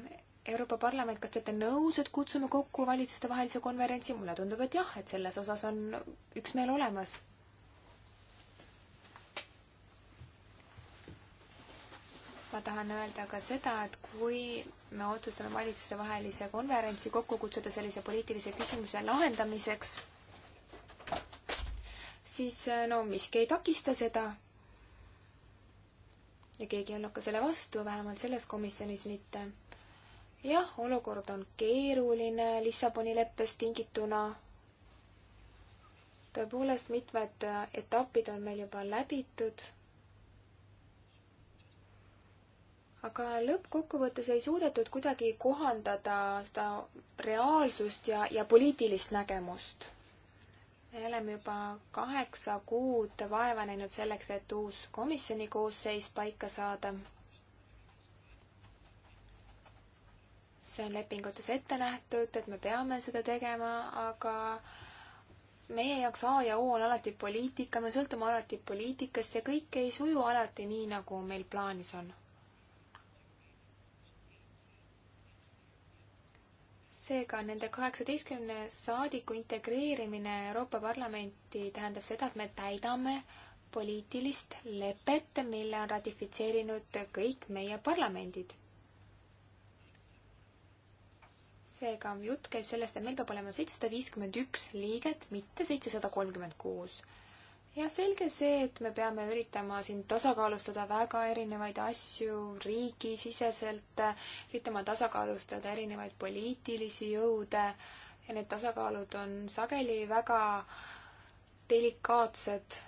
Euroopa Parlament, kas te olete nõus, et kutsume kokku valitsustevahelise konverentsi? mulle tundub, et jah, et selles osas on üksmeel olemas. ma tahan öelda ka seda, et kui me otsustame valitsustevahelise konverentsi kokku kutsuda sellise poliitilise küsimuse lahendamiseks, siis no miski ei takista seda ja keegi ei olnud ka selle vastu, vähemalt selles komisjonis mitte. jah, olukord on keeruline Lissaboni leppest tingituna. tõepoolest, mitmed etapid on meil juba läbitud aga lõppkokkuvõttes ei suudetud kuidagi kohandada seda reaalsust ja, ja poliitilist nägemust me oleme juba kaheksa kuud vaeva näinud selleks, et uus komisjoni koosseis paika saada. see on lepingutes ette nähtud, et me peame seda tegema, aga meie jaoks A ja O on alati poliitika, me sõltume alati poliitikast ja kõik ei suju alati nii, nagu meil plaanis on seega nende kaheksateistkümne saadiku integreerimine Euroopa Parlamenti tähendab seda, et me täidame poliitilist lepet, mille on ratifitseerinud kõik meie parlamendid. seega jutt käib sellest, et meil peab olema seitsesada viiskümmend üks liiget, mitte seitsesada kolmkümmend kuus ja selge see, et me peame üritama siin tasakaalustada väga erinevaid asju riigisiseselt, üritama tasakaalustada erinevaid poliitilisi jõude ja need tasakaalud on sageli väga delikaatsed.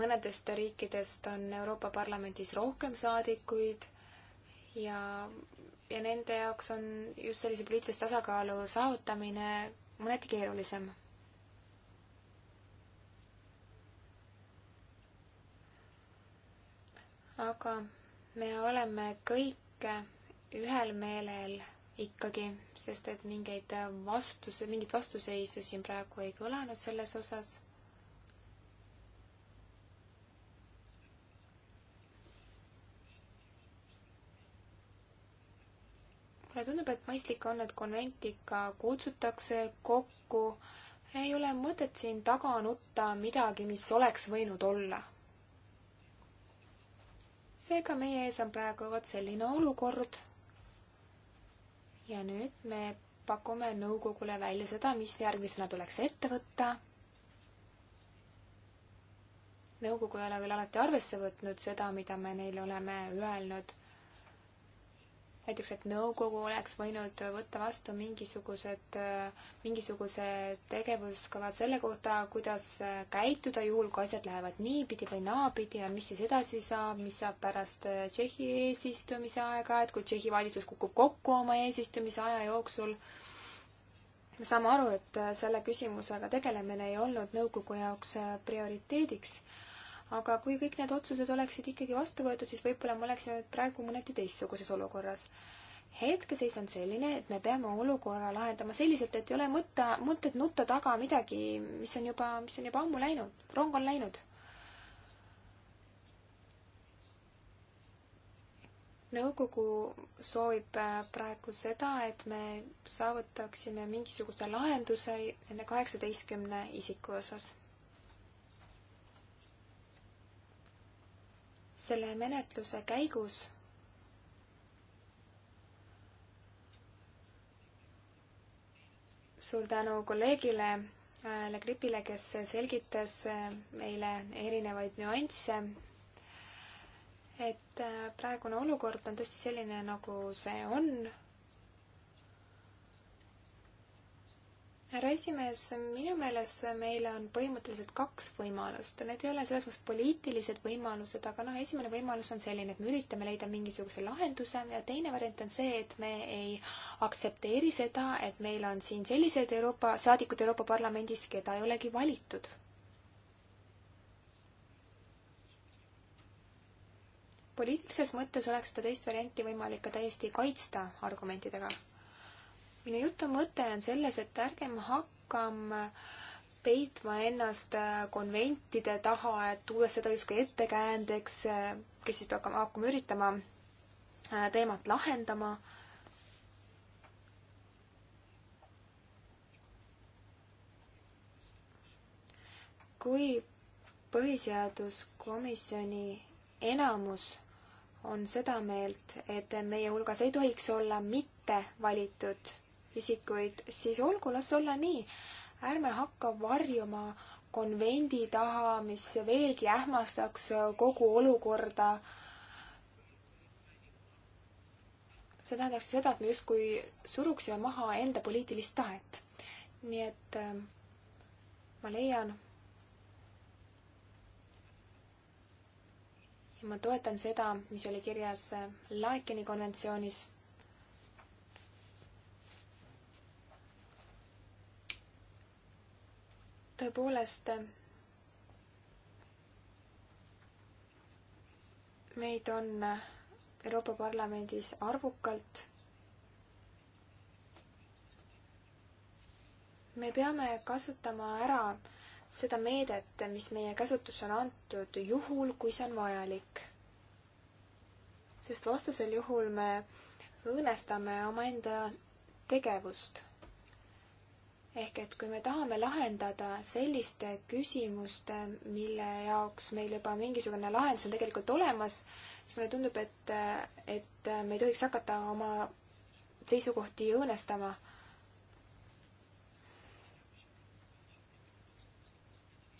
mõnedest riikidest on Euroopa Parlamendis rohkem saadikuid ja, ja nende jaoks on just sellise poliitilise tasakaalu saavutamine mõneti keerulisem aga me oleme kõik ühel meelel ikkagi, sest et mingeid vastuse, mingit vastuseisu siin praegu ei kõlanud selles osas. mulle tundub, et mõistlik on, et konvent ikka kutsutakse kokku. ei ole mõtet siin taga nutta midagi, mis oleks võinud olla seega meie ees on praegu vot selline olukord. ja nüüd me pakume nõukogule välja seda, mis järgmisena tuleks ette võtta. nõukogu ei ole veel alati arvesse võtnud seda, mida me neile oleme öelnud näiteks, et nõukogu oleks võinud võtta vastu mingisugused, mingisuguse tegevuskava selle kohta, kuidas käituda juhul, kui asjad lähevad niipidi või naapidi ja mis siis edasi saab, mis saab pärast Tšehhi eesistumise aega, et kui Tšehhi valitsus kukub kokku oma eesistumise aja jooksul. me saame aru, et selle küsimusega tegelemine ei olnud nõukogu jaoks prioriteediks aga kui kõik need otsused oleksid ikkagi vastu võetud, siis võib-olla me oleksime praegu mõneti teistsuguses olukorras. hetkeseis on selline, et me peame olukorra lahendama selliselt, et ei ole mõtte, mõtet nutta taga midagi, mis on juba, mis on juba ammu läinud, rong on läinud nõukogu soovib äh, praegu seda, et me saavutaksime mingisuguse lahenduse nende kaheksateistkümne isiku osas. selle menetluse käigus suur tänu kolleegile äh, Le Gripile, kes selgitas äh, meile erinevaid nüansse. et äh, praegune olukord on tõesti selline, nagu see on härra esimees, minu meelest meil on põhimõtteliselt kaks võimalust, need ei ole selles mõttes poliitilised võimalused, aga noh, esimene võimalus on selline, et me üritame leida mingisuguse lahenduse ja teine variant on see, et me ei aktsepteeri seda, et meil on siin sellised Euroopa, saadikud Euroopa Parlamendis, keda ei olegi valitud. poliitilises mõttes oleks seda teist varianti võimalik ka täiesti kaitsta argumentidega minu jutu mõte on selles, et ärgem hakkam peitma ennast konventide taha, et tuues seda justkui ettekäändeks, kes siis peab hakkama, hakkama üritama äh, teemat lahendama. kui põhiseaduskomisjoni enamus on seda meelt, et meie hulgas ei tohiks olla mitte valitud isikuid, siis olgu, las olla nii. ärme hakka varjuma konvendi taha, mis veelgi ähmastaks kogu olukorda. see tähendaks seda, et me justkui suruksime maha enda poliitilist tahet. nii et ähm, ma leian ja ma toetan seda, mis oli kirjas Laekeni konventsioonis tõepoolest meid on Euroopa Parlamendis arvukalt. me peame kasutama ära seda meedet, mis meie käsutusse on antud, juhul kui see on vajalik. sest vastasel juhul me õõnestame omaenda tegevust ehk et kui me tahame lahendada selliste küsimuste, mille jaoks meil juba mingisugune lahendus on tegelikult olemas, siis mulle tundub, et, et me ei tohiks hakata oma seisukohti õõnestama.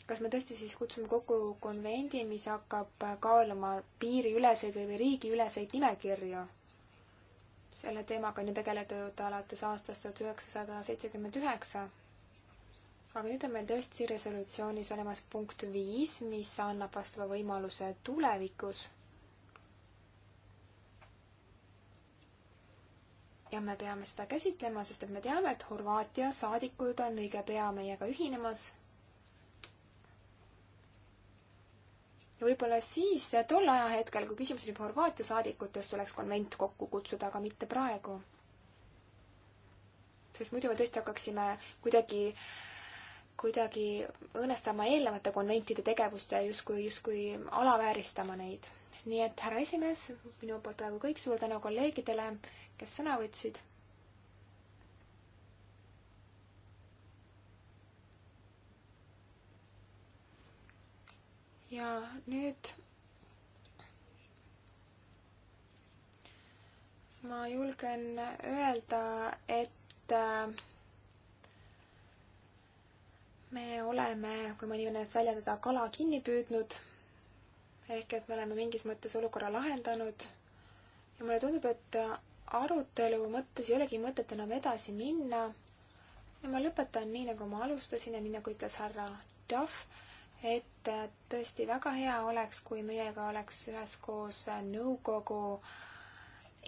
kas me tõesti siis kutsume kokku konvendi, mis hakkab kaaluma piiriüleseid või riigiüleseid nimekirju? selle teemaga on ju tegeletud alates aastast tuhat üheksasada seitsekümmend üheksa. aga nüüd on meil tõesti resolutsioonis olemas punkt viis, mis annab vastava võimaluse tulevikus. ja me peame seda käsitlema, sest et me teame, et Horvaatia saadikud on õige pea meiega ühinemas võib-olla siis eh, tol ajahetkel, kui küsimus oli Horvaatia saadikutest, tuleks konvent kokku kutsuda, aga mitte praegu. sest muidu me tõesti hakkaksime kuidagi, kuidagi õõnestama eelnevate konventide tegevust ja justkui, justkui alavääristama neid. nii et härra esimees, minu poolt praegu kõik, suur tänu kolleegidele, kes sõna võtsid ja nüüd ma julgen öelda, et äh, me oleme, kui ma nii ennast väljendada, kala kinni püüdnud. ehk et me oleme mingis mõttes olukorra lahendanud. ja mulle tundub, et arutelu mõttes ei olegi mõtet enam edasi minna. ja ma lõpetan nii, nagu ma alustasin ja nii, nagu ütles härra Duff, et tõesti väga hea oleks, kui meiega oleks üheskoos nõukogu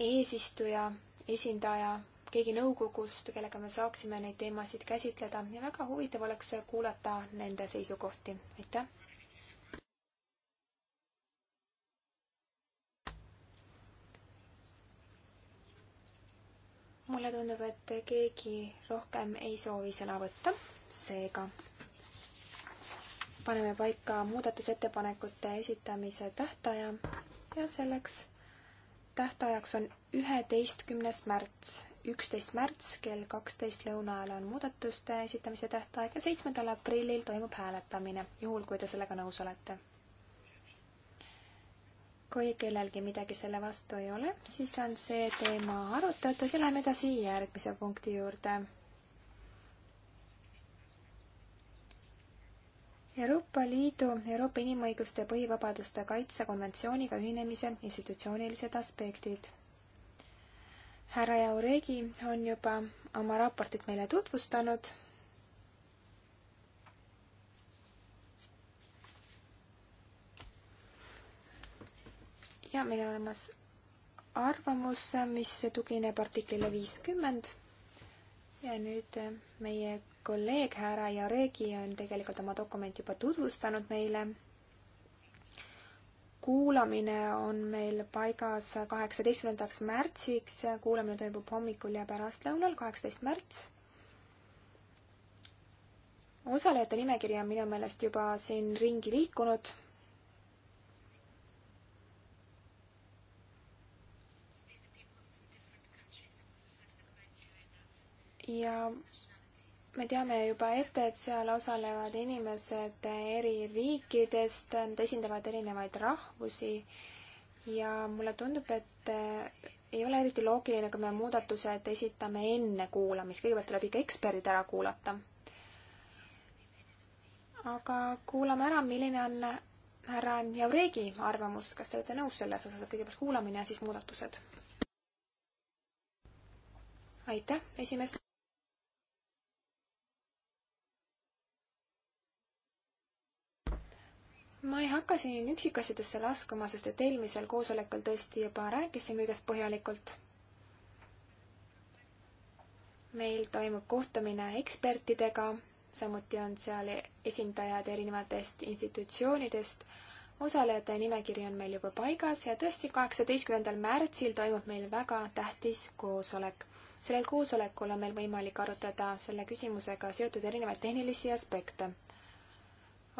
eesistuja, esindaja, keegi nõukogust, kellega me saaksime neid teemasid käsitleda ja väga huvitav oleks kuulata nende seisukohti. aitäh! mulle tundub, et keegi rohkem ei soovi sõna võtta, seega paneme paika muudatusettepanekute esitamise tähtaja ja selleks tähtajaks on üheteistkümnes märts. üksteist märts kell kaksteist lõuna ajal on muudatuste esitamise tähtaeg ja seitsmendal aprillil toimub hääletamine, juhul kui te sellega nõus olete. kui kellelgi midagi selle vastu ei ole, siis on see teema arutatud ja läheme edasi järgmise punkti juurde Euroopa Liidu Euroopa Inimõiguste ja Põhivabaduste Kaitse konventsiooniga ühinemise institutsioonilised aspektid. härra Jauregi on juba oma raportit meile tutvustanud. ja meil on olemas arvamus, mis tugineb artiklile viiskümmend ja nüüd äh, meie kolleeg härra Jaregi on tegelikult oma dokumenti juba tutvustanud meile. kuulamine on meil paigas kaheksateistkümnendaks märtsiks, kuulamine toimub hommikul ja pärastlõunal, kaheksateist märts. osalejate nimekiri on minu meelest juba siin ringi liikunud ja me teame juba ette, et seal osalevad inimesed eri riikidest, nad esindavad erinevaid rahvusi ja mulle tundub, et eh, ei ole eriti loogiline, kui me muudatused esitame enne kuulamist, kõigepealt tuleb ikka eksperdid ära kuulata. aga kuulame ära, milline on härra Jauregi arvamus, kas te olete nõus selles osas, et kõigepealt kuulamine ja siis muudatused? aitäh, esimees. ma ei hakka siin üksikasjadesse laskuma, sest et eelmisel koosolekul tõesti juba rääkisin kõigest põhjalikult. meil toimub kohtumine ekspertidega, samuti on seal esindajad erinevatest institutsioonidest. osalejate nimekiri on meil juba paigas ja tõesti, kaheksateistkümnendal märtsil toimub meil väga tähtis koosolek. sellel koosolekul on meil võimalik arutada selle küsimusega seotud erinevaid tehnilisi aspekte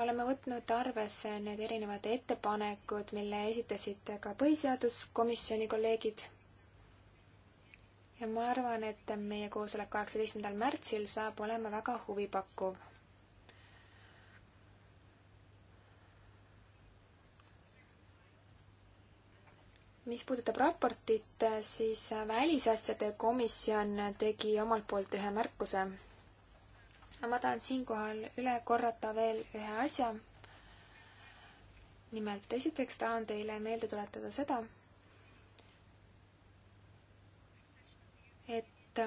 oleme võtnud arvesse need erinevad ettepanekud, mille esitasid ka põhiseaduskomisjoni kolleegid. ja ma arvan, et meie koosolek kaheksateistkümnendal märtsil saab olema väga huvipakkuv. mis puudutab raportit, siis välisasjade komisjon tegi omalt poolt ühe märkuse ma tahan siinkohal üle korrata veel ühe asja. nimelt, esiteks tahan teile meelde tuletada seda, et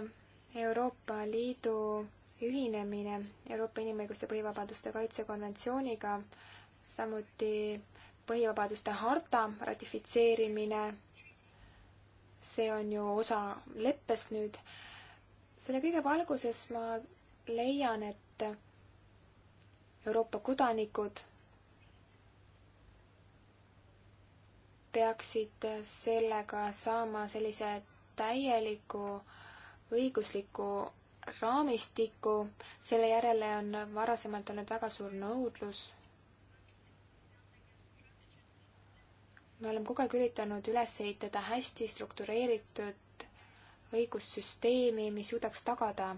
Euroopa Liidu ühinemine Euroopa Inimõiguste Põhivabaduste Kaitsekonventsiooniga, samuti põhivabaduste harta ratifitseerimine, see on ju osa leppest nüüd. selle kõige valguses ma leian, et Euroopa kodanikud peaksid sellega saama sellise täieliku õigusliku raamistiku, selle järele on varasemalt olnud väga suur nõudlus. me oleme kogu aeg üritanud üles ehitada hästi struktureeritud õigussüsteemi, mis suudaks tagada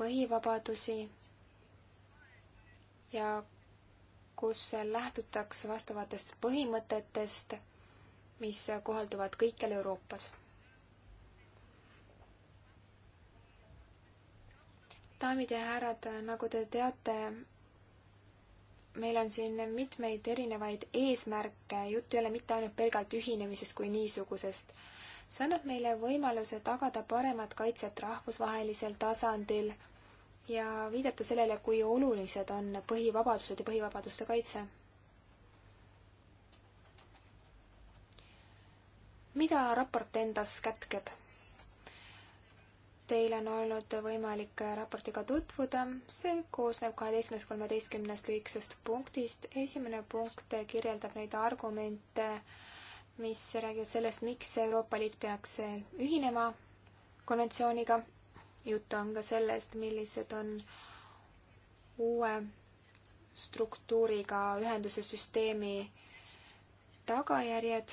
põhivabadusi ja kus lähtutaks vastavatest põhimõtetest, mis kohalduvad kõikjal Euroopas. daamid ja härrad, nagu te teate, meil on siin mitmeid erinevaid eesmärke, jutt ei ole mitte ainult pelgalt ühinemisest kui niisugusest. see annab meile võimaluse tagada paremat kaitset rahvusvahelisel tasandil ja viidata sellele, kui olulised on põhivabadused ja põhivabaduste kaitse. mida raport endas kätkeb? Teil on olnud võimalik raportiga tutvuda, see koosneb kaheteistkümnest kolmeteistkümnest lühikesest punktist. esimene punkt kirjeldab neid argumente, mis räägivad sellest, miks Euroopa Liit peaks ühinema konventsiooniga juttu on ka sellest, millised on uue struktuuriga ühenduse süsteemi tagajärjed.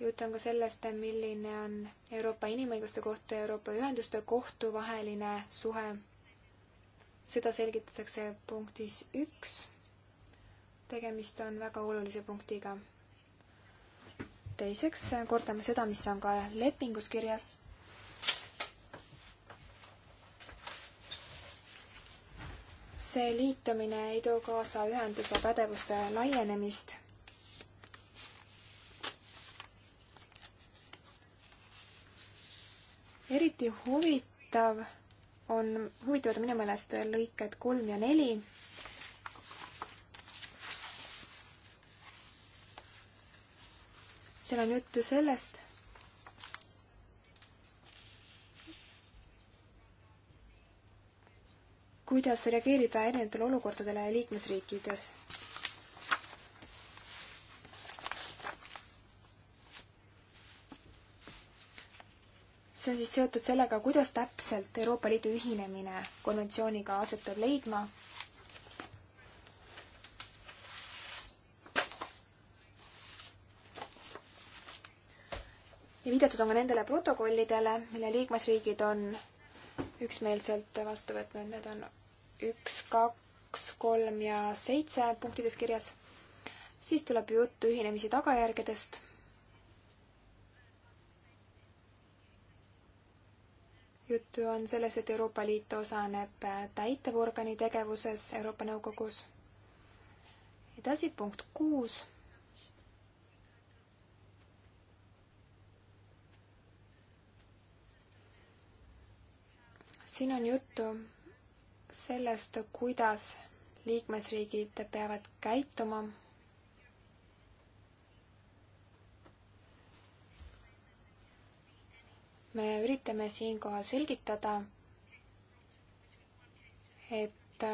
jutt on ka sellest, milline on Euroopa Inimõiguste Kohtu ja Euroopa Ühenduste Kohtu vaheline suhe. seda selgitatakse punktis üks. tegemist on väga olulise punktiga. teiseks kordame seda, mis on ka lepingus kirjas see liitumine ei too kaasa ühenduse pädevuste laienemist. eriti huvitav on, huvitavad on minu meelest lõiked kolm ja neli. seal on juttu sellest, kuidas reageerida erinevatele olukordadele liikmesriikides. see on siis seotud sellega, kuidas täpselt Euroopa Liidu ühinemine konventsiooniga aset peab leidma ja viidatud on ka nendele protokollidele, mille liikmesriigid on üksmeelselt vastu võtnud, need on üks, kaks, kolm ja seitse punktides kirjas. siis tuleb juttu ühinemise tagajärgedest. juttu on selles, et Euroopa Liit osaneb täitevorgani tegevuses Euroopa Nõukogus. edasi punkt kuus siin on juttu sellest, kuidas liikmesriigid peavad käituma. me üritame siinkohal selgitada, et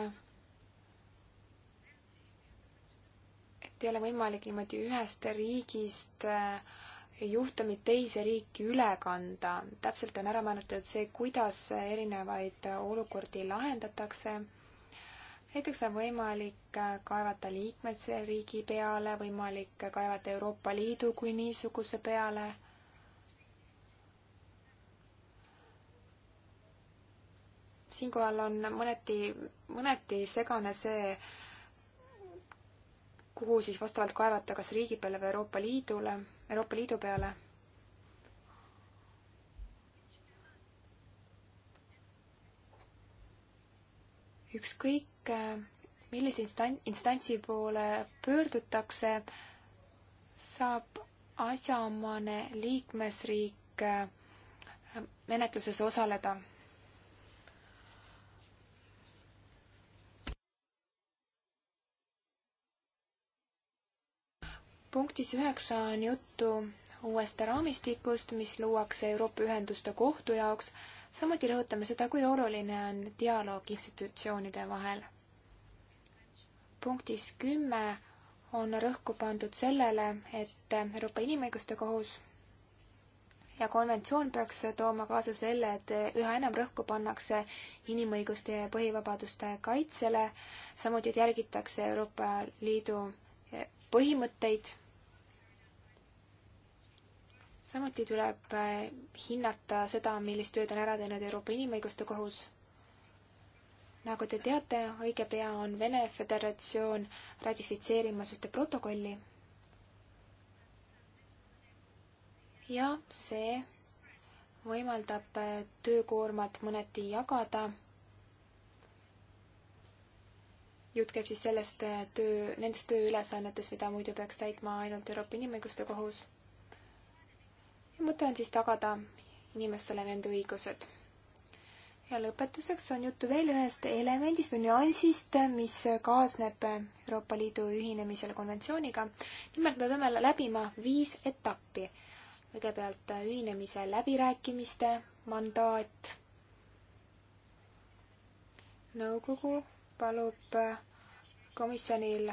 et ei ole võimalik niimoodi ühest riigist äh, juhtumid teise riiki üle kanda. täpselt on ära määratud see, kuidas erinevaid olukordi lahendatakse. näiteks on võimalik kaevata liikmesriigi peale, võimalik kaevata Euroopa Liidu kui niisuguse peale siinkohal on mõneti, mõneti segane see, kuhu siis vastavalt kaevata, kas riigi peale või Euroopa Liidule. Euroopa Liidu peale. ükskõik millise instan-, instantsi poole pöördutakse, saab asjaomane liikmesriik äh, menetluses osaleda punktis üheksa on juttu uuest raamistikust, mis luuakse Euroopa Ühenduste Kohtu jaoks. samuti rõhutame seda, kui oluline on dialoog institutsioonide vahel. punktis kümme on rõhku pandud sellele, et Euroopa Inimõiguste Kohus ja konventsioon peaks tooma kaasa selle, et üha enam rõhku pannakse inimõiguste ja põhivabaduste kaitsele, samuti et järgitakse Euroopa Liidu põhimõtteid samuti tuleb äh, hinnata seda, millist tööd on ära teinud Euroopa Inimõiguste Kohus. nagu te teate, õige pea on Vene Föderatsioon ratifitseerimas ühte protokolli. ja see võimaldab äh, töökoormat mõneti jagada. jutt käib siis sellest äh, töö, nendest tööülesannetes, mida muidu peaks täitma ainult Euroopa Inimõiguste Kohus mõte on siis tagada inimestele nende õigused. ja lõpetuseks on juttu veel ühest elemendist või nüansist, mis kaasneb Euroopa Liidu ühinemisel konventsiooniga. nimelt me peame läbima viis etappi. kõigepealt ühinemise läbirääkimiste mandaat. nõukogu palub komisjonil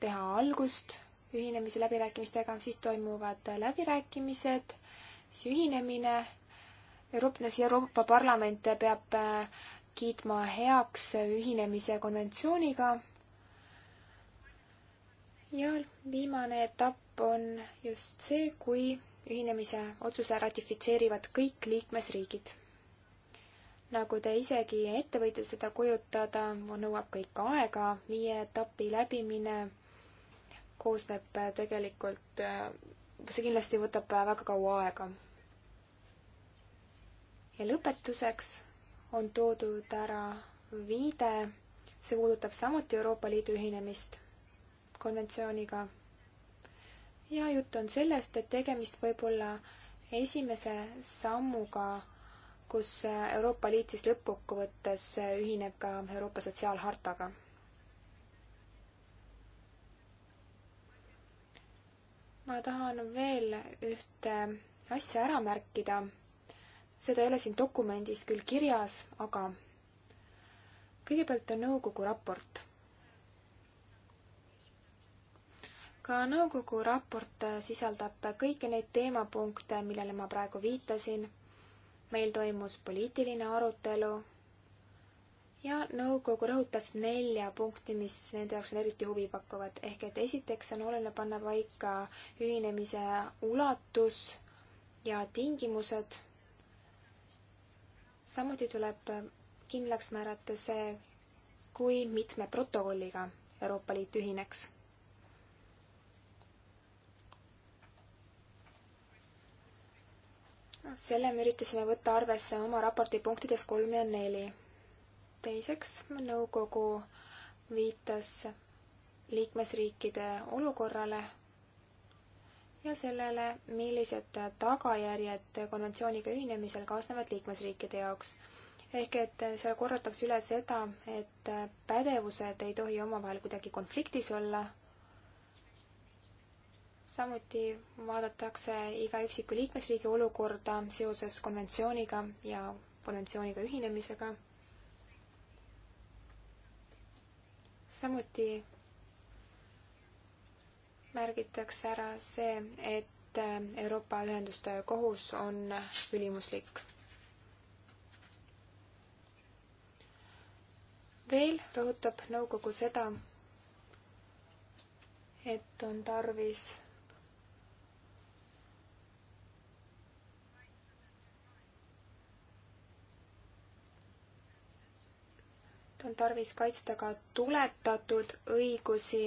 teha algust ühinemise läbirääkimistega, siis toimuvad läbirääkimised ühinemine. Euroopa, Euroopa Parlament peab äh, kiitma heaks ühinemise konventsiooniga. ja viimane etapp on just see, kui ühinemise otsuse ratifitseerivad kõik liikmesriigid. nagu te isegi ette võite seda kujutada, nõuab kõik aega, viie etapi läbimine koosneb tegelikult, äh, see kindlasti võtab väga kaua aega ja lõpetuseks on toodud ära viide, see puudutab samuti Euroopa Liidu ühinemist konventsiooniga. ja jutt on sellest, et tegemist võib olla esimese sammuga, kus Euroopa Liit siis lõppkokkuvõttes ühineb ka Euroopa Sotsiaalhartaga ma tahan veel ühte asja ära märkida seda ei ole siin dokumendis küll kirjas, aga kõigepealt on nõukogu raport. ka nõukogu raport sisaldab kõiki neid teemapunkte, millele ma praegu viitasin. meil toimus poliitiline arutelu ja nõukogu rõhutas nelja punkti, mis nende jaoks on eriti huvipakkuvad, ehk et esiteks on oluline panna paika ühinemise ulatus ja tingimused samuti tuleb kindlaks määrata see, kui mitme protokolliga Euroopa Liit ühineks. selle me üritasime võtta arvesse oma raporti punktides kolm ja neli. teiseks, nõukogu viitas liikmesriikide olukorrale ja sellele, millised tagajärjed konventsiooniga ühinemisel kaasnevad liikmesriikide jaoks. ehk et seal korratakse üle seda, et pädevused ei tohi omavahel kuidagi konfliktis olla. samuti vaadatakse iga üksiku liikmesriigi olukorda seoses konventsiooniga ja konventsiooniga ühinemisega samuti märgitakse ära see, et äh, Euroopa Ühenduste Kohus on ülimuslik. veel rõhutab nõukogu seda, et on tarvis on tarvis kaitsta ka tuletatud õigusi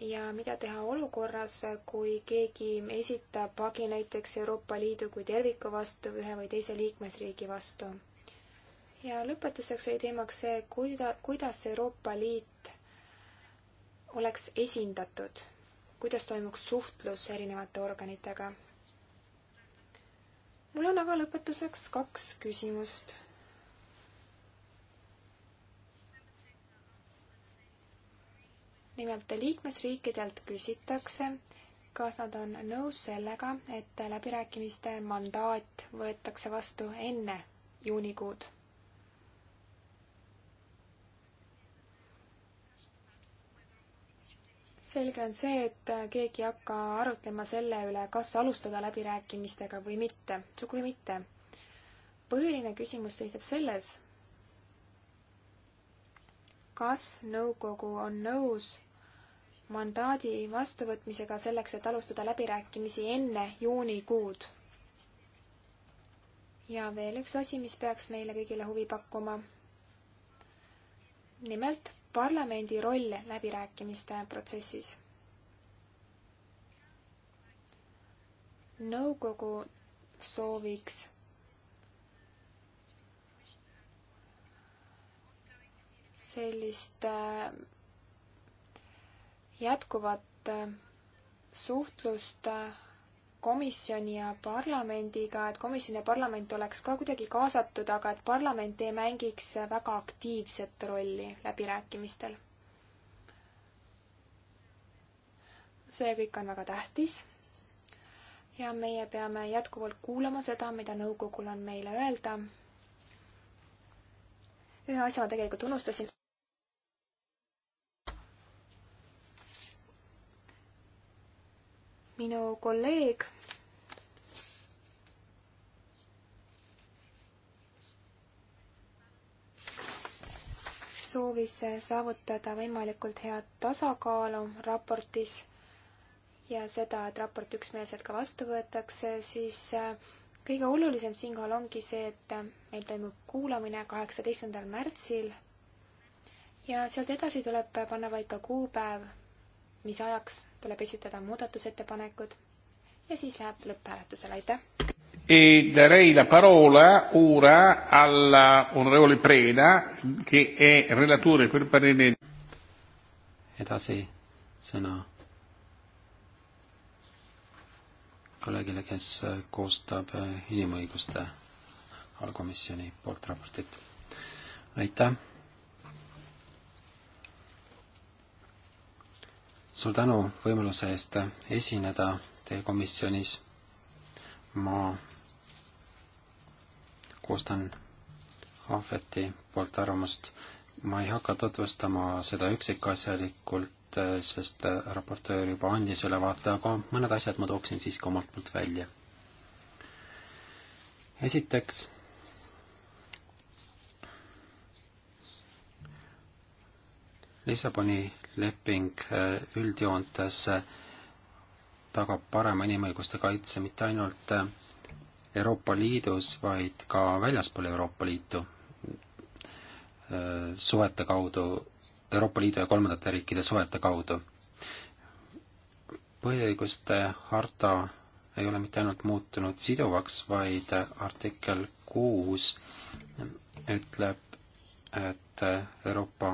ja mida teha olukorras, kui keegi esitab hagi näiteks Euroopa Liidu kui terviku vastu ühe või teise liikmesriigi vastu. ja lõpetuseks oli teemaks see, kuida-, kuidas Euroopa Liit oleks esindatud, kuidas toimuks suhtlus erinevate organitega. mul on aga lõpetuseks kaks küsimust nimelt liikmesriikidelt küsitakse, kas nad on nõus sellega, et läbirääkimiste mandaat võetakse vastu enne juunikuud selge on see, et keegi ei hakka arutlema selle üle, kas alustada läbirääkimistega või mitte, sugugi mitte. põhiline küsimus seisneb selles, kas nõukogu on nõus mandaadi vastuvõtmisega selleks, et alustada läbirääkimisi enne juunikuud. ja veel üks asi, mis peaks meile kõigile huvi pakkuma. nimelt parlamendi roll läbirääkimiste protsessis. nõukogu sooviks sellist äh, jätkuvat äh, suhtlust äh, komisjoni ja parlamendiga, et komisjon ja parlament oleks ka kuidagi kaasatud, aga et parlament ei mängiks väga aktiivset rolli läbirääkimistel. see kõik on väga tähtis. ja meie peame jätkuvalt kuulama seda, mida nõukogul on meile öelda. ühe asja ma tegelikult unustasin minu kolleeg soovis saavutada võimalikult head tasakaalu raportis ja seda, et raport üksmeelselt ka vastu võetakse, siis äh, kõige olulisem siinkohal ongi see, et äh, meil toimub kuulamine kaheksateistkümnendal märtsil ja sealt edasi tuleb panna paika kuupäev, mis ajaks tuleb esitada muudatusettepanekud ja siis läheb lõpphääletusele, aitäh! E darei la parola ora all'onorevole Preda, che è relatore per parere. Edasi sõna kolleegile, kes koostab inimõiguste allkomisjoni poolt raportit. aitäh! suur tänu võimaluse eest esineda teie komisjonis. ma koostan Ahveti poolt arvamust. ma ei hakka tutvustama seda üksikasjalikult, sest raportöör juba andis ülevaate, aga mõned asjad ma tooksin siiski omalt poolt välja. esiteks Lissaboni leping äh, üldjoontes äh, tagab parema inimõiguste kaitse mitte ainult äh, Euroopa Liidus, vaid ka väljaspool Euroopa Liitu, suhete kaudu, Euroopa Liidu ja kolmandate riikide suhete kaudu. põhiõiguste harta ei ole mitte ainult muutunud siduvaks, vaid artikkel kuus ütleb, et Euroopa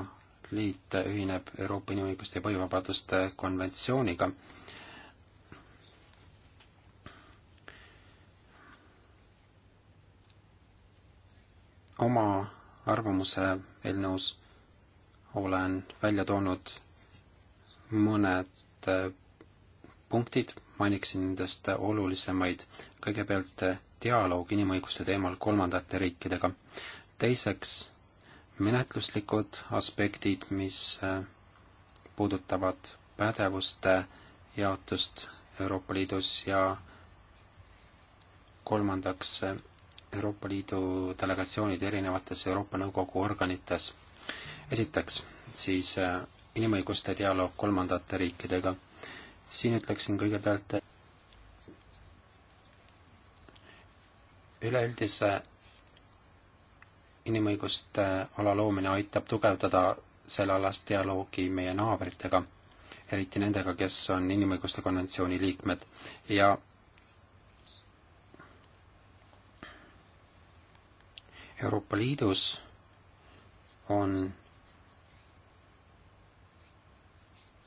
Liit ühineb Euroopa Inimõiguste ja Põhivabaduste konventsiooniga. oma arvamuse eelnõus olen välja toonud mõned äh, punktid, mainiksin nendest olulisemaid. kõigepealt äh, dialoog inimõiguste teemal kolmandate riikidega. teiseks menetluslikud aspektid, mis äh, puudutavad pädevuste jaotust Euroopa Liidus ja kolmandaks äh, Euroopa Liidu delegatsioonid erinevates Euroopa Nõukogu organites. esiteks siis äh, inimõiguste dialoog kolmandate riikidega. siin ütleksin kõigepealt üleüldise inimõiguste äh, ala loomine aitab tugevdada sellealast dialoogi meie naabritega, eriti nendega, kes on inimõiguste konventsiooni liikmed ja Euroopa Liidus on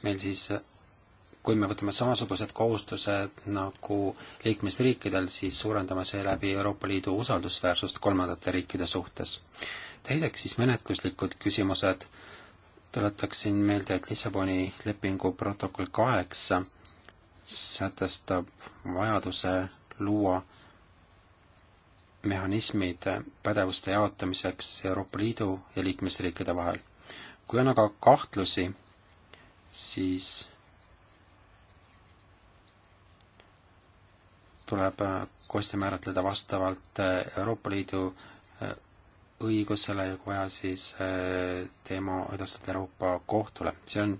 meil siis kui me võtame samasugused kohustused nagu liikmesriikidel, siis suurendame seeläbi Euroopa Liidu usaldusväärsust kolmandate riikide suhtes. teiseks siis menetluslikud küsimused. tuletaksin meelde, et Lissaboni lepingu protokoll kaheksa sätestab vajaduse luua mehhanismid pädevuste jaotamiseks Euroopa Liidu ja liikmesriikide vahel. kui on aga kahtlusi, siis tuleb äh, koste määratleda vastavalt äh, Euroopa Liidu äh, õigusele ja kui vaja, siis teema edastada Euroopa Kohtule. see on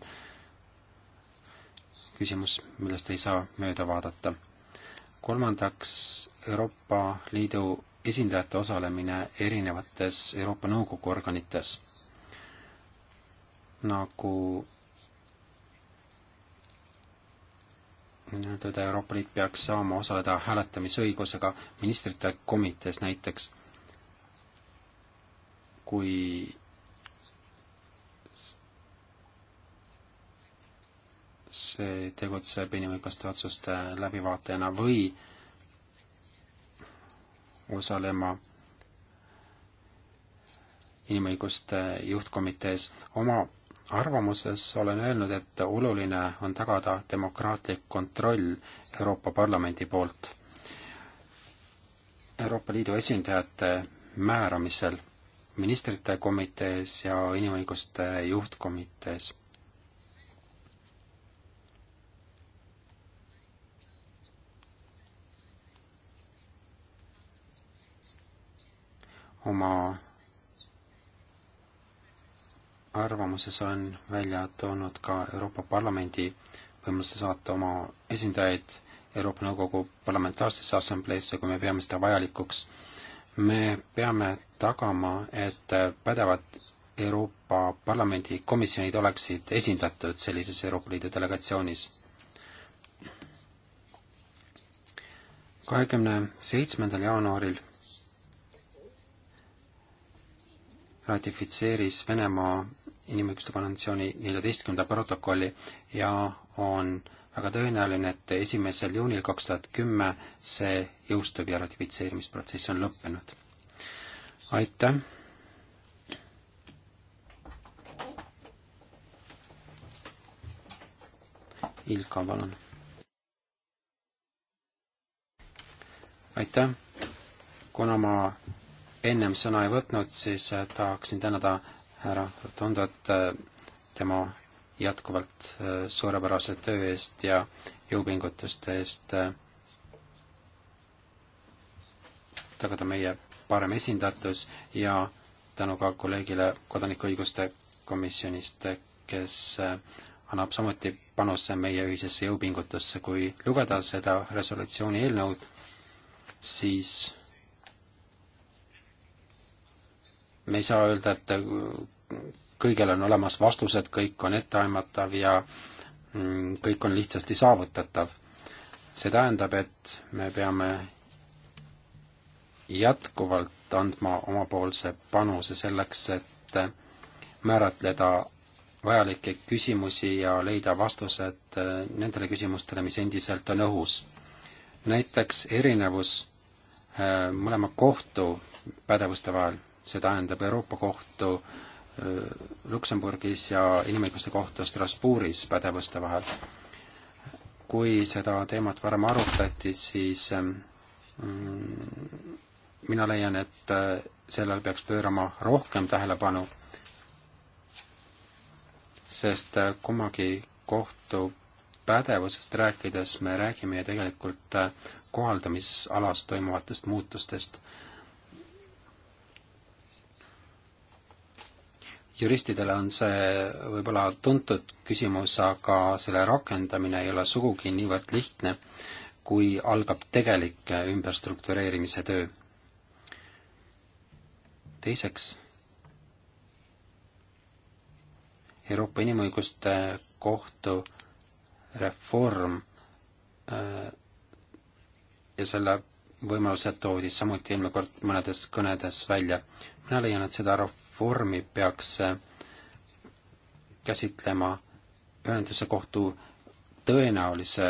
küsimus, millest ei saa mööda vaadata. kolmandaks, Euroopa Liidu esindajate osalemine erinevates Euroopa Nõukogu organites, nagu tõde, Euroopa Liit peaks saama osaleda hääletamisõigusega ministrite komitees näiteks, kui see tegutseb inimõiguste otsuste läbivaatajana või osalema inimõiguste juhtkomitees oma arvamuses olen öelnud, et oluline on tagada demokraatlik kontroll Euroopa Parlamendi poolt Euroopa Liidu esindajate määramisel ministrite komitees ja inimõiguste juhtkomitees. oma arvamuses on välja toonud ka Euroopa Parlamendi võimaluse saata oma esindajaid Euroopa Nõukogu Parlamentaarsesse Assambleesse, kui me peame seda vajalikuks. me peame tagama, et pädevad Euroopa Parlamendi komisjonid oleksid esindatud sellises Euroopa Liidu delegatsioonis. kahekümne seitsmendal jaanuaril ratifitseeris Venemaa inimõiguste konventsiooni neljateistkümnenda protokolli ja on väga tõenäoline, et esimesel juunil kaks tuhat kümme see jõustub ja ratifitseerimisprotsess on lõppenud. aitäh! Ilka, palun! aitäh! kuna ma ennem sõna ei võtnud, siis äh, tahaksin tänada härra Rotondot äh, tema jätkuvalt äh, suurepärase töö eest ja jõupingutuste eest äh, tagada meie parem esindatus ja tänu ka kolleegile Kodanikuõiguste komisjonist, kes annab samuti panuse meie ühisesse jõupingutusse. kui lugeda seda resolutsiooni eelnõud, siis me ei saa öelda, et kõigil on olemas vastused, kõik on etteaimatav ja mm, kõik on lihtsasti saavutatav. see tähendab, et me peame jätkuvalt andma omapoolse panuse selleks, et määratleda vajalikke küsimusi ja leida vastused äh, nendele küsimustele, mis endiselt on õhus. näiteks erinevus äh, mõlema kohtu pädevuste vahel see tähendab Euroopa Kohtu äh, Luksemburgis ja Inimõiguste Kohtu Strasbourgis pädevuste vahel. kui seda teemat varem arutati, siis ähm, mm, mina leian, et äh, sellel peaks pöörama rohkem tähelepanu, sest äh, kummagi kohtu pädevusest rääkides me räägime ju tegelikult kohaldamisalas toimuvatest muutustest juristidele on see võib-olla tuntud küsimus, aga selle rakendamine ei ole sugugi niivõrd lihtne, kui algab tegelik ümberstruktureerimise töö. teiseks, Euroopa Inimõiguste Kohtu reform äh, ja selle võimalused toodi samuti eelmine kord mõnedes kõnedes välja. mina leian, et seda reformi reformi peaks äh, käsitlema ühenduse kohtu tõenäolise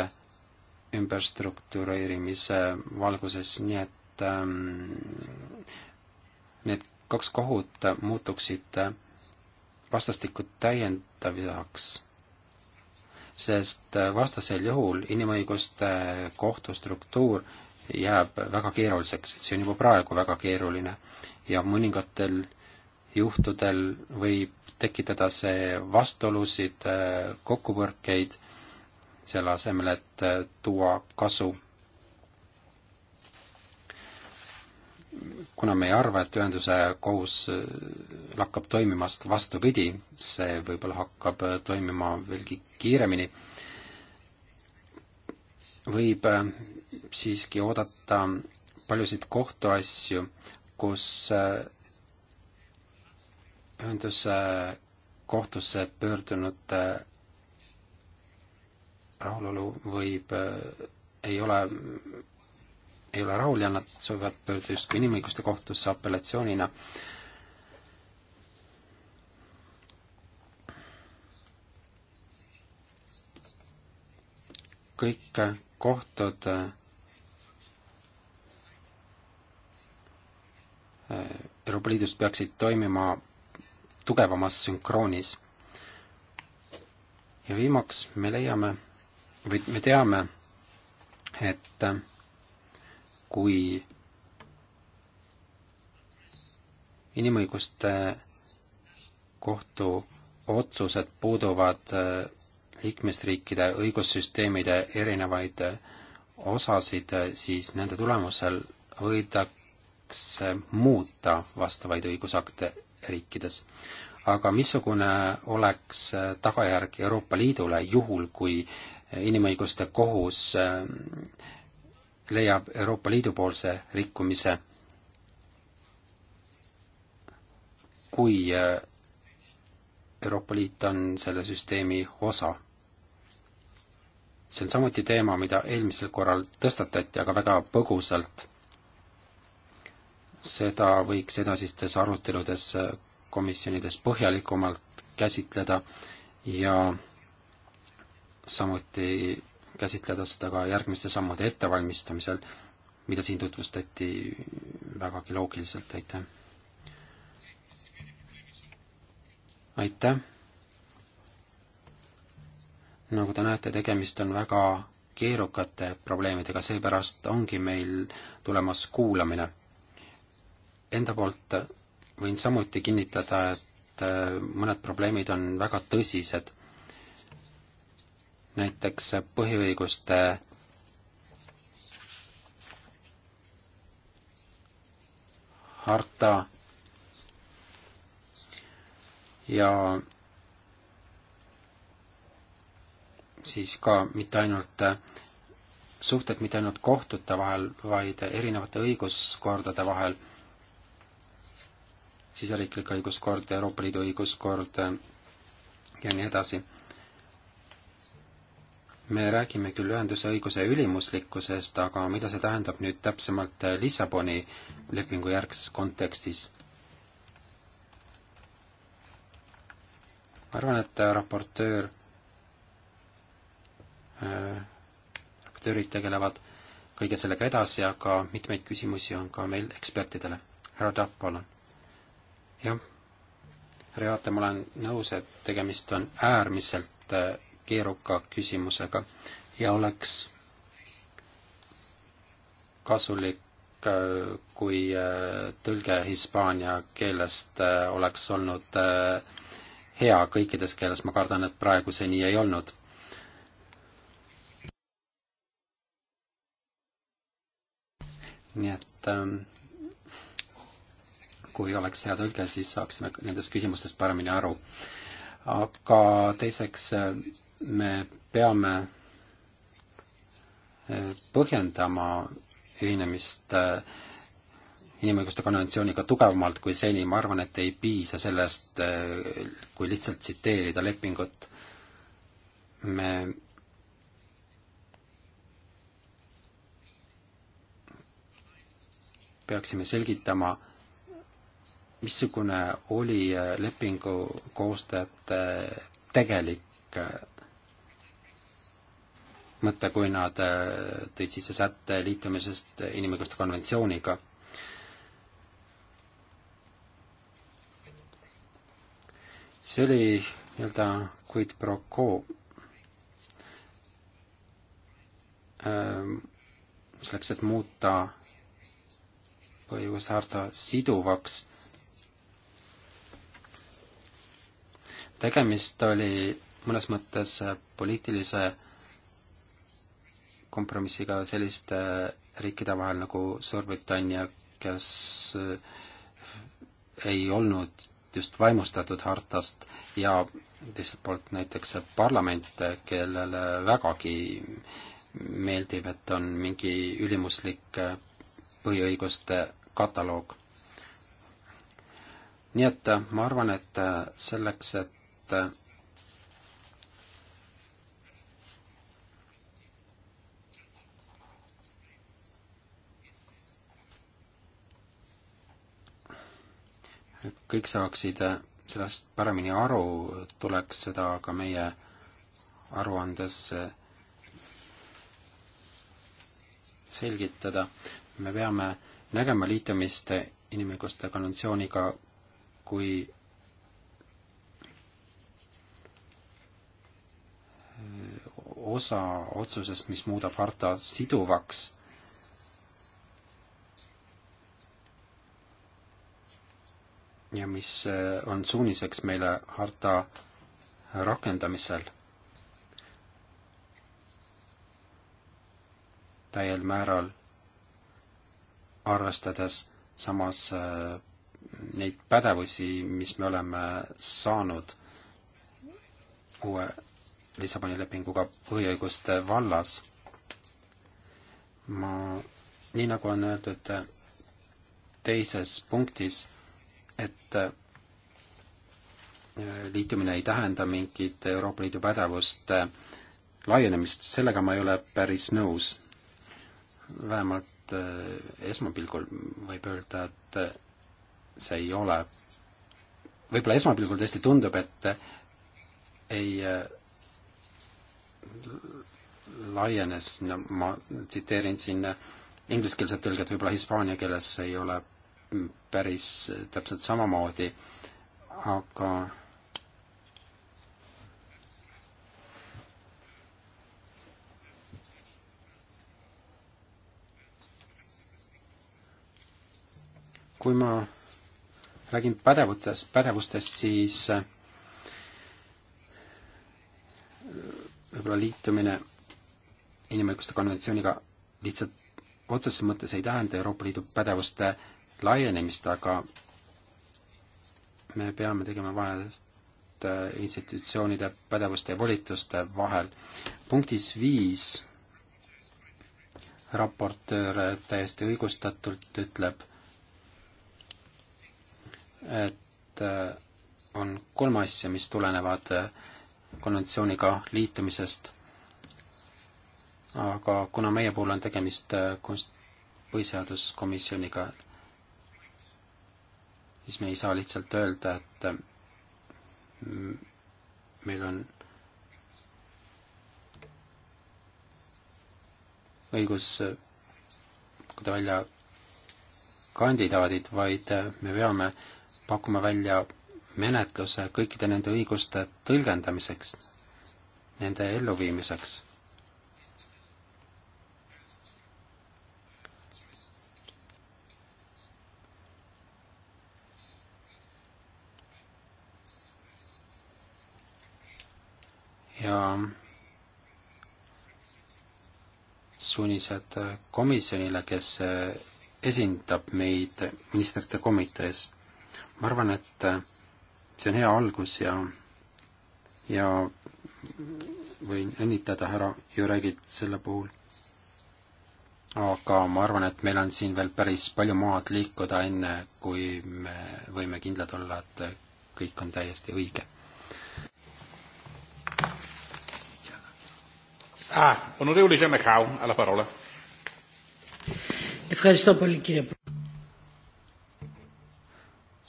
ümberstruktureerimise valguses, nii et ähm, need kaks kohut muutuksid äh, vastastikku täiendavaks, sest äh, vastasel juhul inimõiguste kohtu struktuur jääb väga keeruliseks, see on juba praegu väga keeruline ja mõningatel juhtudel võib tekitada see vastuolusid, äh, kokkupõrkeid, selle asemel, et äh, tuua kasu. kuna me ei arva, et ühenduse kohus äh, lakkab toimimast, vastupidi, see võib-olla hakkab toimima veelgi kiiremini, võib siiski oodata paljusid kohtuasju, kus ühenduse kohtusse pöördunute rahulolu võib, äh, ei ole, ei ole rahul ja nad soovivad pöörduda justkui inimõiguste kohtusse apellatsioonina. kõik kohtud äh, Euroopa Liidus peaksid toimima tugevamas sünkroonis. ja viimaks me leiame või me teame, et kui inimõiguste kohtu otsused puuduvad äh, liikmesriikide õigussüsteemide erinevaid äh, osasid, äh, siis nende tulemusel võidakse muuta vastavaid õigusakte riikides. aga missugune oleks äh, tagajärg Euroopa Liidule juhul, kui äh, inimõiguste kohus äh, leiab Euroopa Liidu poolse rikkumise, kui Euroopa Liit on selle süsteemi osa see on samuti teema, mida eelmisel korral tõstatati, aga väga põgusalt seda võiks edasistes aruteludes äh, komisjonides põhjalikumalt käsitleda ja samuti käsitleda seda ka järgmiste sammude ettevalmistamisel, mida siin tutvustati vägagi loogiliselt, aitäh. aitäh. nagu te näete, tegemist on väga keerukate probleemidega, seepärast ongi meil tulemas kuulamine enda poolt võin samuti kinnitada, et äh, mõned probleemid on väga tõsised. näiteks põhiõiguste harta ja siis ka mitte ainult äh, suhted mitte ainult kohtute vahel, vaid erinevate õiguskordade vahel siseriiklik õiguskord, Euroopa Liidu õiguskord ja nii edasi. me räägime küll ühenduse õiguse ülimuslikkusest, aga mida see tähendab nüüd täpsemalt Lissaboni lepingu järgses kontekstis? ma arvan, et raportöör äh,, raportöörid tegelevad kõige sellega edasi, aga mitmeid küsimusi on ka meil ekspertidele. härra Tahv, palun jah, härra juhataja, ma olen nõus, et tegemist on äärmiselt äh, keeruka küsimusega ja oleks kasulik, äh, kui äh, tõlge hispaania keelest oleks olnud hea kõikides keeles, ma kardan, et praegu see nii ei olnud. nii et ähm, kui oleks hea tõlge, siis saaksime nendest küsimustest paremini aru. aga teiseks, eh, me peame eh, põhjendama ühinemist eh, inimõiguste konventsiooniga tugevamalt kui seni, ma arvan, et ei piisa sellest, kui lihtsalt tsiteerida lepingut. me peaksime selgitama missugune oli äh, lepingu koostajate tegelik äh, mõte, kui nad äh, tõid sisse sätte liitumisest inimõiguste konventsiooniga. see oli nii-öelda quid pro quo. Ähm, selleks, et muuta põhiõiguste harta siduvaks tegemist oli mõnes mõttes poliitilise kompromissiga selliste riikide vahel nagu Suurbritannia, kes ei olnud just vaimustatud hartast ja teiselt poolt näiteks parlament, kellele vägagi meeldib, et on mingi ülimuslik põhiõiguste kataloog. nii et ma arvan, et selleks, et sest kõik saaksid sellest paremini aru, tuleks seda ka meie aruandes selgitada. me peame nägema liitumist inimõiguste konventsiooniga kui osa otsusest, mis muudab harta siduvaks ja mis eh, on suuniseks meile harta rakendamisel täiel määral, arvestades samas eh, neid pädevusi, mis me oleme saanud uue Lissaboni lepinguga põhiõiguste vallas. ma, nii nagu on öeldud teises punktis, et äh, liitumine ei tähenda mingit Euroopa Liidu pädevuste laienemist, sellega ma ei ole päris nõus. vähemalt äh, esmapilgul võib öelda, et äh, see ei ole, võib-olla esmapilgul tõesti tundub, et ei laienes, ma tsiteerin siin ingliskeelset tõlget, võib-olla hispaania keeles ei ole päris täpselt samamoodi, aga kui ma räägin pädevutest, pädevustest, siis võib-olla liitumine inimõiguste konventsiooniga lihtsalt otseses mõttes ei tähenda Euroopa Liidu pädevuste laienemist, aga me peame tegema vahet äh, institutsioonide pädevuste ja volituste vahel. punktis viis raportöör täiesti õigustatult ütleb, et äh, on kolm asja, mis tulenevad äh, konventsiooniga liitumisest, aga kuna meie puhul on tegemist äh, kunst-, põhiseaduskomisjoniga, siis me ei saa lihtsalt öelda, et äh, meil on õigus pakkuda äh, välja kandidaadid, vaid me peame pakkuma välja menetluse kõikide nende õiguste tõlgendamiseks, nende elluviimiseks. ja suunised komisjonile, kes esindab meid ministrite komitees. ma arvan, et see on hea algus ja, ja võin õnnitleda härra Juregit selle puhul. aga ma arvan, et meil on siin veel päris palju maad liikuda, enne kui me võime kindlad olla, et kõik on täiesti õige. Ah, onorevole Giannacau, alla parola.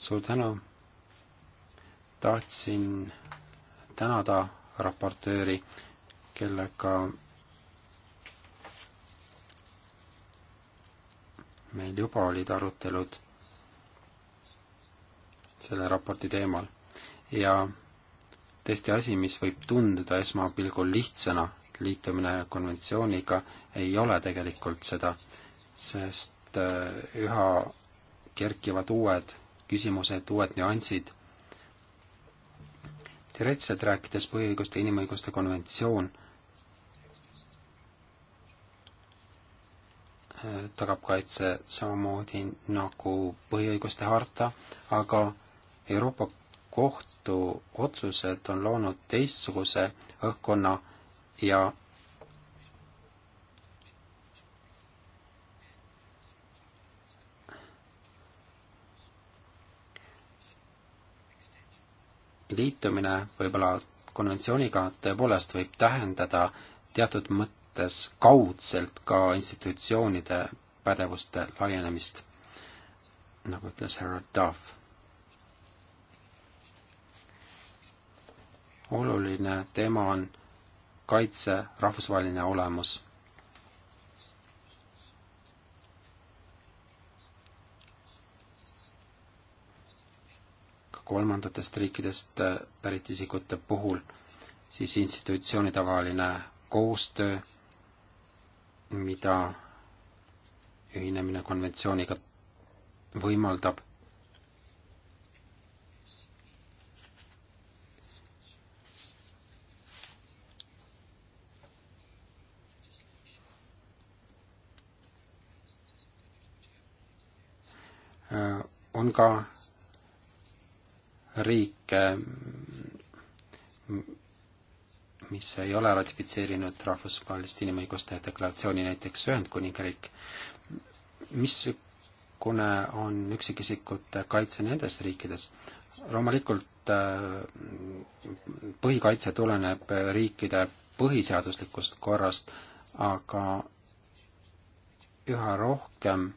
suur tänu tahtsin tänada raportööri, kellega meil juba olid arutelud selle raporti teemal ja tõesti asi, mis võib tunduda esmapilgul lihtsana, liitumine konventsiooniga, ei ole tegelikult seda, sest äh, üha kerkivad uued küsimused, uued nüansid konkreetselt rääkides põhiõiguste ja inimõiguste konventsioon äh, tagab kaitse samamoodi nagu põhiõiguste harta, aga Euroopa Kohtu otsused on loonud teistsuguse õhkkonna ja liitumine võib-olla konventsiooniga tõepoolest võib tähendada teatud mõttes kaudselt ka institutsioonide pädevuste laienemist, nagu ütles härra Duff. oluline teema on kaitse rahvusvaheline olemus kolmandatest riikidest pärit isikute puhul, siis institutsiooni tavaline koostöö, mida ühinemine konventsiooniga võimaldab. Äh, on ka riike, mis ei ole ratifitseerinud rahvusvahelist inimõiguste deklaratsiooni, näiteks Ühendkuningriik, missugune on üksikisikute kaitse nendes riikides? loomulikult äh, põhikaitse tuleneb riikide põhiseaduslikust korrast, aga üha rohkem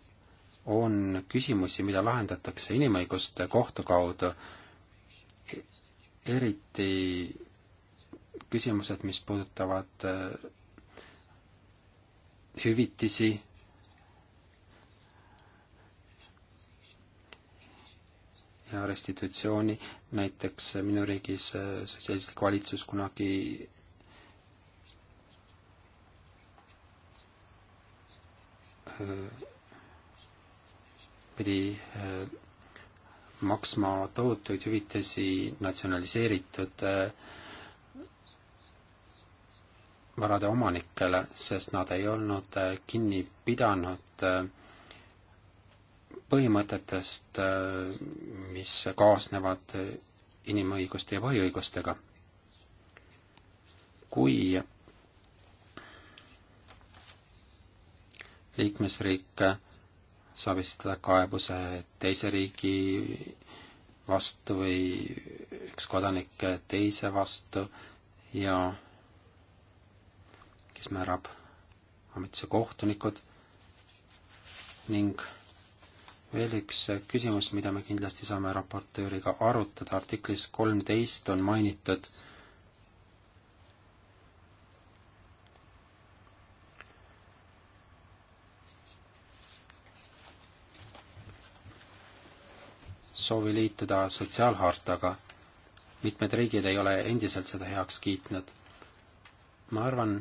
on küsimusi, mida lahendatakse inimõiguste kohtu kaudu eriti küsimused, mis puudutavad äh, hüvitisi, ja restitutsiooni, näiteks äh, minu riigis äh, sotsialistlik valitsus kunagi pidi maksma tohutuid hüvitisi natsionaliseeritud äh, varade omanikele, sest nad ei olnud äh, kinni pidanud äh, põhimõtetest, mis kaasnevad inimõiguste ja põhiõigustega. kui liikmesriik saab esitada kaebuse teise riigi vastu või üks kodanik teise vastu ja kes määrab ametisse kohtunikud ning veel üks küsimus, mida me kindlasti saame raportööriga arutada, artiklis kolmteist on mainitud äh, soovi liituda sotsiaalhartaga. mitmed riigid ei ole endiselt seda heaks kiitnud. ma arvan,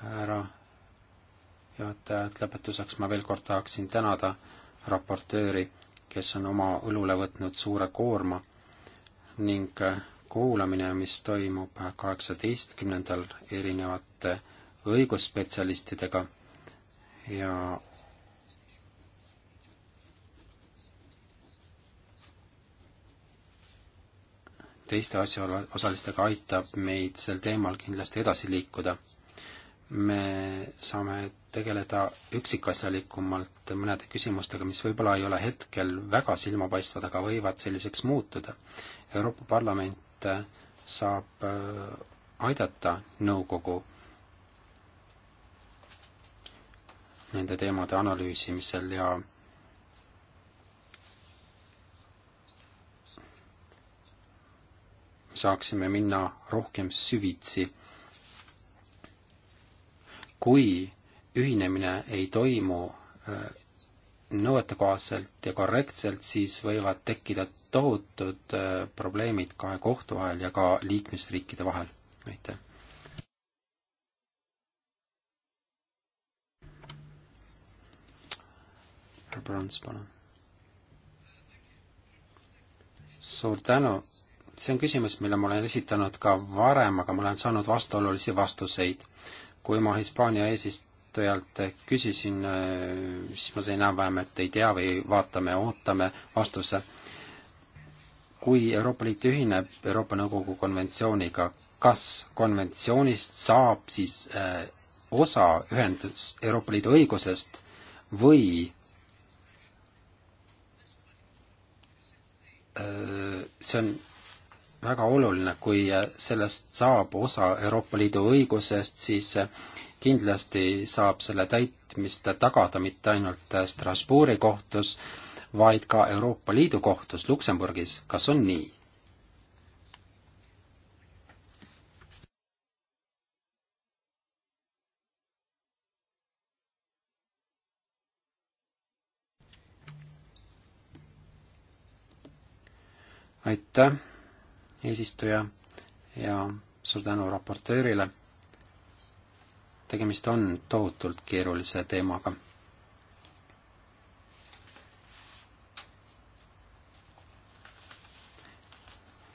härra juhataja, et lõpetuseks ma veel kord tahaksin tänada raportööri, kes on oma õlule võtnud suure koorma ning kuulamine, mis toimub kaheksateistkümnendal erinevate õigusspetsialistidega ja teiste asjaosalistega aitab meid sel teemal kindlasti edasi liikuda. me saame tegeleda üksikasjalikumalt mõnede küsimustega, mis võib-olla ei ole hetkel väga silmapaistvad, aga võivad selliseks muutuda. Euroopa Parlament äh, saab äh, aidata nõukogu nende teemade analüüsimisel ja saaksime minna rohkem süvitsi. kui ühinemine ei toimu äh, nõuetekohaselt ja korrektselt, siis võivad tekkida tohutud äh, probleemid kahe kohtu vahel ja ka liikmesriikide vahel. aitäh! härra Brons, palun. suur tänu see on küsimus, mille ma olen esitanud ka varem, aga ma olen saanud vastuolulisi vastuseid. kui ma Hispaania eesistujalt küsisin, siis ma sain enam-vähem, et ei tea või vaatame, ootame vastuse. kui Euroopa Liit ühineb Euroopa Nõukogu konventsiooniga, kas konventsioonist saab siis äh, osa ühendus Euroopa Liidu õigusest või äh, see on väga oluline, kui äh, sellest saab osa Euroopa Liidu õigusest, siis äh, kindlasti saab selle täitmist tagada mitte ainult äh, Strasbourgi kohtus, vaid ka Euroopa Liidu kohtus Luksemburgis, kas on nii? aitäh eesistuja ja suur tänu raportöörile. tegemist on tohutult keerulise teemaga.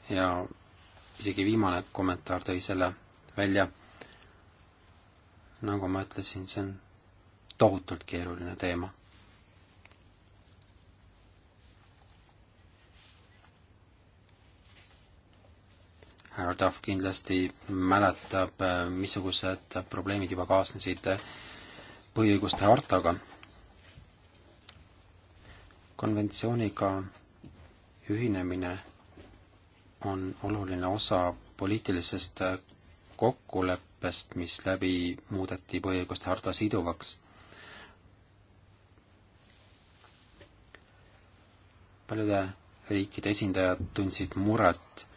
ja isegi viimane kommentaar tõi selle välja. nagu ma ütlesin, see on tohutult keeruline teema härra Tahv kindlasti mäletab, äh, missugused probleemid juba kaasnesid äh, põhiõiguste hartaga. konventsiooniga ühinemine on oluline osa poliitilisest äh, kokkuleppest, mis läbi muudeti põhiõiguste harta siduvaks. paljude riikide esindajad tundsid muret,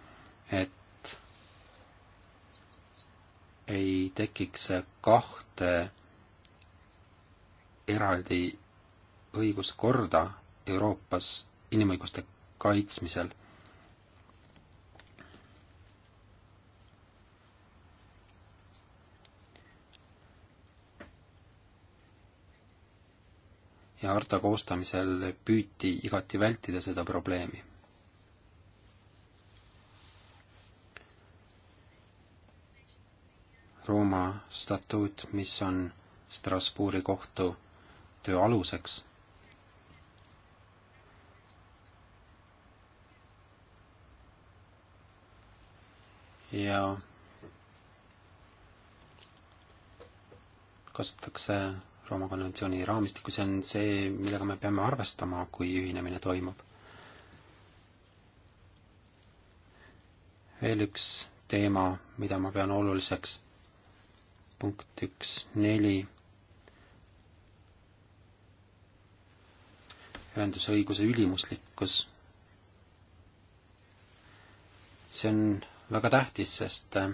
et ei tekiks kahte eraldi õiguskorda Euroopas inimõiguste kaitsmisel. ja harta koostamisel püüti igati vältida seda probleemi Rooma statuut, mis on Strasbourgi kohtu töö aluseks ja kasutatakse Rooma konventsiooni raamistiku, see on see, millega me peame arvestama, kui ühinemine toimub. veel üks teema, mida ma pean oluliseks punkt üks neli ühendusõiguse ülimuslikkus. see on väga tähtis, sest äh,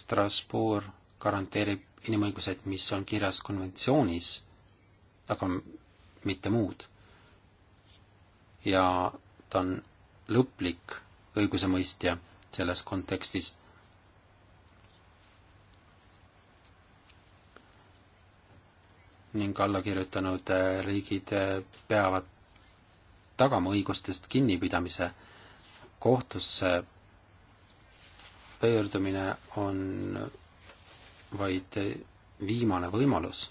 Strasbourg garanteerib inimõigused, mis on kirjas konventsioonis, aga mitte muud. ja ta on lõplik õigusemõistja selles kontekstis ning allakirjutanud äh, riigid äh, peavad tagama õigustest kinnipidamise. kohtusse pöördumine on vaid viimane võimalus.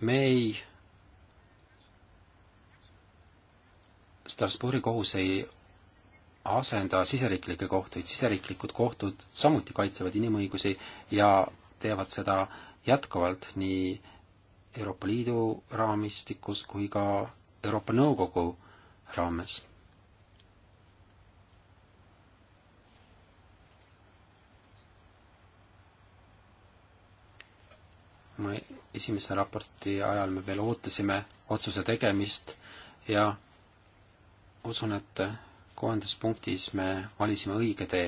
me ei Strasbourgi kohus ei asenda siseriiklikke kohtuid, siseriiklikud kohtud samuti kaitsevad inimõigusi ja teevad seda jätkuvalt nii Euroopa Liidu raamistikus kui ka Euroopa Nõukogu raames. ma esimese raporti ajal me veel ootasime otsuse tegemist ja usun, et kohanduspunktis me valisime õige tee.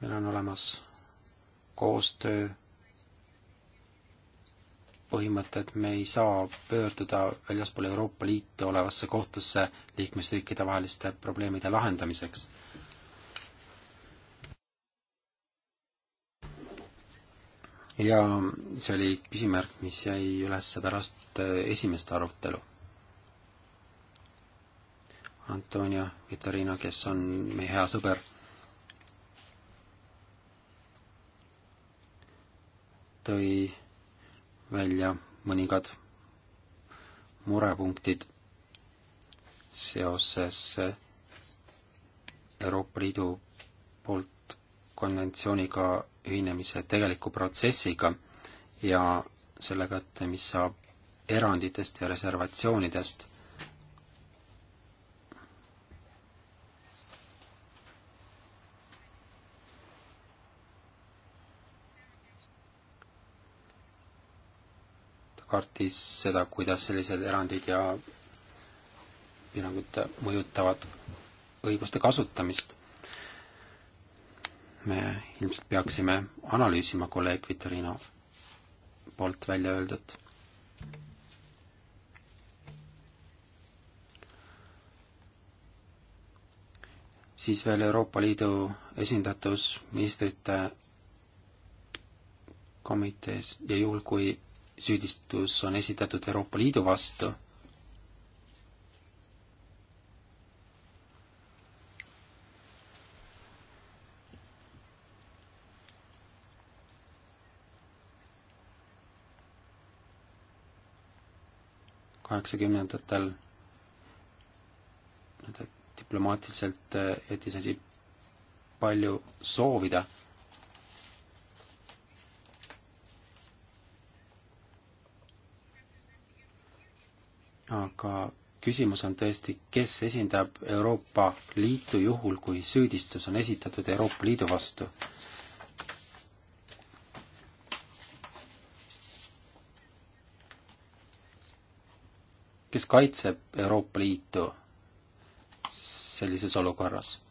meil on olemas koostöö põhimõte, et me ei saa pöörduda väljaspool Euroopa Liitu olevasse kohtusse liikmesriikide vaheliste probleemide lahendamiseks ja see oli küsimärk, mis jäi üles pärast äh, esimest arutelu. Antonia Vitorina, kes on meie hea sõber, tõi välja mõningad murepunktid seoses Euroopa Liidu poolt konventsiooniga ühinemise tegeliku protsessiga ja sellega, et mis saab eranditest ja reservatsioonidest. ta kartis seda, kuidas sellised erandid ja piirangud mõjutavad õiguste kasutamist me ilmselt peaksime analüüsima kolleeg Vitorino poolt välja öeldut. siis veel Euroopa Liidu esindatus ministrite komitees ja juhul, kui süüdistus on esitatud Euroopa Liidu vastu kaheksakümnendatel nii-öelda diplomaatiliselt äh, jättis asi palju soovida. aga küsimus on tõesti, kes esindab Euroopa Liitu juhul, kui süüdistus on esitatud Euroopa Liidu vastu kes kaitseb Euroopa Liitu sellises olukorras?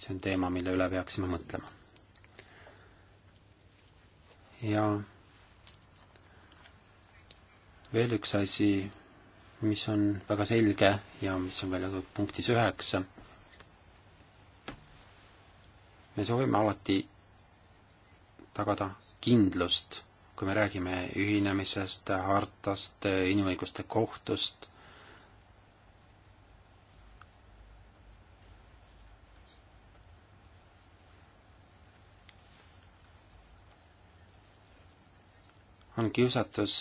see on teema, mille üle peaksime mõtlema. ja veel üks asi, mis on väga selge ja mis on välja toodud punktis üheksa. me soovime alati tagada kindlust kui me räägime ühinemisest, hartast, inimõiguste kohtust, on kiusatus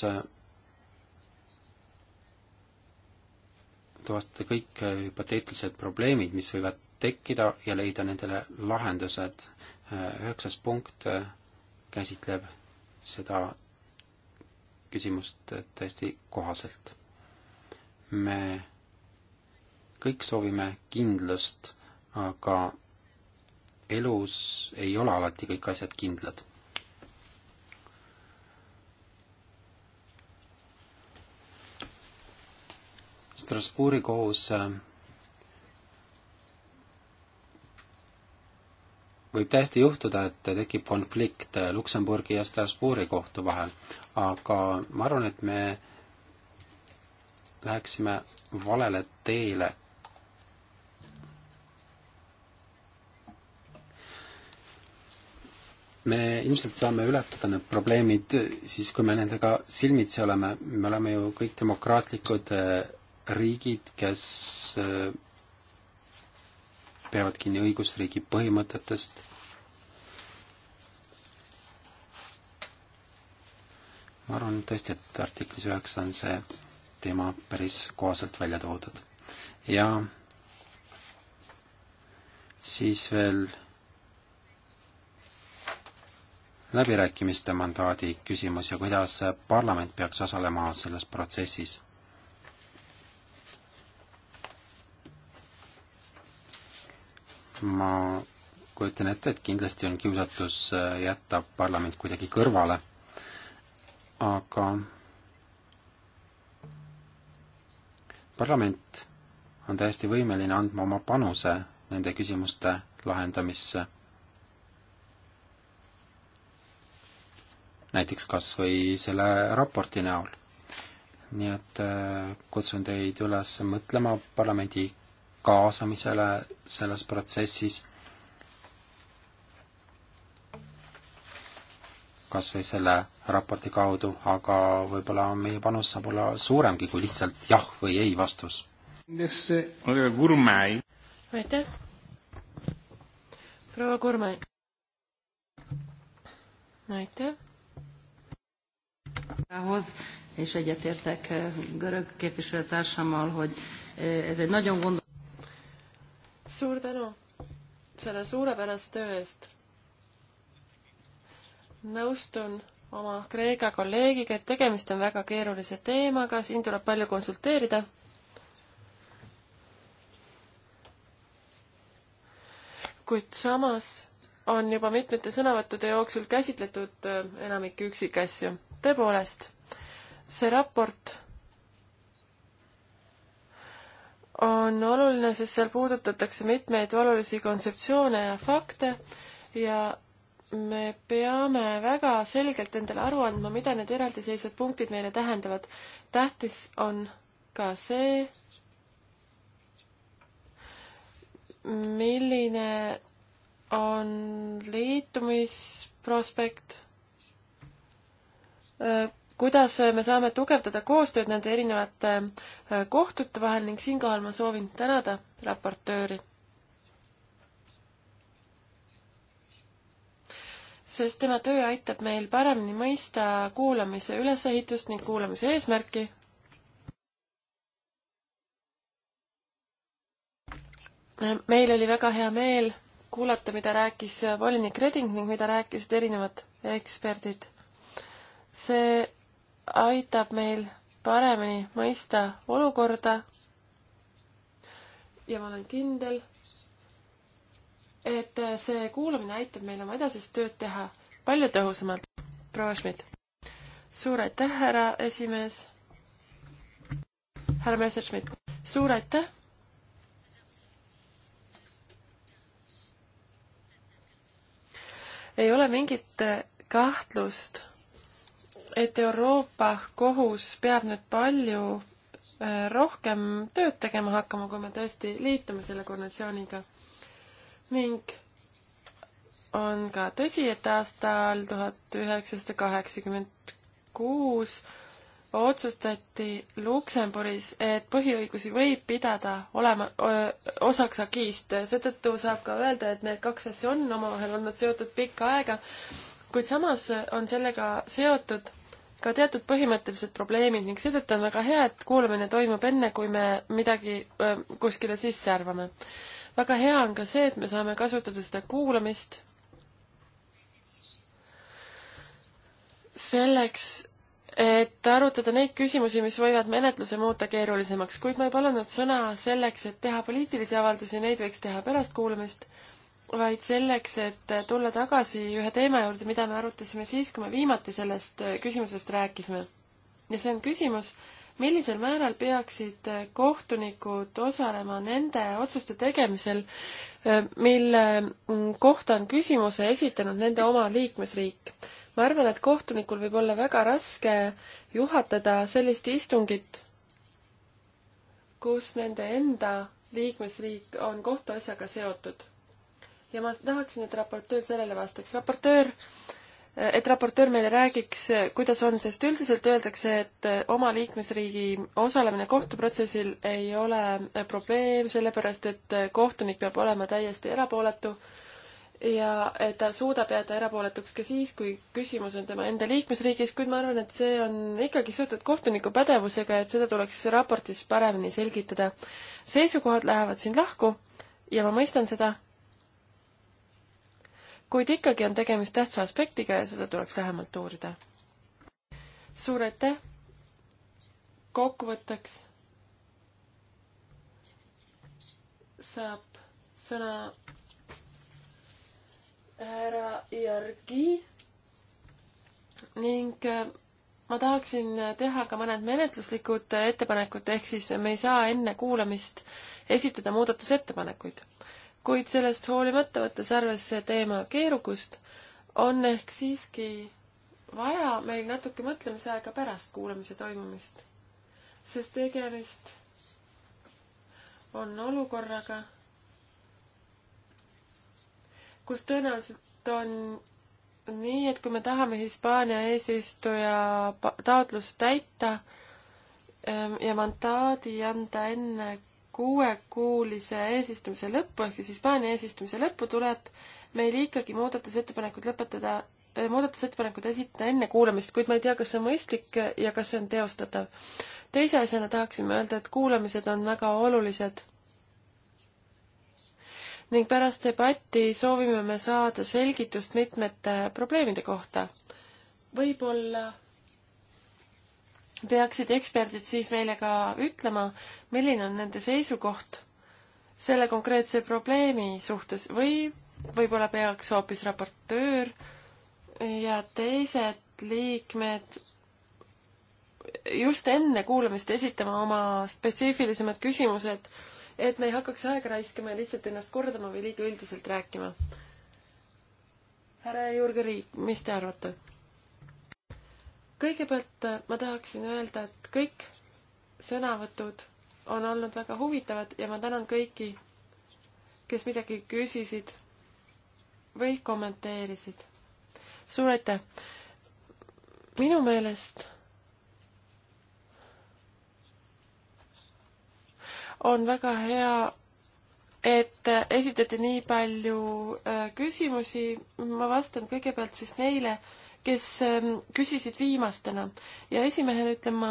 tuvastada kõik hüpoteetilised probleemid, mis võivad tekkida ja leida nendele lahendused. üheksas punkt käsitleb seda küsimust täiesti kohaselt. me kõik soovime kindlust, aga elus ei ole alati kõik asjad kindlad. Strasbourgi kohus äh, võib täiesti juhtuda, et tekib konflikt äh, Luksemburgi ja Strasbourgi kohtu vahel, aga ma arvan, et me läheksime valele teele. me ilmselt saame ületada need probleemid siis, kui me nendega silmitsi oleme, me oleme ju kõik demokraatlikud äh, riigid, kes äh, peavad kinni õigusriigi põhimõtetest. ma arvan tõesti, et artiklis üheksa on see teema päris kohaselt välja toodud. ja siis veel läbirääkimiste mandaadi küsimus ja kuidas parlament peaks osalema selles protsessis ma kujutan ette, et kindlasti on kiusatus äh, jätta parlament kuidagi kõrvale, aga parlament on täiesti võimeline andma oma panuse nende küsimuste lahendamisse. näiteks kas või selle raporti näol. nii et äh, kutsun teid üles mõtlema parlamendi kaasamisele selles protsessis, kas või selle raporti kaudu, aga võib-olla meie panus saab olla suuremgi kui lihtsalt jah või ei vastus. aitäh, proua Kurmai. aitäh. és egyetértek eh, görög képviselőtársammal, hogy eh, ez egy nagyon gondol suur tänu selle suurepärase töö eest. nõustun oma Kreeka kolleegiga, et tegemist on väga keerulise teemaga, siin tuleb palju konsulteerida. kuid samas on juba mitmete sõnavõttude jooksul käsitletud äh, enamik üksikasju. tõepoolest, see raport on oluline, sest seal puudutatakse mitmeid olulisi kontseptsioone ja fakte ja me peame väga selgelt endale aru andma, mida need eraldiseisvad punktid meile tähendavad. tähtis on ka see, milline on liitumisprospekt äh, kuidas me saame tugevdada koostööd nende erinevate äh, kohtute vahel ning siinkohal ma soovin tänada raportööri. sest tema töö aitab meil paremini mõista kuulamise ülesehitust ning kuulamise eesmärki. meil oli väga hea meel kuulata, mida rääkis volinik Reding ning mida rääkisid erinevad eksperdid. see aitab meil paremini mõista olukorda ja ma olen kindel, et see kuulamine aitab meil oma edasist tööd teha palju tõhusamalt. proua Schmidt. suur aitäh, härra esimees. härra Messerschmidt, suur aitäh. ei ole mingit kahtlust et Euroopa Kohus peab nüüd palju äh, rohkem tööd tegema hakkama, kui me tõesti liitume selle konventsiooniga. ning on ka tõsi, et aastal tuhat üheksasada kaheksakümmend kuus otsustati Luksemburis, et põhiõigusi võib pidada olema, osaks agiist, seetõttu saab ka öelda, et need kaks asja on omavahel olnud seotud pikka aega, kuid samas on sellega seotud ka teatud põhimõttelised probleemid ning seetõttu on väga hea, et kuulamine toimub enne, kui me midagi äh, kuskile sisse arvame. väga hea on ka see, et me saame kasutada seda kuulamist selleks, et arutada neid küsimusi, mis võivad menetluse muuta keerulisemaks, kuid ma ei palunud sõna selleks, et teha poliitilisi avaldusi, neid võiks teha pärast kuulamist vaid selleks, et tulla tagasi ühe teema juurde, mida me arutasime siis, kui me viimati sellest küsimusest rääkisime. ja see on küsimus, millisel määral peaksid kohtunikud osalema nende otsuste tegemisel, mille kohta on küsimuse esitanud nende oma liikmesriik. ma arvan, et kohtunikul võib olla väga raske juhatada sellist istungit, kus nende enda liikmesriik on kohtuasjaga seotud ja ma tahaksin, et raportöör sellele vastaks. raportöör, et raportöör meile räägiks, kuidas on, sest üldiselt öeldakse, et oma liikmesriigi osalemine kohtuprotsessil ei ole probleem, sellepärast et kohtunik peab olema täiesti erapooletu ja et ta suudab jääda erapooletuks ka siis, kui küsimus on tema enda liikmesriigis, kuid ma arvan, et see on ikkagi seotud kohtuniku pädevusega, et seda tuleks raportis paremini selgitada. seisukohad lähevad siin lahku ja ma mõistan seda kuid ikkagi on tegemist tähtsa aspektiga ja seda tuleks lähemalt uurida. suur aitäh! kokkuvõtteks saab sõna härra Järgi ning äh, ma tahaksin teha ka mõned menetluslikud ettepanekud, ehk siis me ei saa enne kuulamist esitada muudatusettepanekuid kuid sellest hoolimata, võttes arvesse teema keerukust, on ehk siiski vaja meil natuke mõtlemisaega pärast kuulamise toimumist, sest tegemist on olukorraga, kus tõenäoliselt on nii, et kui me tahame Hispaania eesistuja taotlust täita ähm, ja mandaadi anda enne kuuekuulise eesistumise lõppu ehk siis Hispaania eesistumise lõppu tuleb meil ikkagi muudatusettepanekud lõpetada, äh, muudatusettepanekud esitada enne kuulamist, kuid ma ei tea, kas see on mõistlik ja kas see on teostatav. teise asjana tahaksime öelda, et kuulamised on väga olulised ning pärast debatti soovime me saada selgitust mitmete probleemide kohta. võib-olla peaksid eksperdid siis meile ka ütlema, milline on nende seisukoht selle konkreetse probleemi suhtes või võib-olla peaks hoopis raportöör ja teised liikmed just enne kuulamist esitama oma spetsiifilisemad küsimused, et me ei hakkaks aega raiskama ja lihtsalt ennast kordama või liiga üldiselt rääkima. härra Jürgen Riik, mis te arvate? kõigepealt äh, ma tahaksin öelda, et kõik sõnavõtud on olnud väga huvitavad ja ma tänan kõiki, kes midagi küsisid või kommenteerisid. suur aitäh! minu meelest on väga hea, et äh, esitati nii palju äh, küsimusi, ma vastan kõigepealt siis neile, kes ähm, küsisid viimastena ja esimehele ütlen ma.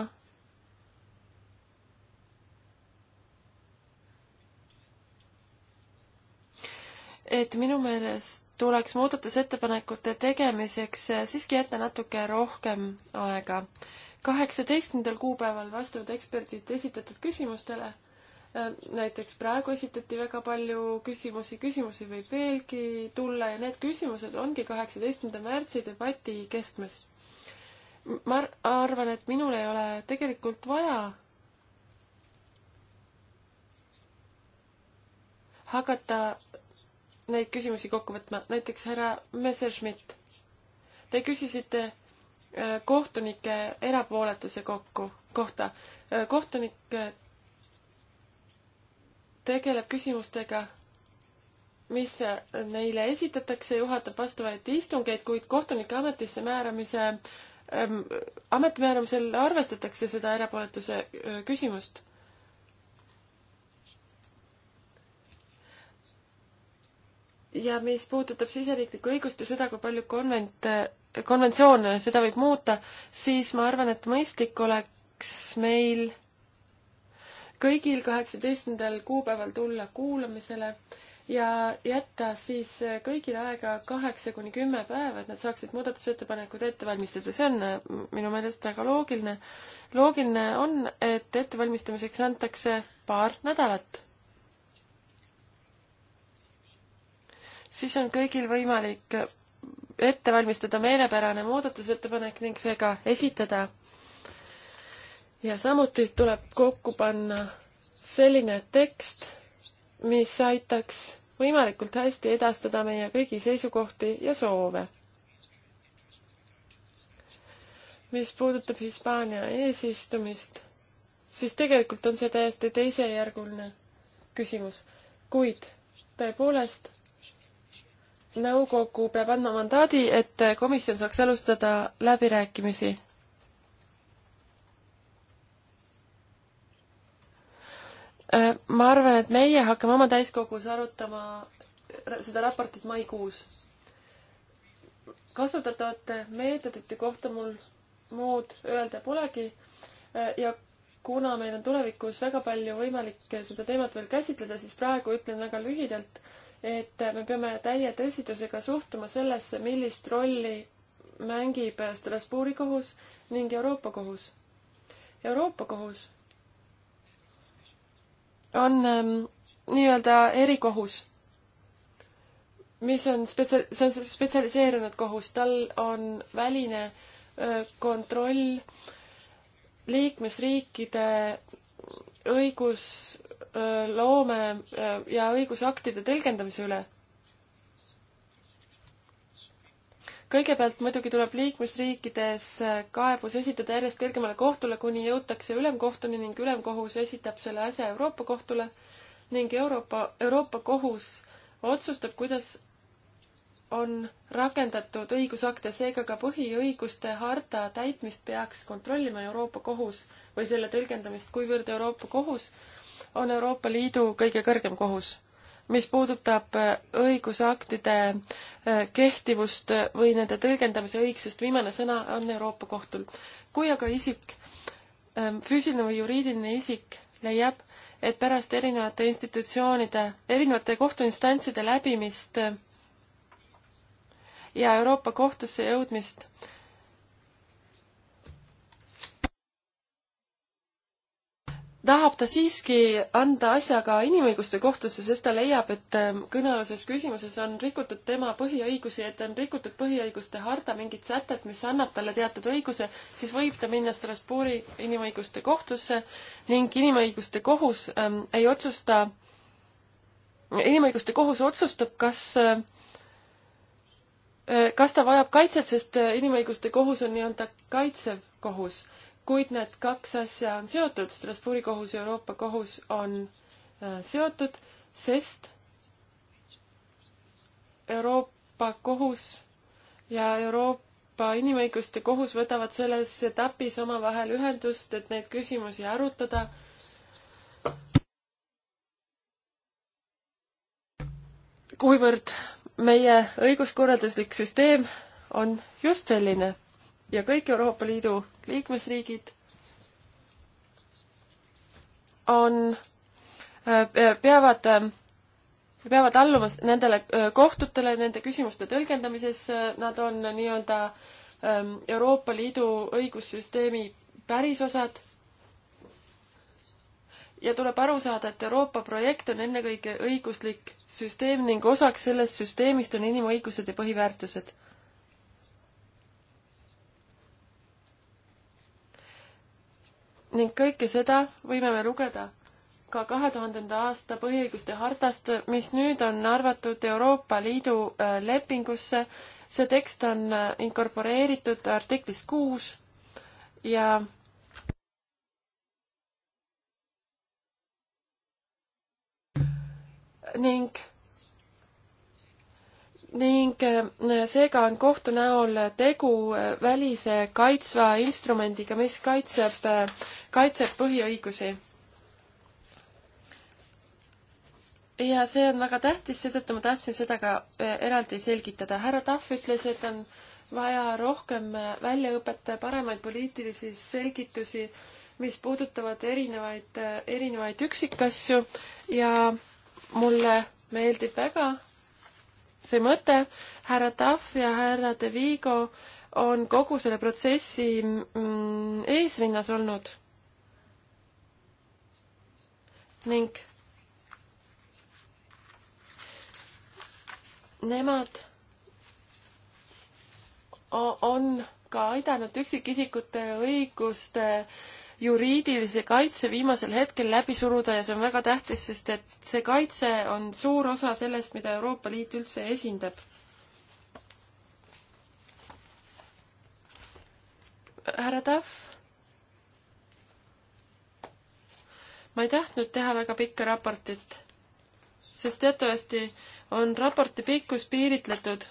et minu meelest tuleks muudatusettepanekute tegemiseks äh, siiski jätta natuke rohkem aega. kaheksateistkümnendal kuupäeval vastavad eksperdid esitatud küsimustele Äh, näiteks praegu esitati väga palju küsimusi, küsimusi võib veelgi tulla ja need küsimused ongi kaheksateistkümnenda märtsi debati keskmes. ma arvan, et minul ei ole tegelikult vaja hakata neid küsimusi kokku võtma, näiteks härra Messerschmidt, te küsisite äh, kohtunike erapooletuse kokku, kohta. Äh, kohtunik tegeleb küsimustega, mis neile esitatakse, juhatab vastavaid istungeid, kuid kohtunike ametisse määramise ähm,, ametimääramisel arvestatakse seda erapooletuse äh, küsimust. ja mis puudutab siseriiklikku õigust ja seda, kui palju konvent, konventsioon seda võib muuta, siis ma arvan, et mõistlik oleks meil äh, kõigil kaheksateistkümnendal kuupäeval tulla kuulamisele ja jätta siis kõigile aega kaheksa kuni kümme päeva, et nad saaksid muudatusettepanekud ette valmistada, see on äh, minu meelest väga loogiline. loogiline on, et ettevalmistamiseks antakse paar nädalat. siis on kõigil võimalik ette valmistada meelepärane muudatusettepanek ning see ka esitada ja samuti tuleb kokku panna selline tekst, mis aitaks võimalikult hästi edastada meie kõigi seisukohti ja soove. mis puudutab Hispaania eesistumist, siis tegelikult on see täiesti teisejärguline küsimus, kuid tõepoolest, nõukogu peab andma mandaadi, et komisjon saaks alustada läbirääkimisi Äh, ma arvan, et meie hakkame oma täiskogus arutama seda raportit maikuus. kasutatavate meetodite kohta mul muud öelda polegi äh, ja kuna meil on tulevikus väga palju võimalik seda teemat veel käsitleda, siis praegu ütlen väga lühidalt, et me peame täie tõsidusega suhtuma sellesse, millist rolli mängib Strasbourgi kohus ning Euroopa kohus. Euroopa kohus on ähm, nii-öelda erikohus, mis on spetsia-, see on spetsialiseerunud kohus, tal on väline kontroll liikmesriikide õigusloome ja õigusaktide tõlgendamise üle kõigepealt muidugi tuleb liikmesriikides kaebus esitada järjest kõrgemale kohtule, kuni jõutakse ülemkohtuni ning ülemkohus esitab selle asja Euroopa kohtule ning Euroopa, Euroopa kohus otsustab, kuidas on rakendatud õigusakte, seega ka põhiõiguste harta täitmist peaks kontrollima Euroopa Kohus või selle tõlgendamist, kuivõrd Euroopa Kohus on Euroopa Liidu kõige kõrgem kohus mis puudutab äh, õigusaktide äh, kehtivust äh, või nende tõlgendamise õigsust, viimane sõna on Euroopa Kohtul. kui aga isik, ähm, füüsiline või juriidiline isik leiab, et pärast erinevate institutsioonide, erinevate kohtuinstantside läbimist ja Euroopa Kohtusse jõudmist äh, tahab ta siiski anda asja ka Inimõiguste Kohtusse, sest ta leiab, et ähm, kõnealuses küsimuses on rikutud tema põhiõigusi, et on rikutud põhiõiguste harta mingit sätet, mis annab talle teatud õiguse, siis võib ta minna Strasbourgi Inimõiguste Kohtusse ning Inimõiguste Kohus ähm, ei otsusta, Inimõiguste Kohus otsustab, kas äh, äh kas ta vajab kaitset, sest äh, inimõiguste kohus on nii-öelda kaitsev kohus kuid need kaks asja on seotud, Strasbourgi kohus ja Euroopa kohus on äh, seotud, sest Euroopa kohus ja Euroopa Inimõiguste Kohus võtavad selles etapis omavahel ühendust, et neid küsimusi arutada kuivõrd meie õiguskorralduslik süsteem on just selline ja kõik Euroopa Liidu liikmesriigid on, äh, peavad, äh, peavad alluma nendele äh, kohtutele, nende küsimuste tõlgendamises, nad on nii-öelda ähm, Euroopa Liidu õigussüsteemi pärisosad ja tuleb aru saada, et Euroopa projekt on ennekõike õiguslik süsteem ning osaks sellest süsteemist on inimõigused ja põhiväärtused ning kõike seda võime me lugeda ka kahe tuhandenda aasta põhiõiguste hartast, mis nüüd on arvatud Euroopa Liidu äh, lepingusse. see tekst on äh, inkorporeeritud artiklis kuus ja ning ning äh, seega on kohtu näol tegu välise kaitsva instrumendiga, mis kaitseb kaitseb põhiõigusi. ja see on väga tähtis, seetõttu ma tahtsin seda ka eh, eraldi selgitada. härra Tahv ütles, et on vaja rohkem eh, väljaõpet, paremaid poliitilisi selgitusi, mis puudutavad erinevaid, eh, erinevaid üksikasju ja mulle meeldib väga see mõte, härra Tahv ja härra De Vigo on kogu selle protsessi mm, eesrinnas olnud ning nemad on ka aidanud üksikisikute õiguste juriidilise kaitse viimasel hetkel läbi suruda ja see on väga tähtis, sest et see kaitse on suur osa sellest, mida Euroopa Liit üldse esindab. härra Tahv ma ei tahtnud teha väga pikka raportit, sest teatavasti on raporti pikkus piiritletud.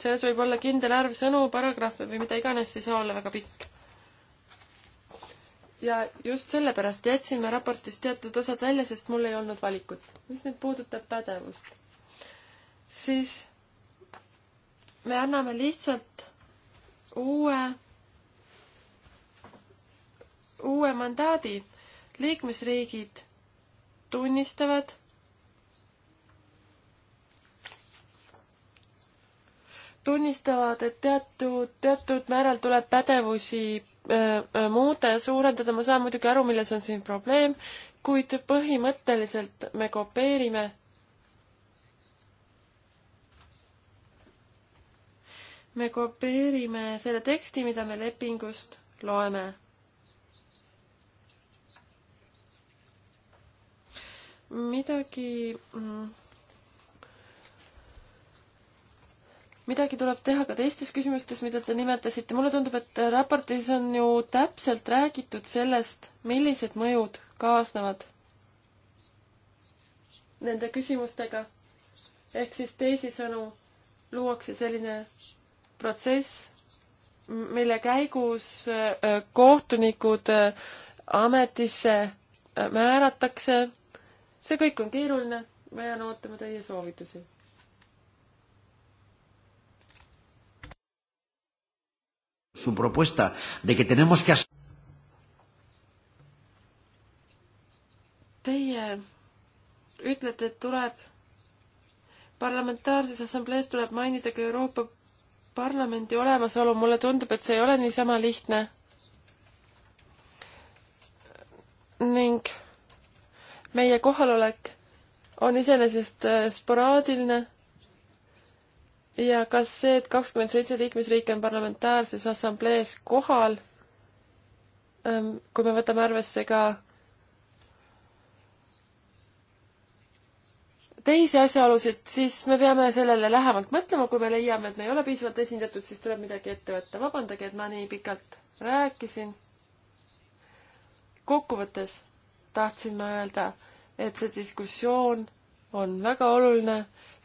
selles võib olla kindel arv sõnu, paragrahve või mida iganes, ei saa olla väga pikk. ja just sellepärast jätsime raportist teatud osad välja, sest mul ei olnud valikut. mis nüüd puudutab pädevust, siis me anname lihtsalt uue, uue mandaadi liikmesriigid tunnistavad, tunnistavad, et teatud, teatud määral tuleb pädevusi muuta ja suurendada, ma saan muidugi aru, milles on siin probleem, kuid põhimõtteliselt me kopeerime me kopeerime selle teksti, mida me lepingust loeme midagi mm, midagi tuleb teha ka teistes küsimustes, mida te nimetasite. mulle tundub, et raportis on ju täpselt räägitud sellest, millised mõjud kaasnevad nende küsimustega. ehk siis teisisõnu luuakse selline protsess, mille käigus äh, kohtunikud äh, ametisse äh, määratakse see kõik on keeruline, ma jään ootama teie soovitusi. su propuesta de que tenemos que Teie ütlete, et tuleb parlamentaarses assamblees tuleb mainida ka Euroopa Parlamendi olemasolu, mulle tundub, et see ei ole niisama lihtne. ning meie kohalolek on iseenesest äh, sporaadiline ja kas see, et kakskümmend seitse liikmesriiki on parlamentaarses assamblees kohal, ähm, kui me võtame arvesse ka teisi asjaolusid, siis me peame sellele lähemalt mõtlema, kui me leiame, et me ei ole piisavalt esindatud, siis tuleb midagi ette võtta. vabandage, et ma nii pikalt rääkisin. kokkuvõttes tahtsin ma öelda et see diskussioon on väga oluline,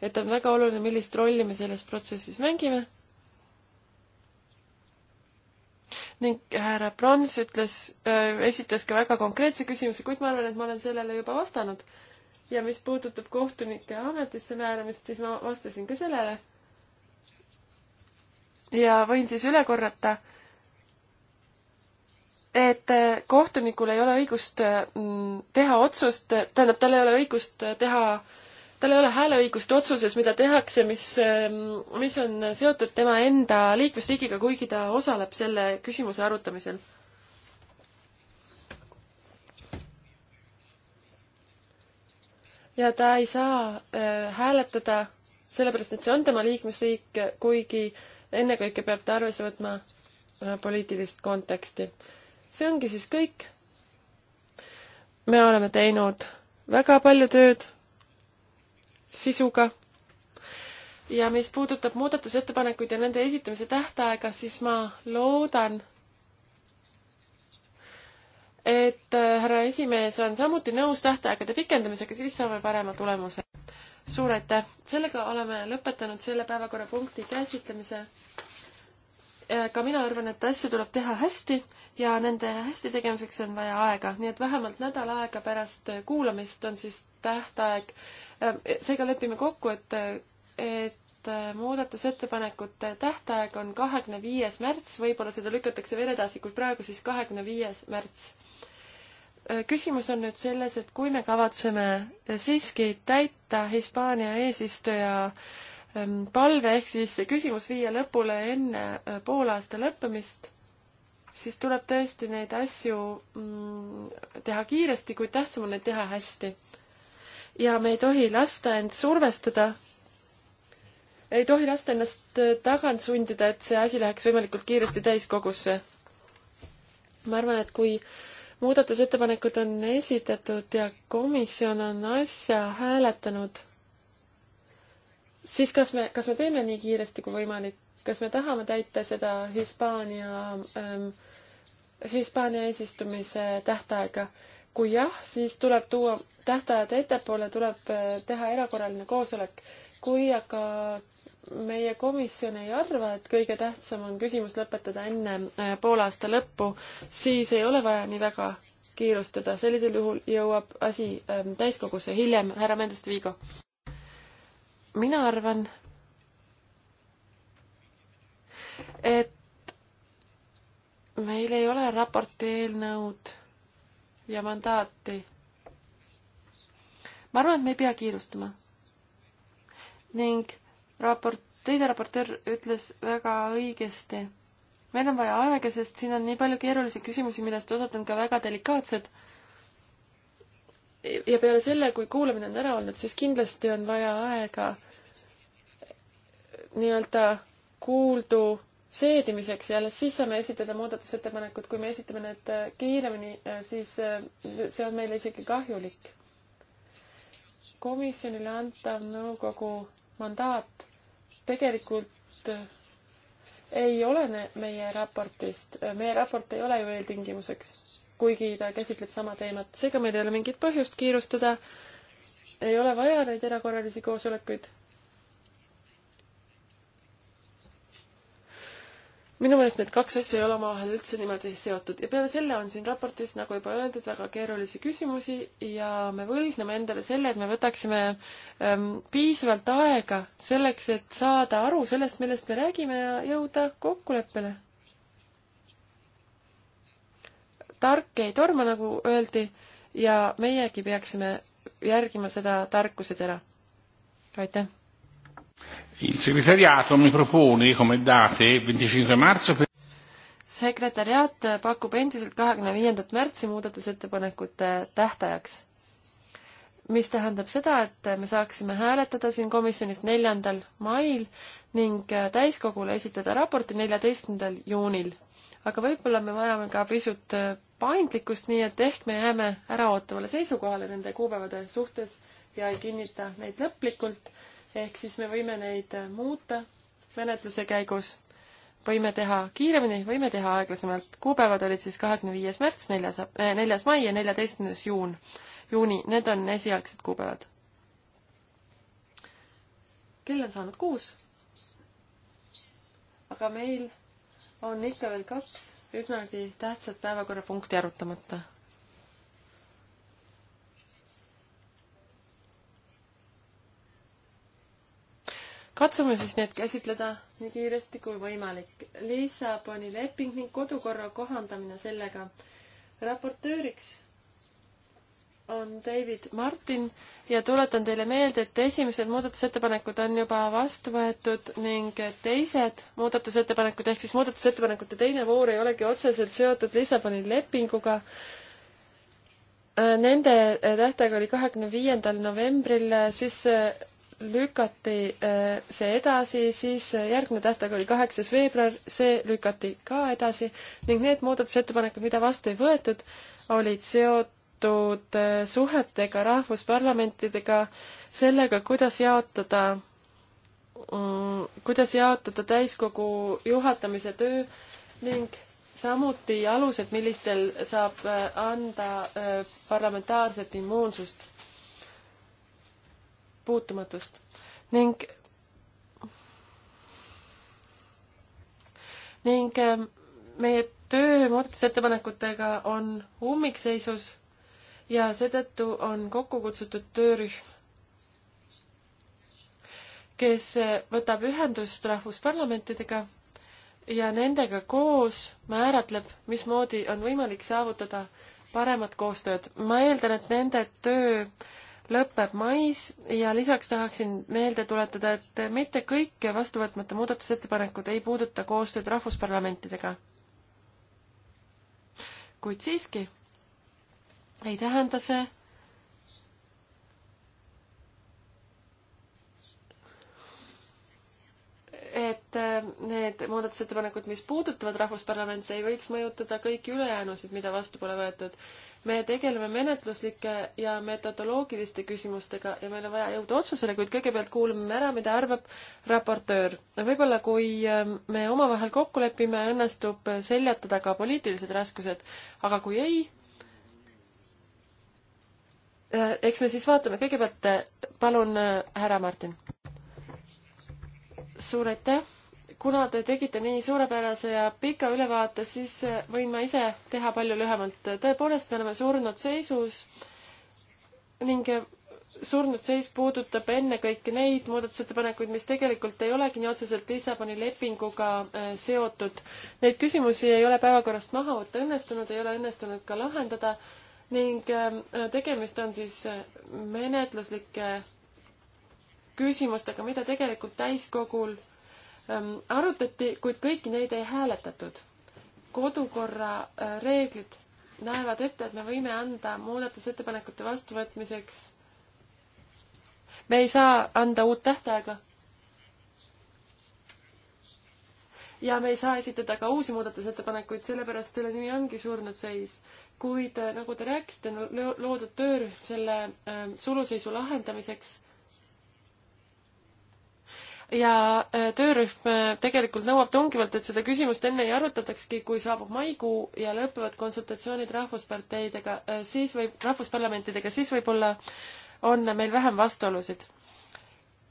et on väga oluline, millist rolli me selles protsessis mängime. ning härra Brons ütles, äh, esitas ka väga konkreetse küsimuse, kuid ma arvan, et ma olen sellele juba vastanud. ja mis puudutab kohtunike ametisse määramist, siis ma vastasin ka sellele. ja võin siis üle korrata et äh, kohtunikul ei ole õigust äh, mm, teha otsust, tähendab, tal ei ole õigust äh, teha, tal ei ole hääleõigust otsuses, mida tehakse, mis, ähm, mis on seotud tema enda liikmesriigiga, kuigi ta osaleb selle küsimuse arutamisel. ja ta ei saa hääletada sellepärast, et see on tema liikmesriik, kuigi ennekõike peab ta arvesse võtma poliitilist konteksti see ongi siis kõik. me oleme teinud väga palju tööd sisuga ja mis puudutab muudatusettepanekuid ja nende esitamise tähtaega, siis ma loodan, et äh, härra esimees on samuti nõus tähtaegade pikendamisega, siis saame parema tulemuse. suur aitäh! sellega oleme lõpetanud selle päevakorrapunkti käsitlemise Äh, ka mina arvan, et asju tuleb teha hästi ja nende hästi tegemiseks on vaja aega, nii et vähemalt nädal aega pärast äh, kuulamist on siis tähtaeg. Ähm, e, seega lepime kokku, et, äh, et muudatusettepanekute tähtaeg on kahekümne viies märts, võib-olla seda lükatakse veel edasi, kuid praegu siis kahekümne viies märts. küsimus on nüüd selles, et kui me kavatseme siiski täita Hispaania eesistuja äh, Ehm, palve ehk siis küsimus viia lõpule enne äh, poolaasta lõppemist, siis tuleb tõesti neid asju mm, teha kiiresti, kuid tähtsam on neid teha hästi. ja me ei tohi lasta end survestada, ei tohi lasta ennast äh, tagant sundida, et see asi läheks võimalikult kiiresti täiskogusse. ma arvan, et kui muudatusettepanekud on esitatud ja komisjon on asja hääletanud siis kas me, kas me teeme nii kiiresti kui võimalik, kas me tahame täita seda Hispaania ähm,, Hispaania eesistumise tähtaega? kui jah, siis tuleb tuua tähtajad ettepoole, tuleb äh, teha erakorraline koosolek. kui aga meie komisjon ei arva, et kõige tähtsam on küsimus lõpetada enne äh, poole aasta lõppu, siis ei ole vaja nii väga kiirustada, sellisel juhul jõuab asi ähm, täiskogusse hiljem, härra Mendest Viigo mina arvan, et meil ei ole raporti eelnõud ja mandaati. ma arvan, et me ei pea kiirustama. ning raport, teine raportöör ütles väga õigesti. meil on vaja aega, sest siin on nii palju keerulisi küsimusi, millest osad on ka väga delikaatsed ja peale selle, kui kuulamine on ära olnud, siis kindlasti on vaja aega nii-öelda kuuldu seedimiseks ja alles siis saame esitada muudatusettepanekud, kui me esitame need äh, kiiremini, äh, siis äh, see on meile isegi kahjulik. komisjonile antav nõukogu mandaat tegelikult ei olene meie raportist, meie raport ei ole ju eeltingimuseks kuigi ta käsitleb sama teemat. seega meil ei ole mingit põhjust kiirustada, ei ole vaja neid erakorralisi koosolekuid. minu meelest need kaks asja ei ole omavahel üldse niimoodi seotud ja peale selle on siin raportis, nagu juba öeldud, väga keerulisi küsimusi ja me võlgneme endale selle, et me võtaksime ähm, piisavalt aega selleks, et saada aru sellest, millest me räägime ja jõuda kokkuleppele tark ei torma, nagu öeldi, ja meiegi peaksime järgima seda tarkusetera. aitäh! Il segretariato mi propone come date 25 marzo per... sekretäriaat pakub endiselt kahekümne viiendat märtsi muudatusettepanekute tähtajaks, mis tähendab seda, et me saaksime hääletada siin komisjonis neljandal mail ning täiskogule esitada raporti neljateistkümnendal juunil. aga võib-olla me vajame ka pisut paindlikkust, nii et ehk me jääme äraootavale seisukohale nende kuupäevade suhtes ja ei kinnita neid lõplikult, ehk siis me võime neid muuta menetluse käigus, võime teha kiiremini, võime teha aeglasemalt. kuupäevad olid siis kahekümne viies märts, neljas, eh, neljas mai ja neljateistkümnes juun, juuni, need on esialgsed kuupäevad. kell on saanud kuus. aga meil on ikka veel kaks üsnagi tähtsat päevakorrapunkti arutamata. katsume siis need käsitleda nii kiiresti kui võimalik. Lissaboni leping ning kodukorra kohandamine sellega. raportööriks on David Martin ja tuletan teile meelde, et esimesed muudatusettepanekud on juba vastu võetud ning teised muudatusettepanekud, ehk siis muudatusettepanekute teine voor ei olegi otseselt seotud Lissaboni lepinguga. Nende tähtaeg oli kahekümne viiendal novembril, siis lükati eh, see edasi, siis järgmine tähtaeg oli kaheksas veebruar, see lükati ka edasi ning need muudatusettepanekud, mida vastu ei võetud, olid seotud seotud eh, suhetega rahvusparlamentidega, sellega, kuidas jaotada, mm, kuidas jaotada täiskogu juhatamise töö ning samuti alused, millistel saab eh, anda eh, parlamentaarset immuunsust, puutumatust ning ning meie töö muudatusettepanekutega on ummikseisus ja seetõttu on kokku kutsutud töörühm, kes võtab ühendust rahvusparlamentidega ja nendega koos määratleb, mismoodi on võimalik saavutada paremat koostööd. ma eeldan, et nende töö lõpeb mais ja lisaks tahaksin meelde tuletada, et mitte kõik vastuvõtmata muudatusettepanekud ei puuduta koostööd rahvusparlamentidega. kuid siiski ei tähenda see, et äh, need muudatusettepanekud, mis puudutavad rahvusparlamente, ei võiks mõjutada kõiki ülejäänusid, mida vastu pole võetud. me tegeleme menetluslike ja metodoloogiliste küsimustega ja meil on vaja jõuda otsusele, kuid kõigepealt kuulame ära, mida arvab raportöör. võib-olla kui äh, me omavahel kokku lepime, õnnestub seljatada ka poliitilised raskused, aga kui ei, Äh, eks me siis vaatame, kõigepealt äh, palun äh, härra Martin. suur aitäh, kuna te tegite nii suurepärase ja pika ülevaate, siis võin ma ise teha palju lühemalt. tõepoolest, me oleme surnud seisus ning surnud seis puudutab ennekõike neid muudatusettepanekuid, mis tegelikult ei olegi nii otseselt Lissaboni lepinguga seotud. Neid küsimusi ei ole päevakorrast maha võtta õnnestunud, ei ole õnnestunud ka lahendada ning ähm, tegemist on siis äh, menetluslike küsimustega, mida tegelikult täiskogul ähm, arutati, kuid kõiki neid ei hääletatud. kodukorra äh, reeglid näevad ette, et me võime anda muudatusettepanekute vastuvõtmiseks. me ei saa anda uut tähtaega. ja me ei saa esitada ka uusi muudatusettepanekuid, sellepärast selle nimi ongi surnud seis kuid äh, nagu te rääkisite, on loodud töörühm selle ähm, suluseisu lahendamiseks. ja äh, töörühm äh, tegelikult nõuab tungivalt, et seda küsimust enne ei arutataks,ki kui saabub maikuu ja lõpevad konsultatsioonid rahvusparteidega, siis võib, rahvusparlamentidega, siis võib-olla on meil vähem vastuolusid.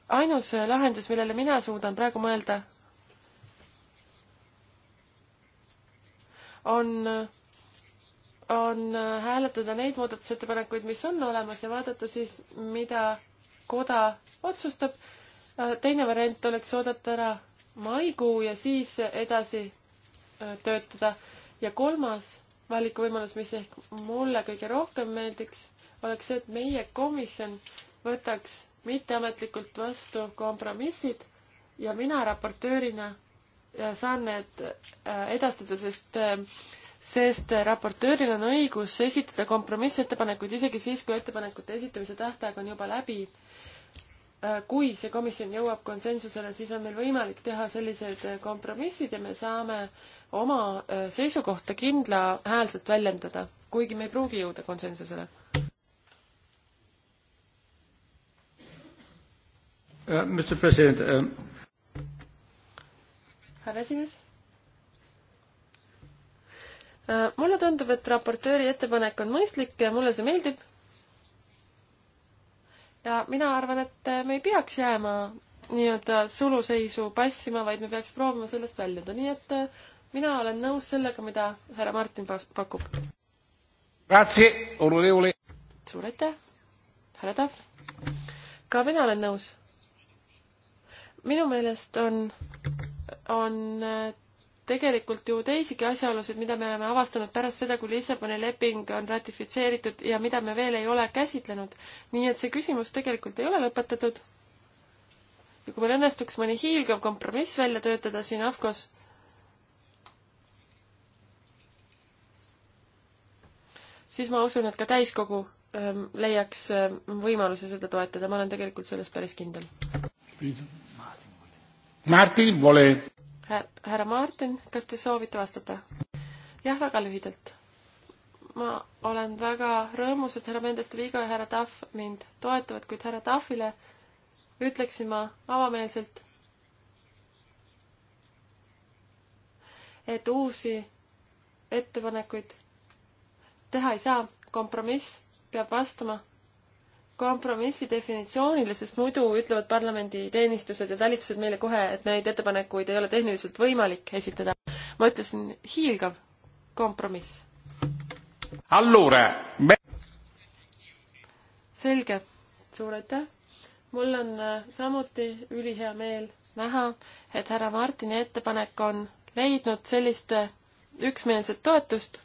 ainus lahendus, millele mina suudan praegu mõelda, on on äh, hääletada neid muudatusettepanekuid, mis on olemas ja vaadata siis, mida koda otsustab. Äh, teine variant oleks oodata ära maikuu ja siis edasi äh, töötada. ja kolmas valikuvõimalus, mis ehk mulle kõige rohkem meeldiks, oleks see, et meie komisjon võtaks mitteametlikult vastu kompromissid ja mina raportöörina saan need edastada, sest äh, sest raportööril on õigus esitada kompromissettepanekuid isegi siis, kui ettepanekute esitamise tähtaeg on juba läbi. Äh, kui see komisjon jõuab konsensusele, siis on meil võimalik teha sellised äh, kompromissid ja me saame oma äh, seisukohta kindlahäälselt väljendada, kuigi me ei pruugi jõuda konsensusele. Mr President um.... härra esimees Äh, mulle tundub, et raportööri ettepanek on mõistlik ja mulle see meeldib. ja mina arvan, et äh, me ei peaks jääma nii-öelda suluseisu passima, vaid me peaks proovima sellest väljuda, nii et äh, mina olen nõus sellega, mida härra Martin pakub. suur aitäh, härra Tahv. ka mina olen nõus. minu meelest on, on tegelikult ju teisigi asjaolusid, mida me oleme avastanud pärast seda, kui Lissaboni leping on ratifitseeritud ja mida me veel ei ole käsitlenud. nii et see küsimus tegelikult ei ole lõpetatud. ja kui meil õnnestuks mõni hiilgav kompromiss välja töötada siin AFCOs, siis ma usun, et ka täiskogu ähm, leiaks ähm, võimaluse seda toetada, ma olen tegelikult selles päris kindel. Martin Vole härra Martin, kas te soovite vastata? jah, väga lühidalt. ma olen väga rõõmus, et härra Mendeste Vigo ja härra Tahv mind toetavad, kuid härra Tahvile ütleksin ma avameelselt, et uusi ettepanekuid teha ei saa, kompromiss peab vastama kompromissi definitsioonile, sest muidu ütlevad parlamendi teenistused ja talitused meile kohe, et neid ettepanekuid ei ole tehniliselt võimalik esitada. ma ütlesin hiilgav kompromiss. Allure me.... selge, suur aitäh. mul on äh, samuti ülihea meel näha, et härra Martini ettepanek on leidnud sellist äh, üksmeelset toetust.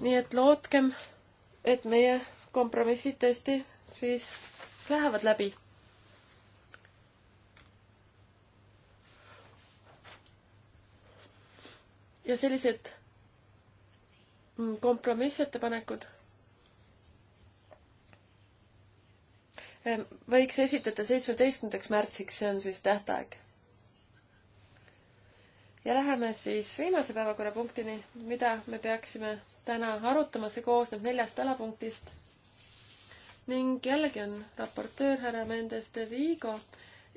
nii et lootkem et meie kompromissid tõesti siis lähevad läbi. ja sellised kompromissettepanekud võiks esitada seitsmeteistkümnendaks märtsiks, see on siis tähtaeg ja läheme siis viimase päevakorrapunktini, mida me peaksime täna arutama, see koosneb neljast alapunktist. ning jällegi on raportöör härra Mendes de Vigo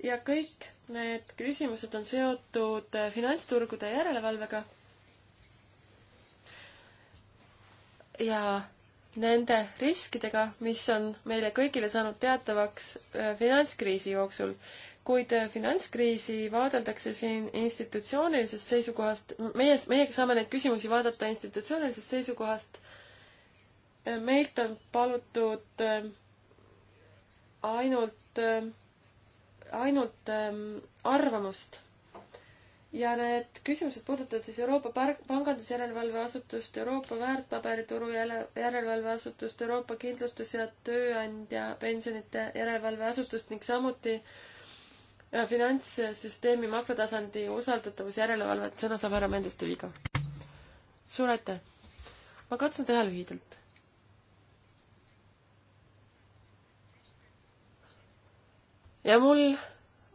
ja kõik need küsimused on seotud finantsturgude järelevalvega. ja nende riskidega, mis on meile kõigile saanud teatavaks äh, finantskriisi jooksul kuid äh, finantskriisi vaadeldakse siin institutsioonilisest seisukohast, meie, meie saame neid küsimusi vaadata institutsioonilisest seisukohast. Äh, meilt on palutud äh, ainult, ainult ähm, arvamust. ja need küsimused puudutavad siis Euroopa Pangandusjärelevalve Asutust, Euroopa Väärtpaberituru Järelevalve Asutust, Euroopa Kindlustus- ja Tööandja Pensionite Järelevalve Asutust ning samuti äh, Äh, finantssüsteemi makrotasandi usaldatavusjärelevalvet, sõna saab härra Mendes-Tüliga. suur aitäh! ma katsun teha lühidalt. ja mul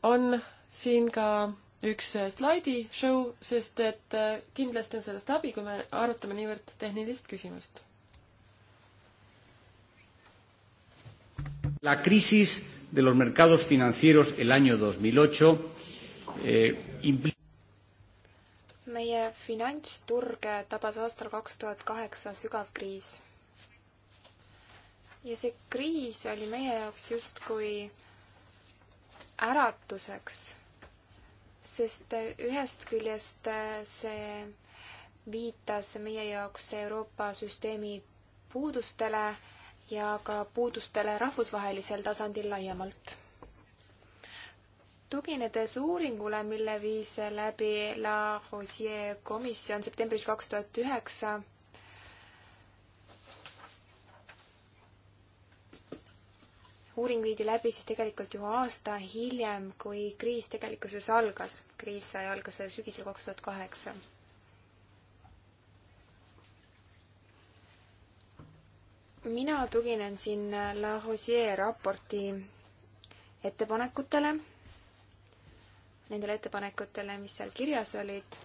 on siin ka üks äh, slaidishow, sest et äh, kindlasti on sellest abi, kui me arutame niivõrd tehnilist küsimust. La crisis de los mercados financieros el año 2008 eh, meie finantsturge tabas aastal kaks tuhat kaheksa sügav kriis. ja see kriis oli meie jaoks justkui äratuseks, sest ühest küljest see viitas meie jaoks Euroopa süsteemi puudustele ja ka puudustele rahvusvahelisel tasandil laiemalt. tuginedes uuringule, mille viis läbi La Rosier komisjon septembris kaks tuhat üheksa, uuring viidi läbi siis tegelikult ju aasta hiljem, kui kriis tegelikkuses algas. kriis sai alguse sügisel kaks tuhat kaheksa mina tuginen siin La Rosier raporti ettepanekutele, nendele ettepanekutele, mis seal kirjas olid.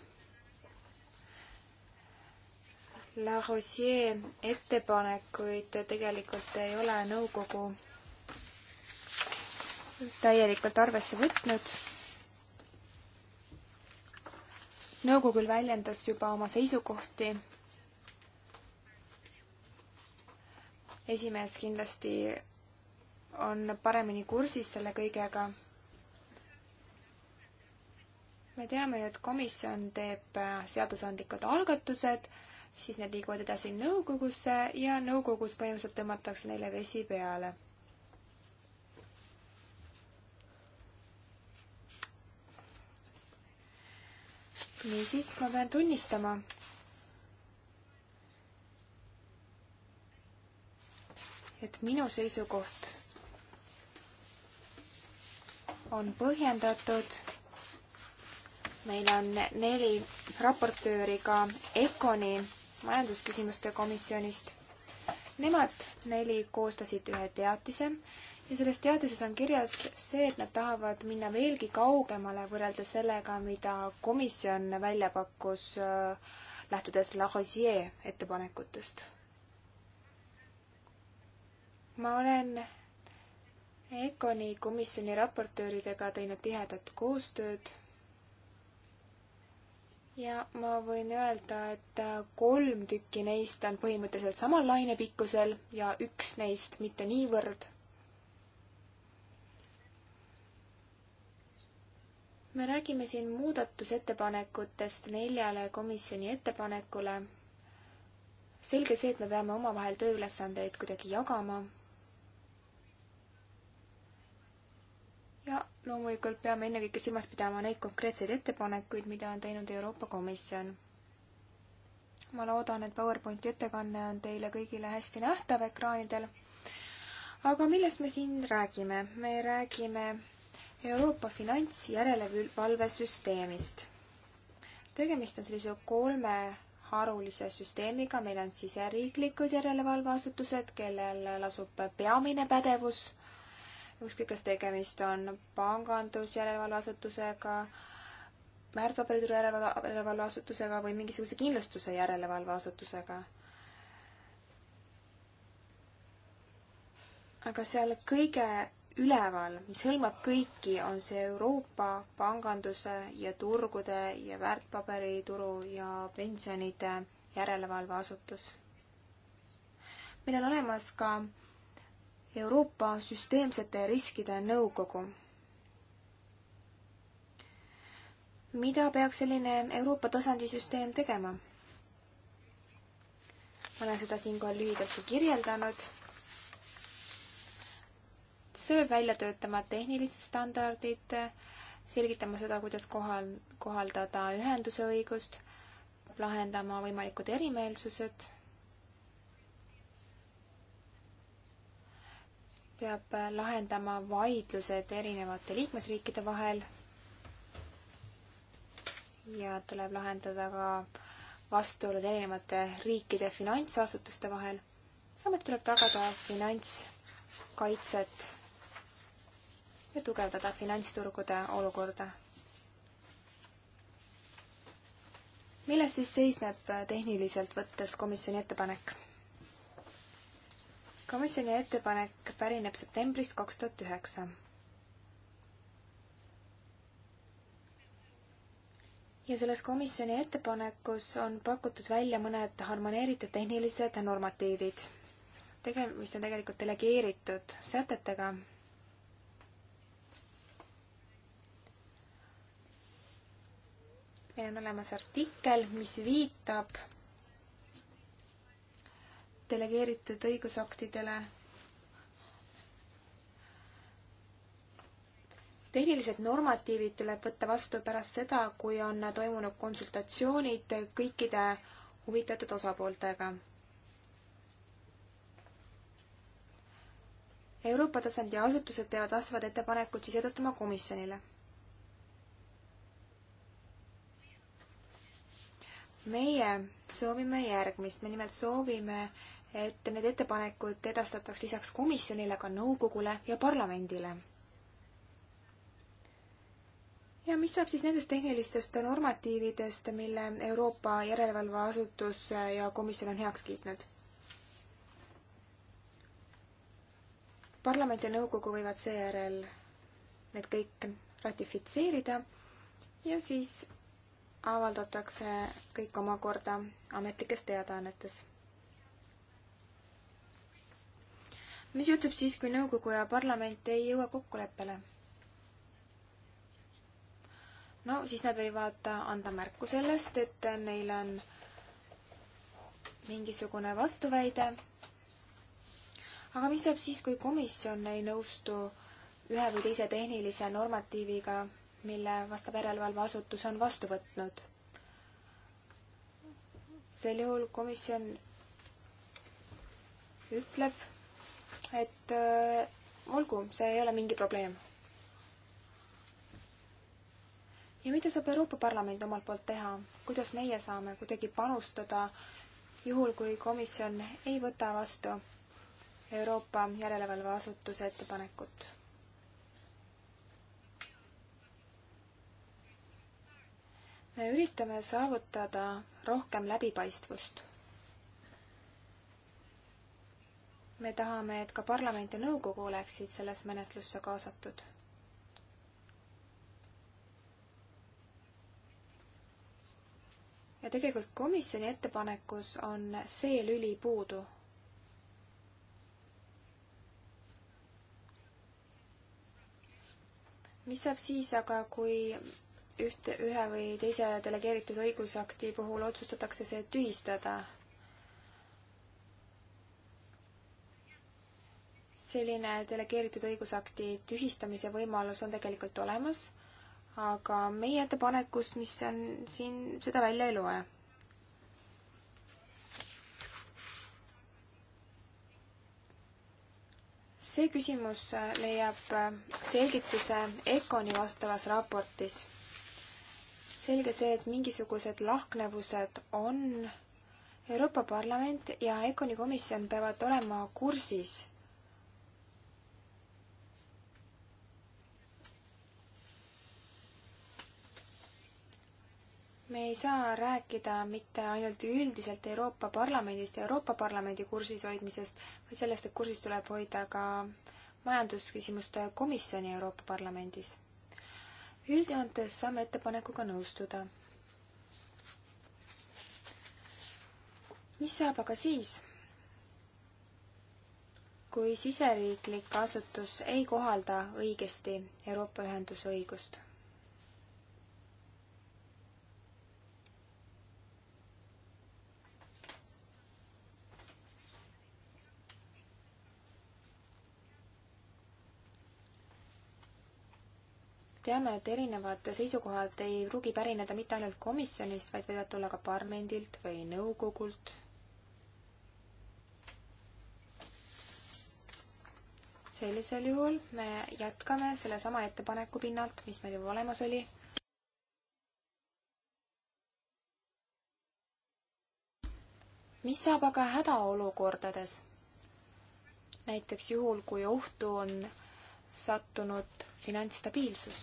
La Rosier ettepanekuid tegelikult ei ole nõukogu täielikult arvesse võtnud. nõukogul väljendas juba oma seisukohti esimees kindlasti on paremini kursis selle kõigega. me teame ju, et komisjon teeb seadusandlikud algatused, siis need liiguvad edasi nõukogusse ja nõukogus põhimõtteliselt tõmmatakse neile vesi peale. niisiis, ma pean tunnistama, et minu seisukoht on põhjendatud. meil on neli raportööri ka ECONi majandusküsimuste komisjonist. Nemad neli koostasid ühe teatise ja selles teadises on kirjas see, et nad tahavad minna veelgi kaugemale võrreldes sellega, mida komisjon välja pakkus, äh, lähtudes La Rosier ettepanekutest ma olen EKONi komisjoni raportööridega teinud tihedat koostööd. ja ma võin öelda, et kolm tükki neist on põhimõtteliselt samal lainepikkusel ja üks neist mitte niivõrd. me räägime siin muudatusettepanekutest neljale komisjoni ettepanekule. selge see, et me peame omavahel tööülesandeid kuidagi jagama ja loomulikult peame ennekõike silmas pidama neid konkreetseid ettepanekuid, mida on teinud Euroopa Komisjon. ma loodan, et PowerPointi ettekanne on teile kõigile hästi nähtav ekraanidel. aga millest me siin räägime? me räägime Euroopa finantsjärelevalvesüsteemist. tegemist on sellise kolme harulise süsteemiga, meil on siseriiklikud järelevalveasutused, kellel lasub peamine pädevus ükskõik, kas tegemist on pangandusjärelevalveasutusega, väärtpaberituru järelevalveasutusega või mingisuguse kindlustuse järelevalveasutusega. aga seal kõige üleval, mis hõlmab kõiki, on see Euroopa panganduse ja turgude ja väärtpaberituru ja pensionide järelevalveasutus. meil on olemas ka Euroopa Süsteemsete Riskide Nõukogu. mida peaks selline Euroopa tasandi süsteem tegema? ma olen seda siinkohal lühidalt ka kirjeldanud. see peab välja töötama tehnilised standardid, selgitama seda, kuidas kohal, kohaldada ühenduse õigust, lahendama võimalikud erimeelsused peab lahendama vaidlused erinevate liikmesriikide vahel ja tuleb lahendada ka vastuolud erinevate riikide finantsasutuste vahel. samuti tuleb tagada finantskaitset ja tugevdada finantsturgude olukorda. milles siis seisneb tehniliselt võttes komisjoni ettepanek? komisjoni ettepanek pärineb septembrist kaks tuhat üheksa. ja selles komisjoni ettepanekus on pakutud välja mõned harmoneeritud tehnilised normatiivid. tegemist on tegelikult delegeeritud sätetega, meil on olemas artikkel, mis viitab delegeeritud õigusaktidele. tehnilised normatiivid tuleb võtta vastu pärast seda, kui on toimunud konsultatsioonid kõikide huvitatud osapooltega. Euroopa tasandi asutused peavad vastavad ettepanekud siis edastama komisjonile meie soovime järgmist, me nimelt soovime, et need ettepanekud edastataks lisaks komisjonile ka nõukogule ja parlamendile. ja mis saab siis nendest tehnilistest normatiividest, mille Euroopa Järelevalveasutus ja komisjon on heaks kiitnud? parlament ja nõukogu võivad seejärel need kõik ratifitseerida ja siis avaldatakse kõik omakorda ametlikes teadaannetes mis juhtub siis, kui nõukogu ja parlament ei jõua kokkuleppele? no siis nad võivad anda märku sellest, et neil on mingisugune vastuväide. aga mis saab siis, kui komisjon ei nõustu ühe või teise tehnilise normatiiviga, mille vastav järelevalveasutus on vastu võtnud? sel juhul komisjon ütleb et äh, olgu, see ei ole mingi probleem. ja mida saab Euroopa Parlament omalt poolt teha, kuidas meie saame kuidagi panustada juhul, kui komisjon ei võta vastu Euroopa järelevalveasutuse ettepanekut? me üritame saavutada rohkem läbipaistvust me tahame, et ka parlament ja nõukogu oleksid selles menetlusse kaasatud. ja tegelikult komisjoni ettepanekus on see lüli puudu mis saab siis aga, kui ühte, ühe või teise delegeeritud õigusakti puhul otsustatakse see tühistada? selline delegeeritud õigusakti tühistamise võimalus on tegelikult olemas, aga meie ettepanekust, mis on siin, seda välja ei loe. see küsimus leiab selgituse ECONi vastavas raportis. selge see, et mingisugused lahknevused on Euroopa Parlament ja ECONi komisjon peavad olema kursis me ei saa rääkida mitte ainult üldiselt Euroopa Parlamendist ja Euroopa Parlamendi kursis hoidmisest, vaid sellest, et kursis tuleb hoida ka majandusküsimuste komisjoni Euroopa Parlamendis. üldjoontes saame ettepanekuga nõustuda. mis saab aga siis, kui siseriiklik asutus ei kohalda õigesti Euroopa Ühenduse õigust? teame, et erinevad seisukohad ei pruugi pärineda mitte ainult komisjonist, vaid võivad tulla ka parlamendilt või nõukogult. sellisel juhul me jätkame sellesama ettepaneku pinnalt, mis meil juba olemas oli. mis saab aga hädaolukordades? näiteks juhul, kui ohtu on sattunud finantsstabiilsus.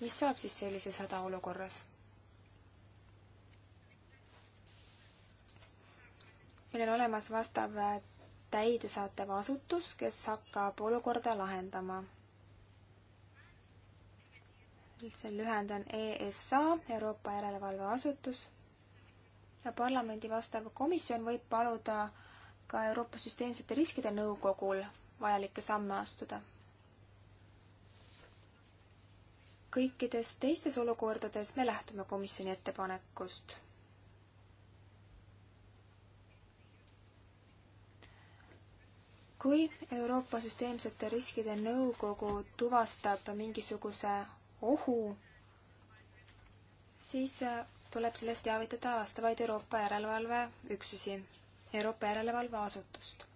mis saab siis sellises hädaolukorras? meil on olemas vastav täidesaatev asutus, kes hakkab olukorda lahendama. see lühend on ESA, Euroopa Järelevalveasutus ja parlamendi vastav komisjon võib paluda ka Euroopa Süsteemsete Riskide Nõukogul vajalikke samme astuda. kõikides teistes olukordades me lähtume komisjoni ettepanekust. kui Euroopa Süsteemsete Riskide Nõukogu tuvastab mingisuguse ohu, siis tuleb sellest teavitada vastavaid Euroopa järelevalveüksusi, Euroopa järelevalveasutust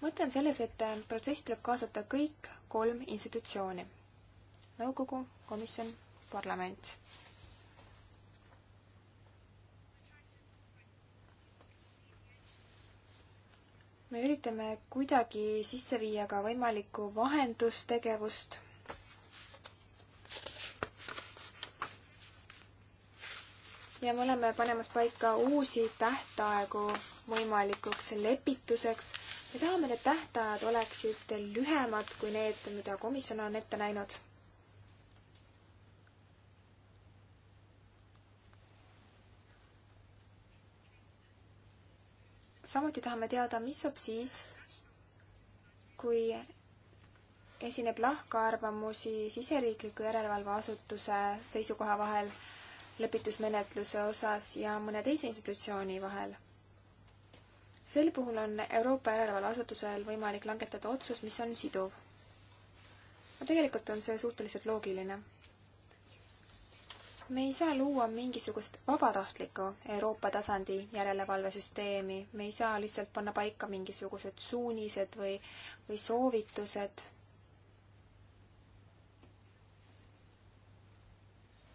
mõte on selles, et protsessi tuleb kaasata kõik kolm institutsiooni. nõukogu, komisjon, parlament. me üritame kuidagi sisse viia ka võimalikku vahendustegevust ja me oleme panemas paika uusi tähtaegu võimalikuks lepituseks me tahame, need tähtajad oleksid lühemad kui need, mida komisjon on ette näinud samuti tahame teada, mis saab siis, kui esineb lahkarvamusi siseriikliku järelevalveasutuse seisukoha vahel lepitusmenetluse osas ja mõne teise institutsiooni vahel sel puhul on Euroopa järelevalveasutusel võimalik langetada otsus, mis on siduv. no tegelikult on see suhteliselt loogiline. me ei saa luua mingisugust vabatahtlikku Euroopa tasandi järelevalvesüsteemi, me ei saa lihtsalt panna paika mingisugused suunised või, või soovitused.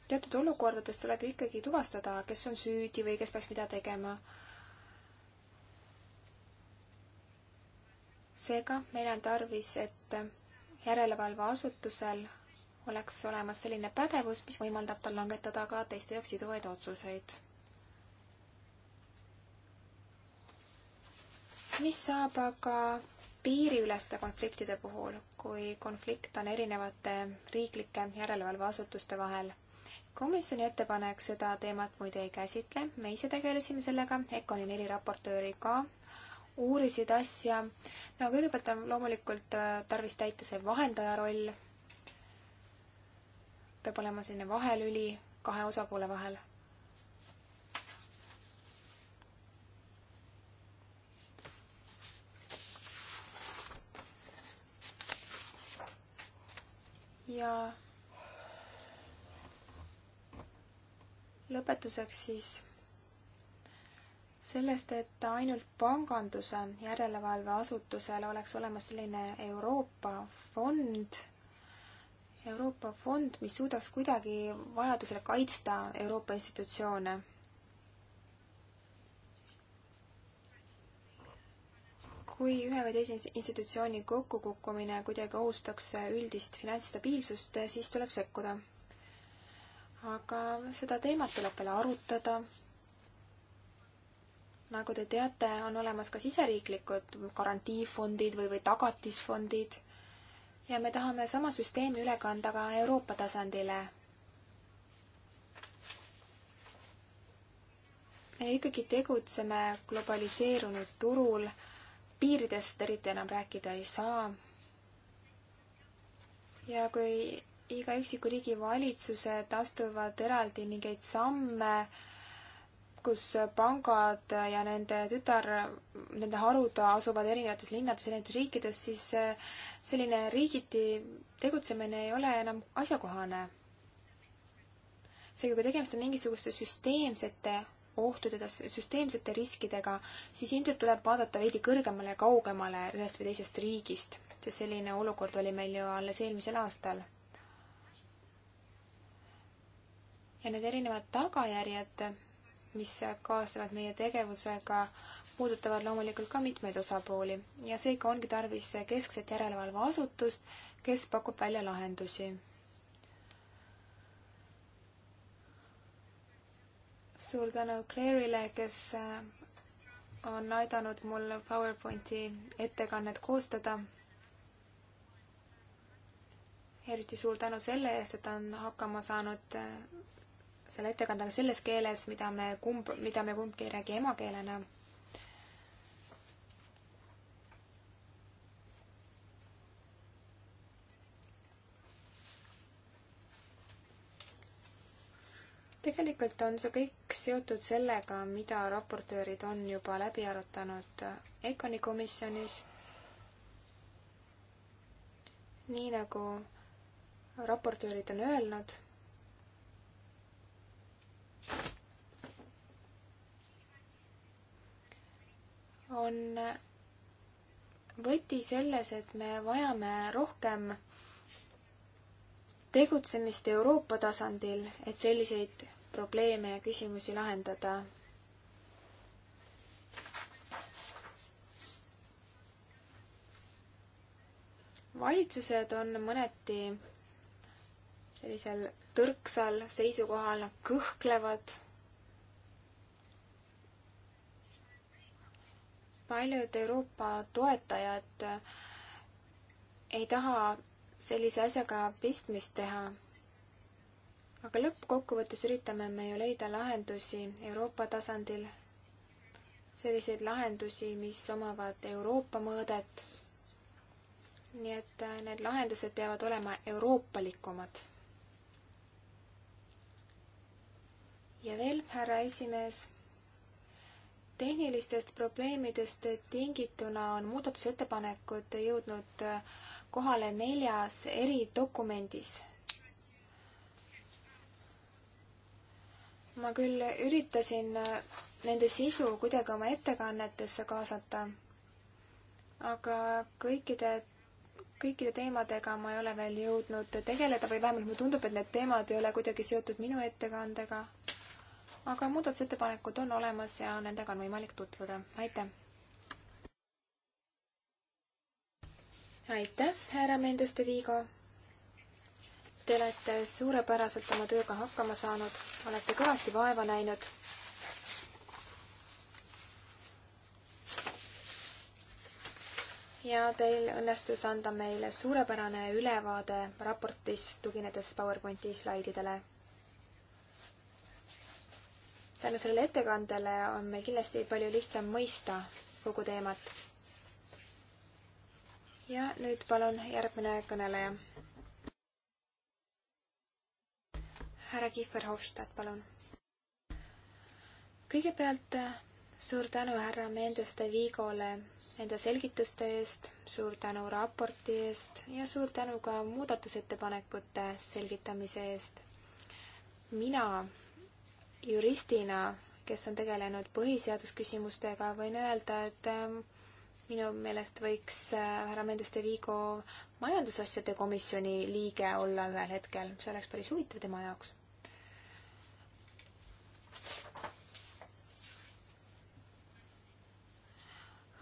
teatud olukordades tuleb ju ikkagi tuvastada, kes on süüdi või kes peaks mida tegema seega meil on tarvis, et järelevalveasutusel oleks olemas selline pädevus, mis võimaldab tal langetada ka teiste jaoks siduvaid otsuseid. mis saab aga piiriüleste konfliktide puhul, kui konflikt on erinevate riiklike järelevalveasutuste vahel? komisjoni ettepanek seda teemat muide ei käsitle, me ise tegelesime sellega, ECONi neli raportööri ka uurisid asja. no kõigepealt on loomulikult äh, tarvis täita see vahendaja roll. peab olema selline vahelüli kahe osapoole vahel. ja lõpetuseks siis sellest, et ainult panganduse järelevalveasutusel oleks olemas selline Euroopa fond, Euroopa fond, mis suudaks kuidagi vajadusel kaitsta Euroopa institutsioone kui ühe või teise institutsiooni kokkukukkumine kuidagi ohustaks üldist finantsstabiilsust, siis tuleb sekkuda. aga seda teemat tuleb veel arutada, nagu te teate, on olemas ka siseriiklikud garantiifondid või, või tagatisfondid ja me tahame sama süsteemi üle kanda ka Euroopa tasandile. me ikkagi tegutseme globaliseerunud turul, piiridest eriti enam rääkida ei saa. ja kui iga üksiku riigi valitsused astuvad eraldi mingeid samme, rahvuspangad ja nende tütar, nende harud asuvad erinevates linnades, erinevates riikides, siis eh, selline riigiti tegutsemine ei ole enam asjakohane. seega, kui tegemist on mingisuguste süsteemsete ohtudega, süsteemsete riskidega, siis ilmselt tuleb vaadata veidi kõrgemale ja kaugemale ühest või teisest riigist, sest selline olukord oli meil ju alles eelmisel aastal ja need erinevad tagajärjed, mis kaasnevad meie tegevusega, puudutavad loomulikult ka mitmeid osapooli ja seega ongi tarvis keskset järelevalveasutust, kes pakub välja lahendusi. suur tänu Claire'ile, kes äh, on aidanud mul PowerPointi ettekannet koostada. eriti suur tänu selle eest, et ta on hakkama saanud äh, selle ettekandega selles keeles, mida me kumb, mida me kumbki ei räägi emakeelena. tegelikult on see kõik seotud sellega, mida raportöörid on juba läbi arutanud EKONi komisjonis. nii nagu raportöörid on öelnud on võti selles, et me vajame rohkem tegutsemist Euroopa tasandil, et selliseid probleeme ja küsimusi lahendada. valitsused on mõneti sellisel tõrksal seisukohal, kõhklevad. paljud Euroopa toetajad ei taha sellise asjaga pistmist teha. aga lõppkokkuvõttes üritame me ju leida lahendusi Euroopa tasandil, selliseid lahendusi, mis omavad Euroopa mõõdet nii et need lahendused peavad olema euroopalikumad ja veel, härra esimees, tehnilistest probleemidest tingituna on muudatusettepanekud jõudnud äh, kohale neljas eridokumendis, ma küll üritasin äh, nende sisu kuidagi oma ettekannetesse kaasata, aga kõikide, kõikide teemadega ma ei ole veel jõudnud tegeleda või vähemalt mulle tundub, et need teemad ei ole kuidagi seotud minu ettekandega aga muudatusettepanekud on olemas ja nendega on võimalik tutvuda. aitäh! aitäh, härra Mendeste Viigo! Te olete suurepäraselt oma tööga hakkama saanud, olete kõvasti vaeva näinud ja teil õnnestus anda meile suurepärane ülevaade raportis, tuginedes PowerPointi slaididele tänu sellele ettekandele on meil kindlasti palju lihtsam mõista kogu teemat. ja nüüd palun järgmine kõneleja. härra Kihver Hofstadt, palun. kõigepealt suur tänu härra Mendes de Vigole nende selgituste eest, suur tänu raporti eest ja suur tänu ka muudatusettepanekute selgitamise eest. mina juristina, kes on tegelenud põhiseadusküsimustega, võin öelda, et ähm, minu meelest võiks äh, härra Mendes de Vigo majandusasjade komisjoni liige olla ühel hetkel, see oleks päris huvitav tema jaoks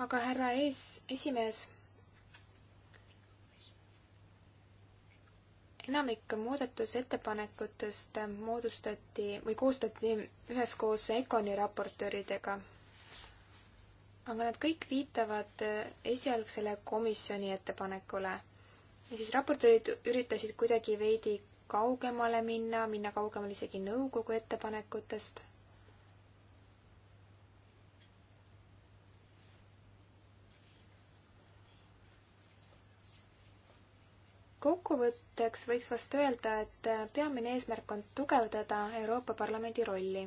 aga härra ees, esimees, enamik muudatusettepanekutest moodustati või koostati üheskoos ECONi raportööridega. aga nad kõik viitavad esialgsele komisjoni ettepanekule. ja siis raportöörid üritasid kuidagi veidi kaugemale minna, minna kaugemale isegi nõukogu ettepanekutest kokkuvõtteks võiks vast öelda, et peamine eesmärk on tugevdada Euroopa Parlamendi rolli.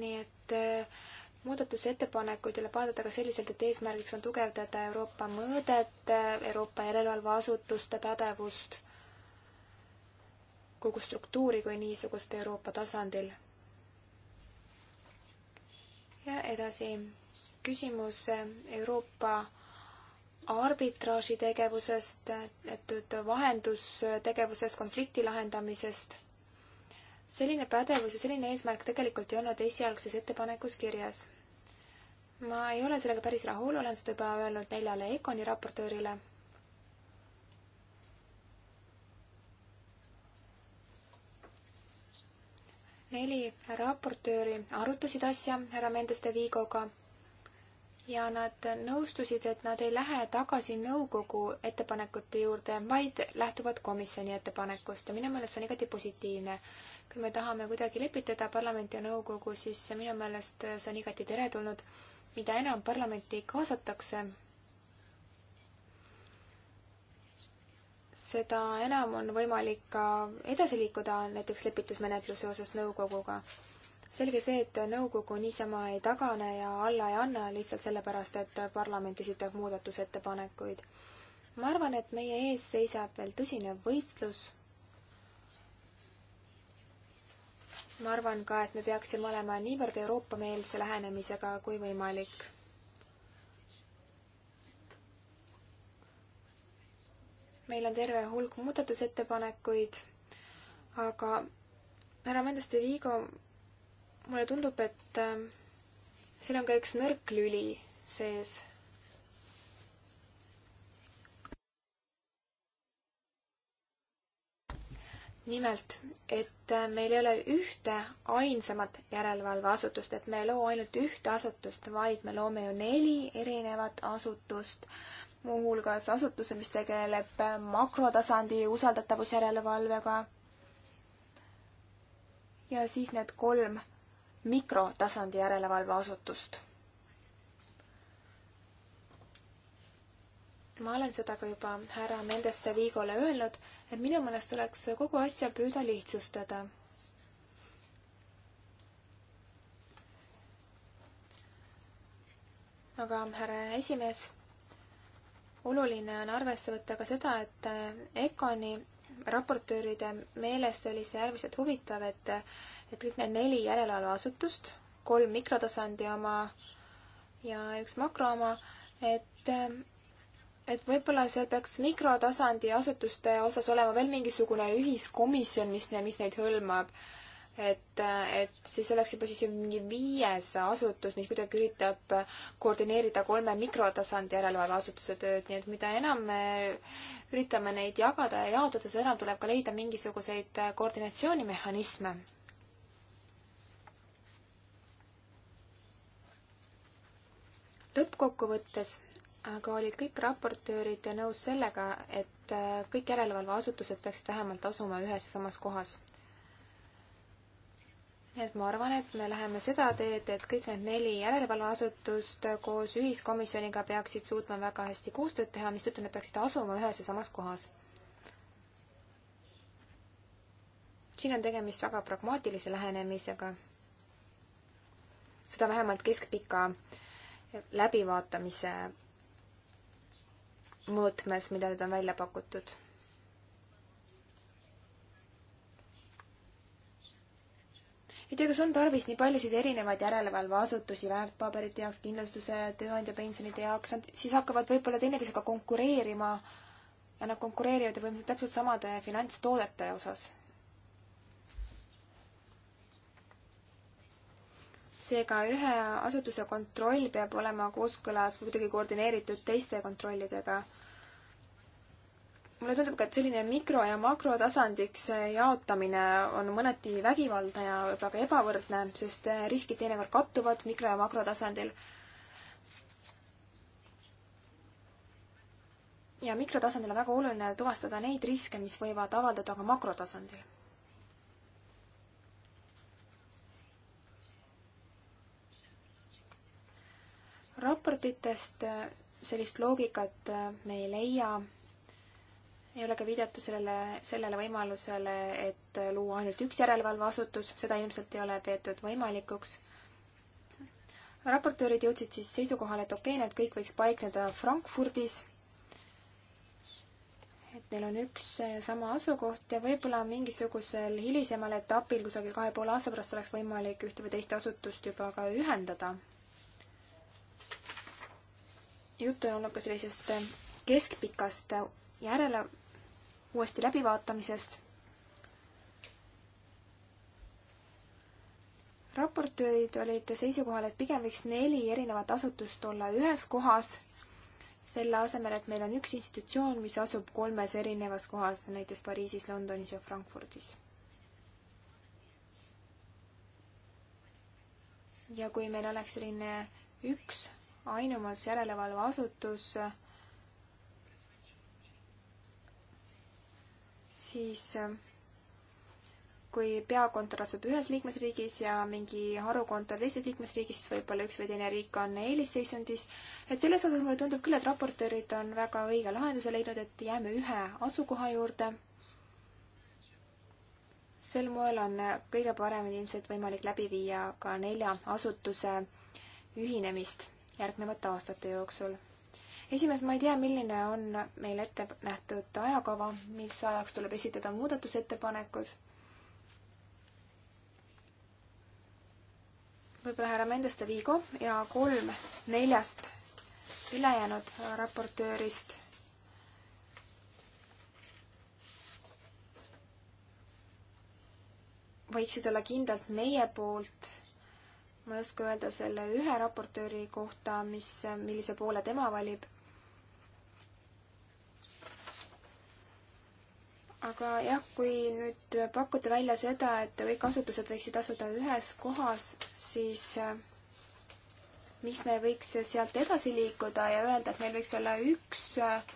nii et eh, muudatusettepanekuid tuleb vaadata ka selliselt, et eesmärgiks on tugevdada Euroopa mõõdet, Euroopa järelevalveasutuste pädevust, kogu struktuuri kui niisugust Euroopa tasandil ja edasi küsimus eh, Euroopa arbitraaži tegevusest, teatud vahendustegevusest, eh, konflikti lahendamisest. selline pädevus ja selline eesmärk tegelikult ei olnud esialgses ettepanekus kirjas. ma ei ole sellega päris rahul, olen seda juba öelnud neljale EKONi raportöörile neli raportööri arutasid asja härra Mendes de Vigoga ja nad nõustusid, et nad ei lähe tagasi nõukogu ettepanekute juurde, vaid lähtuvad komisjoni ettepanekust ja minu meelest see on igati positiivne. kui me tahame kuidagi lepitada parlamenti ja nõukogu, siis minu meelest see on igati teretulnud. mida enam parlamenti kaasatakse, seda enam on võimalik ka edasi liikuda näiteks lepitusmenetluse osas nõukoguga. selge see, et nõukogu niisama ei tagane ja alla ei anna lihtsalt sellepärast, et parlament esitab muudatusettepanekuid. ma arvan, et meie ees seisab veel tõsine võitlus. ma arvan ka, et me peaksime olema niivõrd Euroopa-meelse lähenemisega kui võimalik meil on terve hulk muudatusettepanekuid, aga härra Mendes de Vigo, mulle tundub, et ähm, siin on ka üks nõrk lüli sees. nimelt, et äh, meil ei ole ühte ainsamat järelevalveasutust, et me ei loo ainult ühte asutust, vaid me loome ju neli erinevat asutust muuhulgas asutuse, mis tegeleb makrotasandi usaldatavusjärelevalvega. ja siis need kolm mikrotasandi järelevalveasutust. ma olen seda ka juba härra Mendeste Viigole öelnud, et minu meelest tuleks kogu asja püüda lihtsustada aga härra esimees, oluline on arvesse võtta ka seda, et äh, EKONi raportööride meelest oli see äärmiselt huvitav, et, et kõik need neli järelevalveasutust, kolm mikrotasandi oma ja üks makro oma, et, et võib-olla seal peaks mikrotasandi asutuste osas olema veel mingisugune ühiskomisjon, mis, mis neid hõlmab et, et siis oleks juba siis mingi viies asutus, mis kuidagi üritab koordineerida kolme mikrotasandi järelevalveasutuse tööd, nii et mida enam me üritame neid jagada ja jaotada, seda enam tuleb ka leida mingisuguseid koordinatsioonimehhanisme. lõppkokkuvõttes aga olid kõik raportöörid nõus sellega, et kõik järelevalveasutused peaksid vähemalt asuma ühes ja samas kohas nii et ma arvan, et me läheme seda teed, et kõik need neli järelevalveasutust koos ühiskomisjoniga peaksid suutma väga hästi koostööd teha, mistõttu nad peaksid asuma ühes ja samas kohas. siin on tegemist väga pragmaatilise lähenemisega. seda vähemalt keskpika läbivaatamise mõõtmes, mida nüüd on välja pakutud ei tea, kas on tarvis nii paljusid erinevaid järelevalveasutusi väärtpaberite jaoks, kindlustuse, tööandja pensionide jaoks, nad siis hakkavad võib-olla teineteisega konkureerima ja nad konkureerivad ju põhimõtteliselt täpselt samade finantstoodete osas. seega ühe asutuse kontroll peab olema kooskõlas või kuidagi koordineeritud teiste kontrollidega mulle tundub ka, et selline mikro- ja makrotasandiks eh, jaotamine on mõneti vägivaldne ja võib-olla ka ebavõrdne, sest eh, riskid teinekord kattuvad mikro- ja makrotasandil. ja mikrotasandil on väga oluline tuvastada neid riske, mis võivad avaldada ka makrotasandil raportitest eh, sellist loogikat me ei leia ei ole ka viidatud sellele, sellele võimalusele, et luua ainult üks järelevalveasutus, seda ilmselt ei ole peetud võimalikuks. raportöörid jõudsid siis seisukohale, et okei okay,, need kõik võiks paikneda Frankfurdis, et neil on üks ja sama asukoht ja võib-olla mingisugusel hilisemal etapil, kusagil kahe poole aasta pärast, oleks võimalik ühte või teist asutust juba ka ühendada. juttu on olnud ka sellisest keskpikast järele, uuesti läbivaatamisest. raportöörid olid seisukohal, et pigem võiks neli erinevat asutust olla ühes kohas, selle asemel, et meil on üks institutsioon, mis asub kolmes erinevas kohas, näiteks Pariisis, Londonis ja Frankfurdis. ja kui meil oleks selline üks ainumas järelevalveasutus, siis äh, kui peakontor asub ühes liikmesriigis ja mingi harukontor teises liikmesriigis, siis võib-olla üks või teine riik on eelisseisundis. et selles osas mulle tundub küll, et raportöörid on väga õige lahenduse leidnud, et jääme ühe asukoha juurde. sel moel on kõige paremini ilmselt võimalik läbi viia ka nelja asutuse ühinemist järgnevate aastate jooksul esimees, ma ei tea, milline on meil ette nähtud ajakava, mis ajaks tuleb esitada muudatusettepanekud. võib-olla härra Mendeste Viigo ja kolm neljast ülejäänud raportöörist võiksid olla kindlalt meie poolt. ma ei oska öelda selle ühe raportööri kohta, mis, millise poole tema valib, aga jah, kui nüüd pakute välja seda, et kõik asutused võiksid asuda ühes kohas, siis äh, miks me ei võiks sealt edasi liikuda ja öelda, et meil võiks olla üks äh,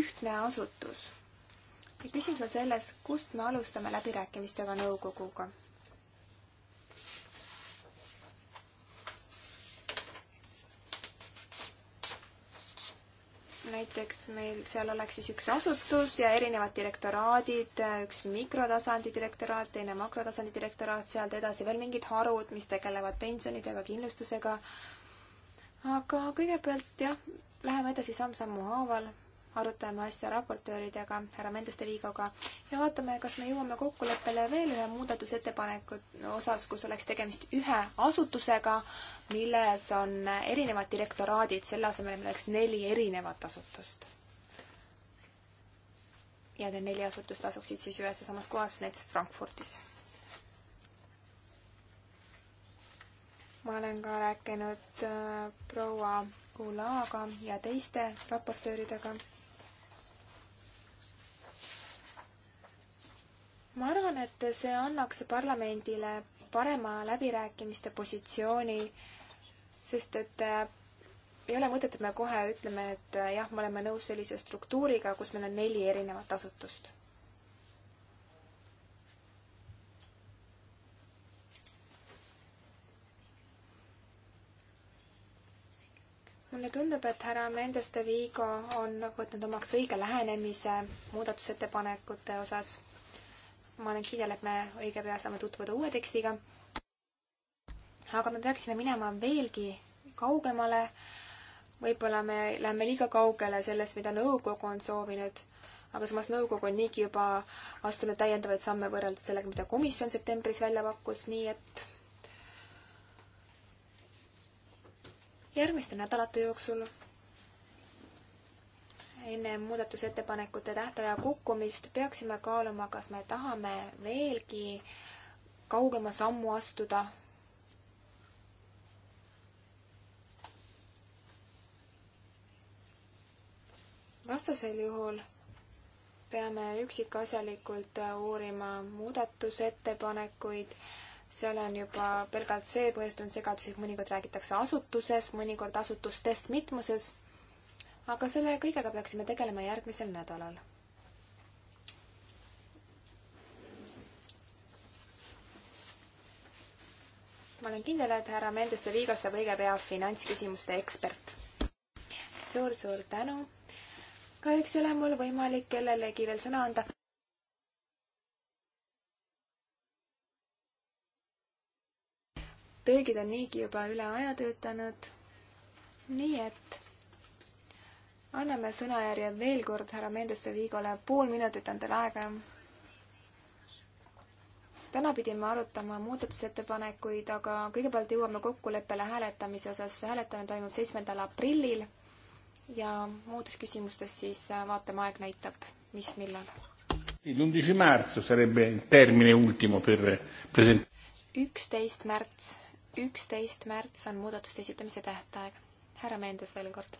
ühtne asutus? ja küsimus on selles, kust me alustame läbirääkimistega nõukoguga näiteks meil seal oleks siis üks asutus ja erinevad direktoraadid, üks mikrotasandi direktoraat, teine makrotasandi direktoraat, sealt edasi veel mingid harud, mis tegelevad pensionidega, kindlustusega. aga kõigepealt jah, läheme edasi samm-sammu haaval arutame asja raportööridega, härra Mendeste Liigoga ja vaatame, kas me jõuame kokkuleppele veel ühe muudatusettepaneku osas, kus oleks tegemist ühe asutusega, milles on erinevad direktoraadid, selle asemel meil oleks neli erinevat asutust ja need neli asutust asuksid siis ühes ja samas kohas, näiteks Frankfurdis. ma olen ka rääkinud äh, proua Kulaaga ja teiste raportööridega ma arvan, et see annaks parlamendile parema läbirääkimiste positsiooni, sest et äh, ei ole mõtet, et me kohe ütleme, et äh, jah, me oleme nõus sellise struktuuriga, kus meil on neli erinevat asutust. mulle tundub, et härra Mendes de Vigo on nagu võtnud omaks õige lähenemise muudatusettepanekute osas ma olen kindel, et me õige pea saame tutvuda uue tekstiga. aga me peaksime minema veelgi kaugemale. võib-olla me läheme liiga kaugele sellest, mida nõukogu on soovinud, aga samas nõukogu on niigi juba astunud täiendavaid samme võrreldes sellega, mida komisjon septembris välja pakkus, nii et järgmiste nädalate jooksul enne muudatusettepanekute tähtaja kukkumist peaksime kaaluma, kas me tahame veelgi kaugema sammu astuda. vastasel juhul peame üksikasjalikult uurima muudatusettepanekuid. seal on juba pelgalt see põhjust on segadus, et mõnikord räägitakse asutusest, mõnikord asutustest mitmuses aga selle kõigega peaksime tegelema järgmisel nädalal. ma olen kindel, et härra Mendes de Vigas saab õige pea finantsküsimuste ekspert suur,. suur-suur tänu. kahjuks ei ole mul võimalik kellelegi veel sõna anda. tõlgid on niigi juba üle aja töötanud. nii et anname sõnajärje veel kord härra Mendeste Viigole, pool minutit on teil aega. täna pidime arutama muudatusettepanekuid, aga kõigepealt jõuame kokkuleppele hääletamise osas. hääletamine toimub seitsmendal aprillil ja muudes küsimustes siis vaatame, aeg näitab, mis millal. üksteist märts, üksteist märts on muudatuste esitamise tähtaeg. härra Meendes veel kord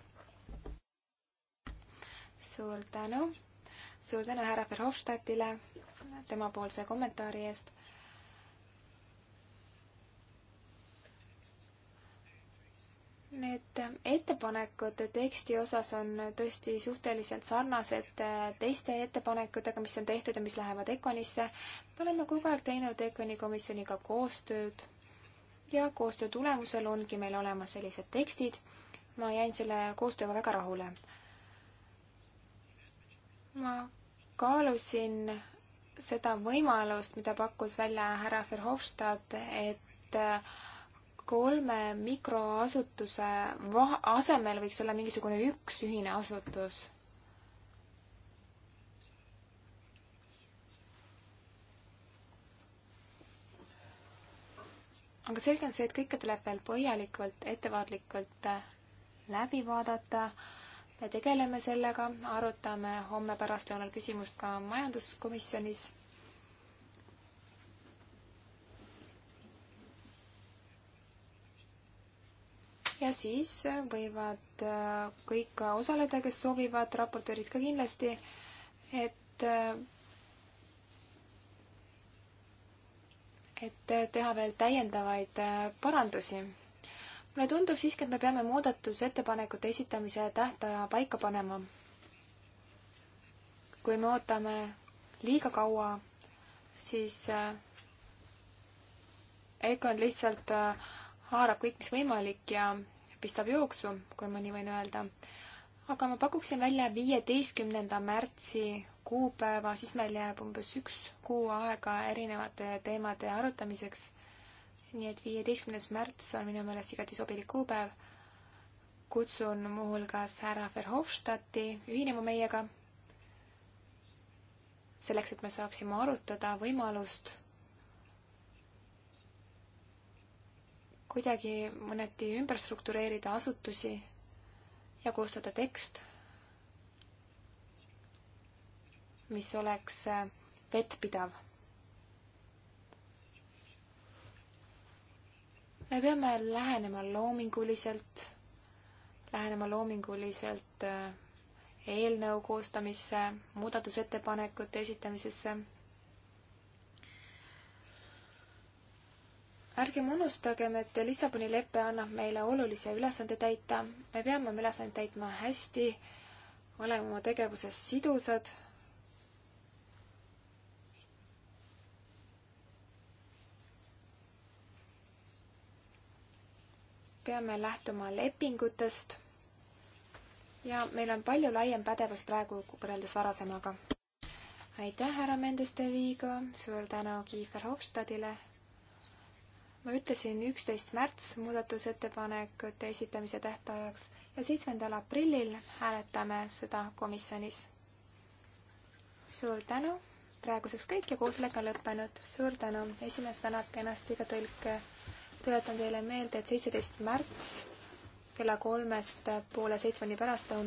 suur tänu. suur tänu härra Verhofstadtile temapoolse kommentaari eest. Need ettepanekud teksti osas on tõesti suhteliselt sarnased teiste ettepanekutega, mis on tehtud ja mis lähevad Econisse. me oleme kogu aeg teinud Econi komisjoniga koostööd ja koostöö tulemusel ongi meil olemas sellised tekstid. ma jäin selle koostööga väga rahule ma kaalusin seda võimalust, mida pakkus välja härra Verhofstadt, et äh, kolme mikroasutuse asemel võiks olla mingisugune üks ühine asutus aga selge on see, et kõike tuleb veel põhjalikult, ettevaatlikult äh, läbi vaadata me tegeleme sellega, arutame homme pärastlõunal küsimust ka majanduskomisjonis. ja siis võivad äh, kõik osaleda, kes soovivad, raportöörid ka kindlasti, et äh, et teha veel täiendavaid äh, parandusi mulle tundub siiski, et me peame muudatusettepanekute esitamise tähtaja paika panema. kui me ootame liiga kaua, siis äh, Econ lihtsalt äh, haarab kõik, mis võimalik ja pistab jooksu, kui ma nii võin öelda. aga ma pakuksin välja viieteistkümnenda märtsi kuupäeva, siis meil jääb umbes üks kuu aega erinevate teemade arutamiseks nii et viieteistkümnes märts on minu meelest igati sobilik kuupäev. kutsun muuhulgas härra Verhofstadti ühinema meiega, selleks et me saaksime arutada võimalust kuidagi mõneti ümber struktureerida asutusi ja koostada tekst, mis oleks vettpidav me peame lähenema loominguliselt, lähenema loominguliselt äh, eelnõu koostamisse, muudatusettepanekute esitamisesse. ärgem unustagem, et Lissaboni lepe annab meile olulise ülesande täita. me peame oma ülesandeid täitma hästi, olema oma tegevuses sidusad peame lähtuma lepingutest ja meil on palju laiem pädevus praegu võrreldes varasemaga. aitäh, härra Mendesteviga, suur tänu Kiifer Hofstadile. ma ütlesin üksteist märts muudatusettepanekute esitamise tähtajaks ja seitsmendal aprillil hääletame seda komisjonis. suur tänu, praeguseks kõik ja koosolek on lõppenud. suur tänu, esimees tänab kenasti ka tõlke tuletan teile meelde, et seitseteist märts kella kolmest poole seitsmeni pärastlõunal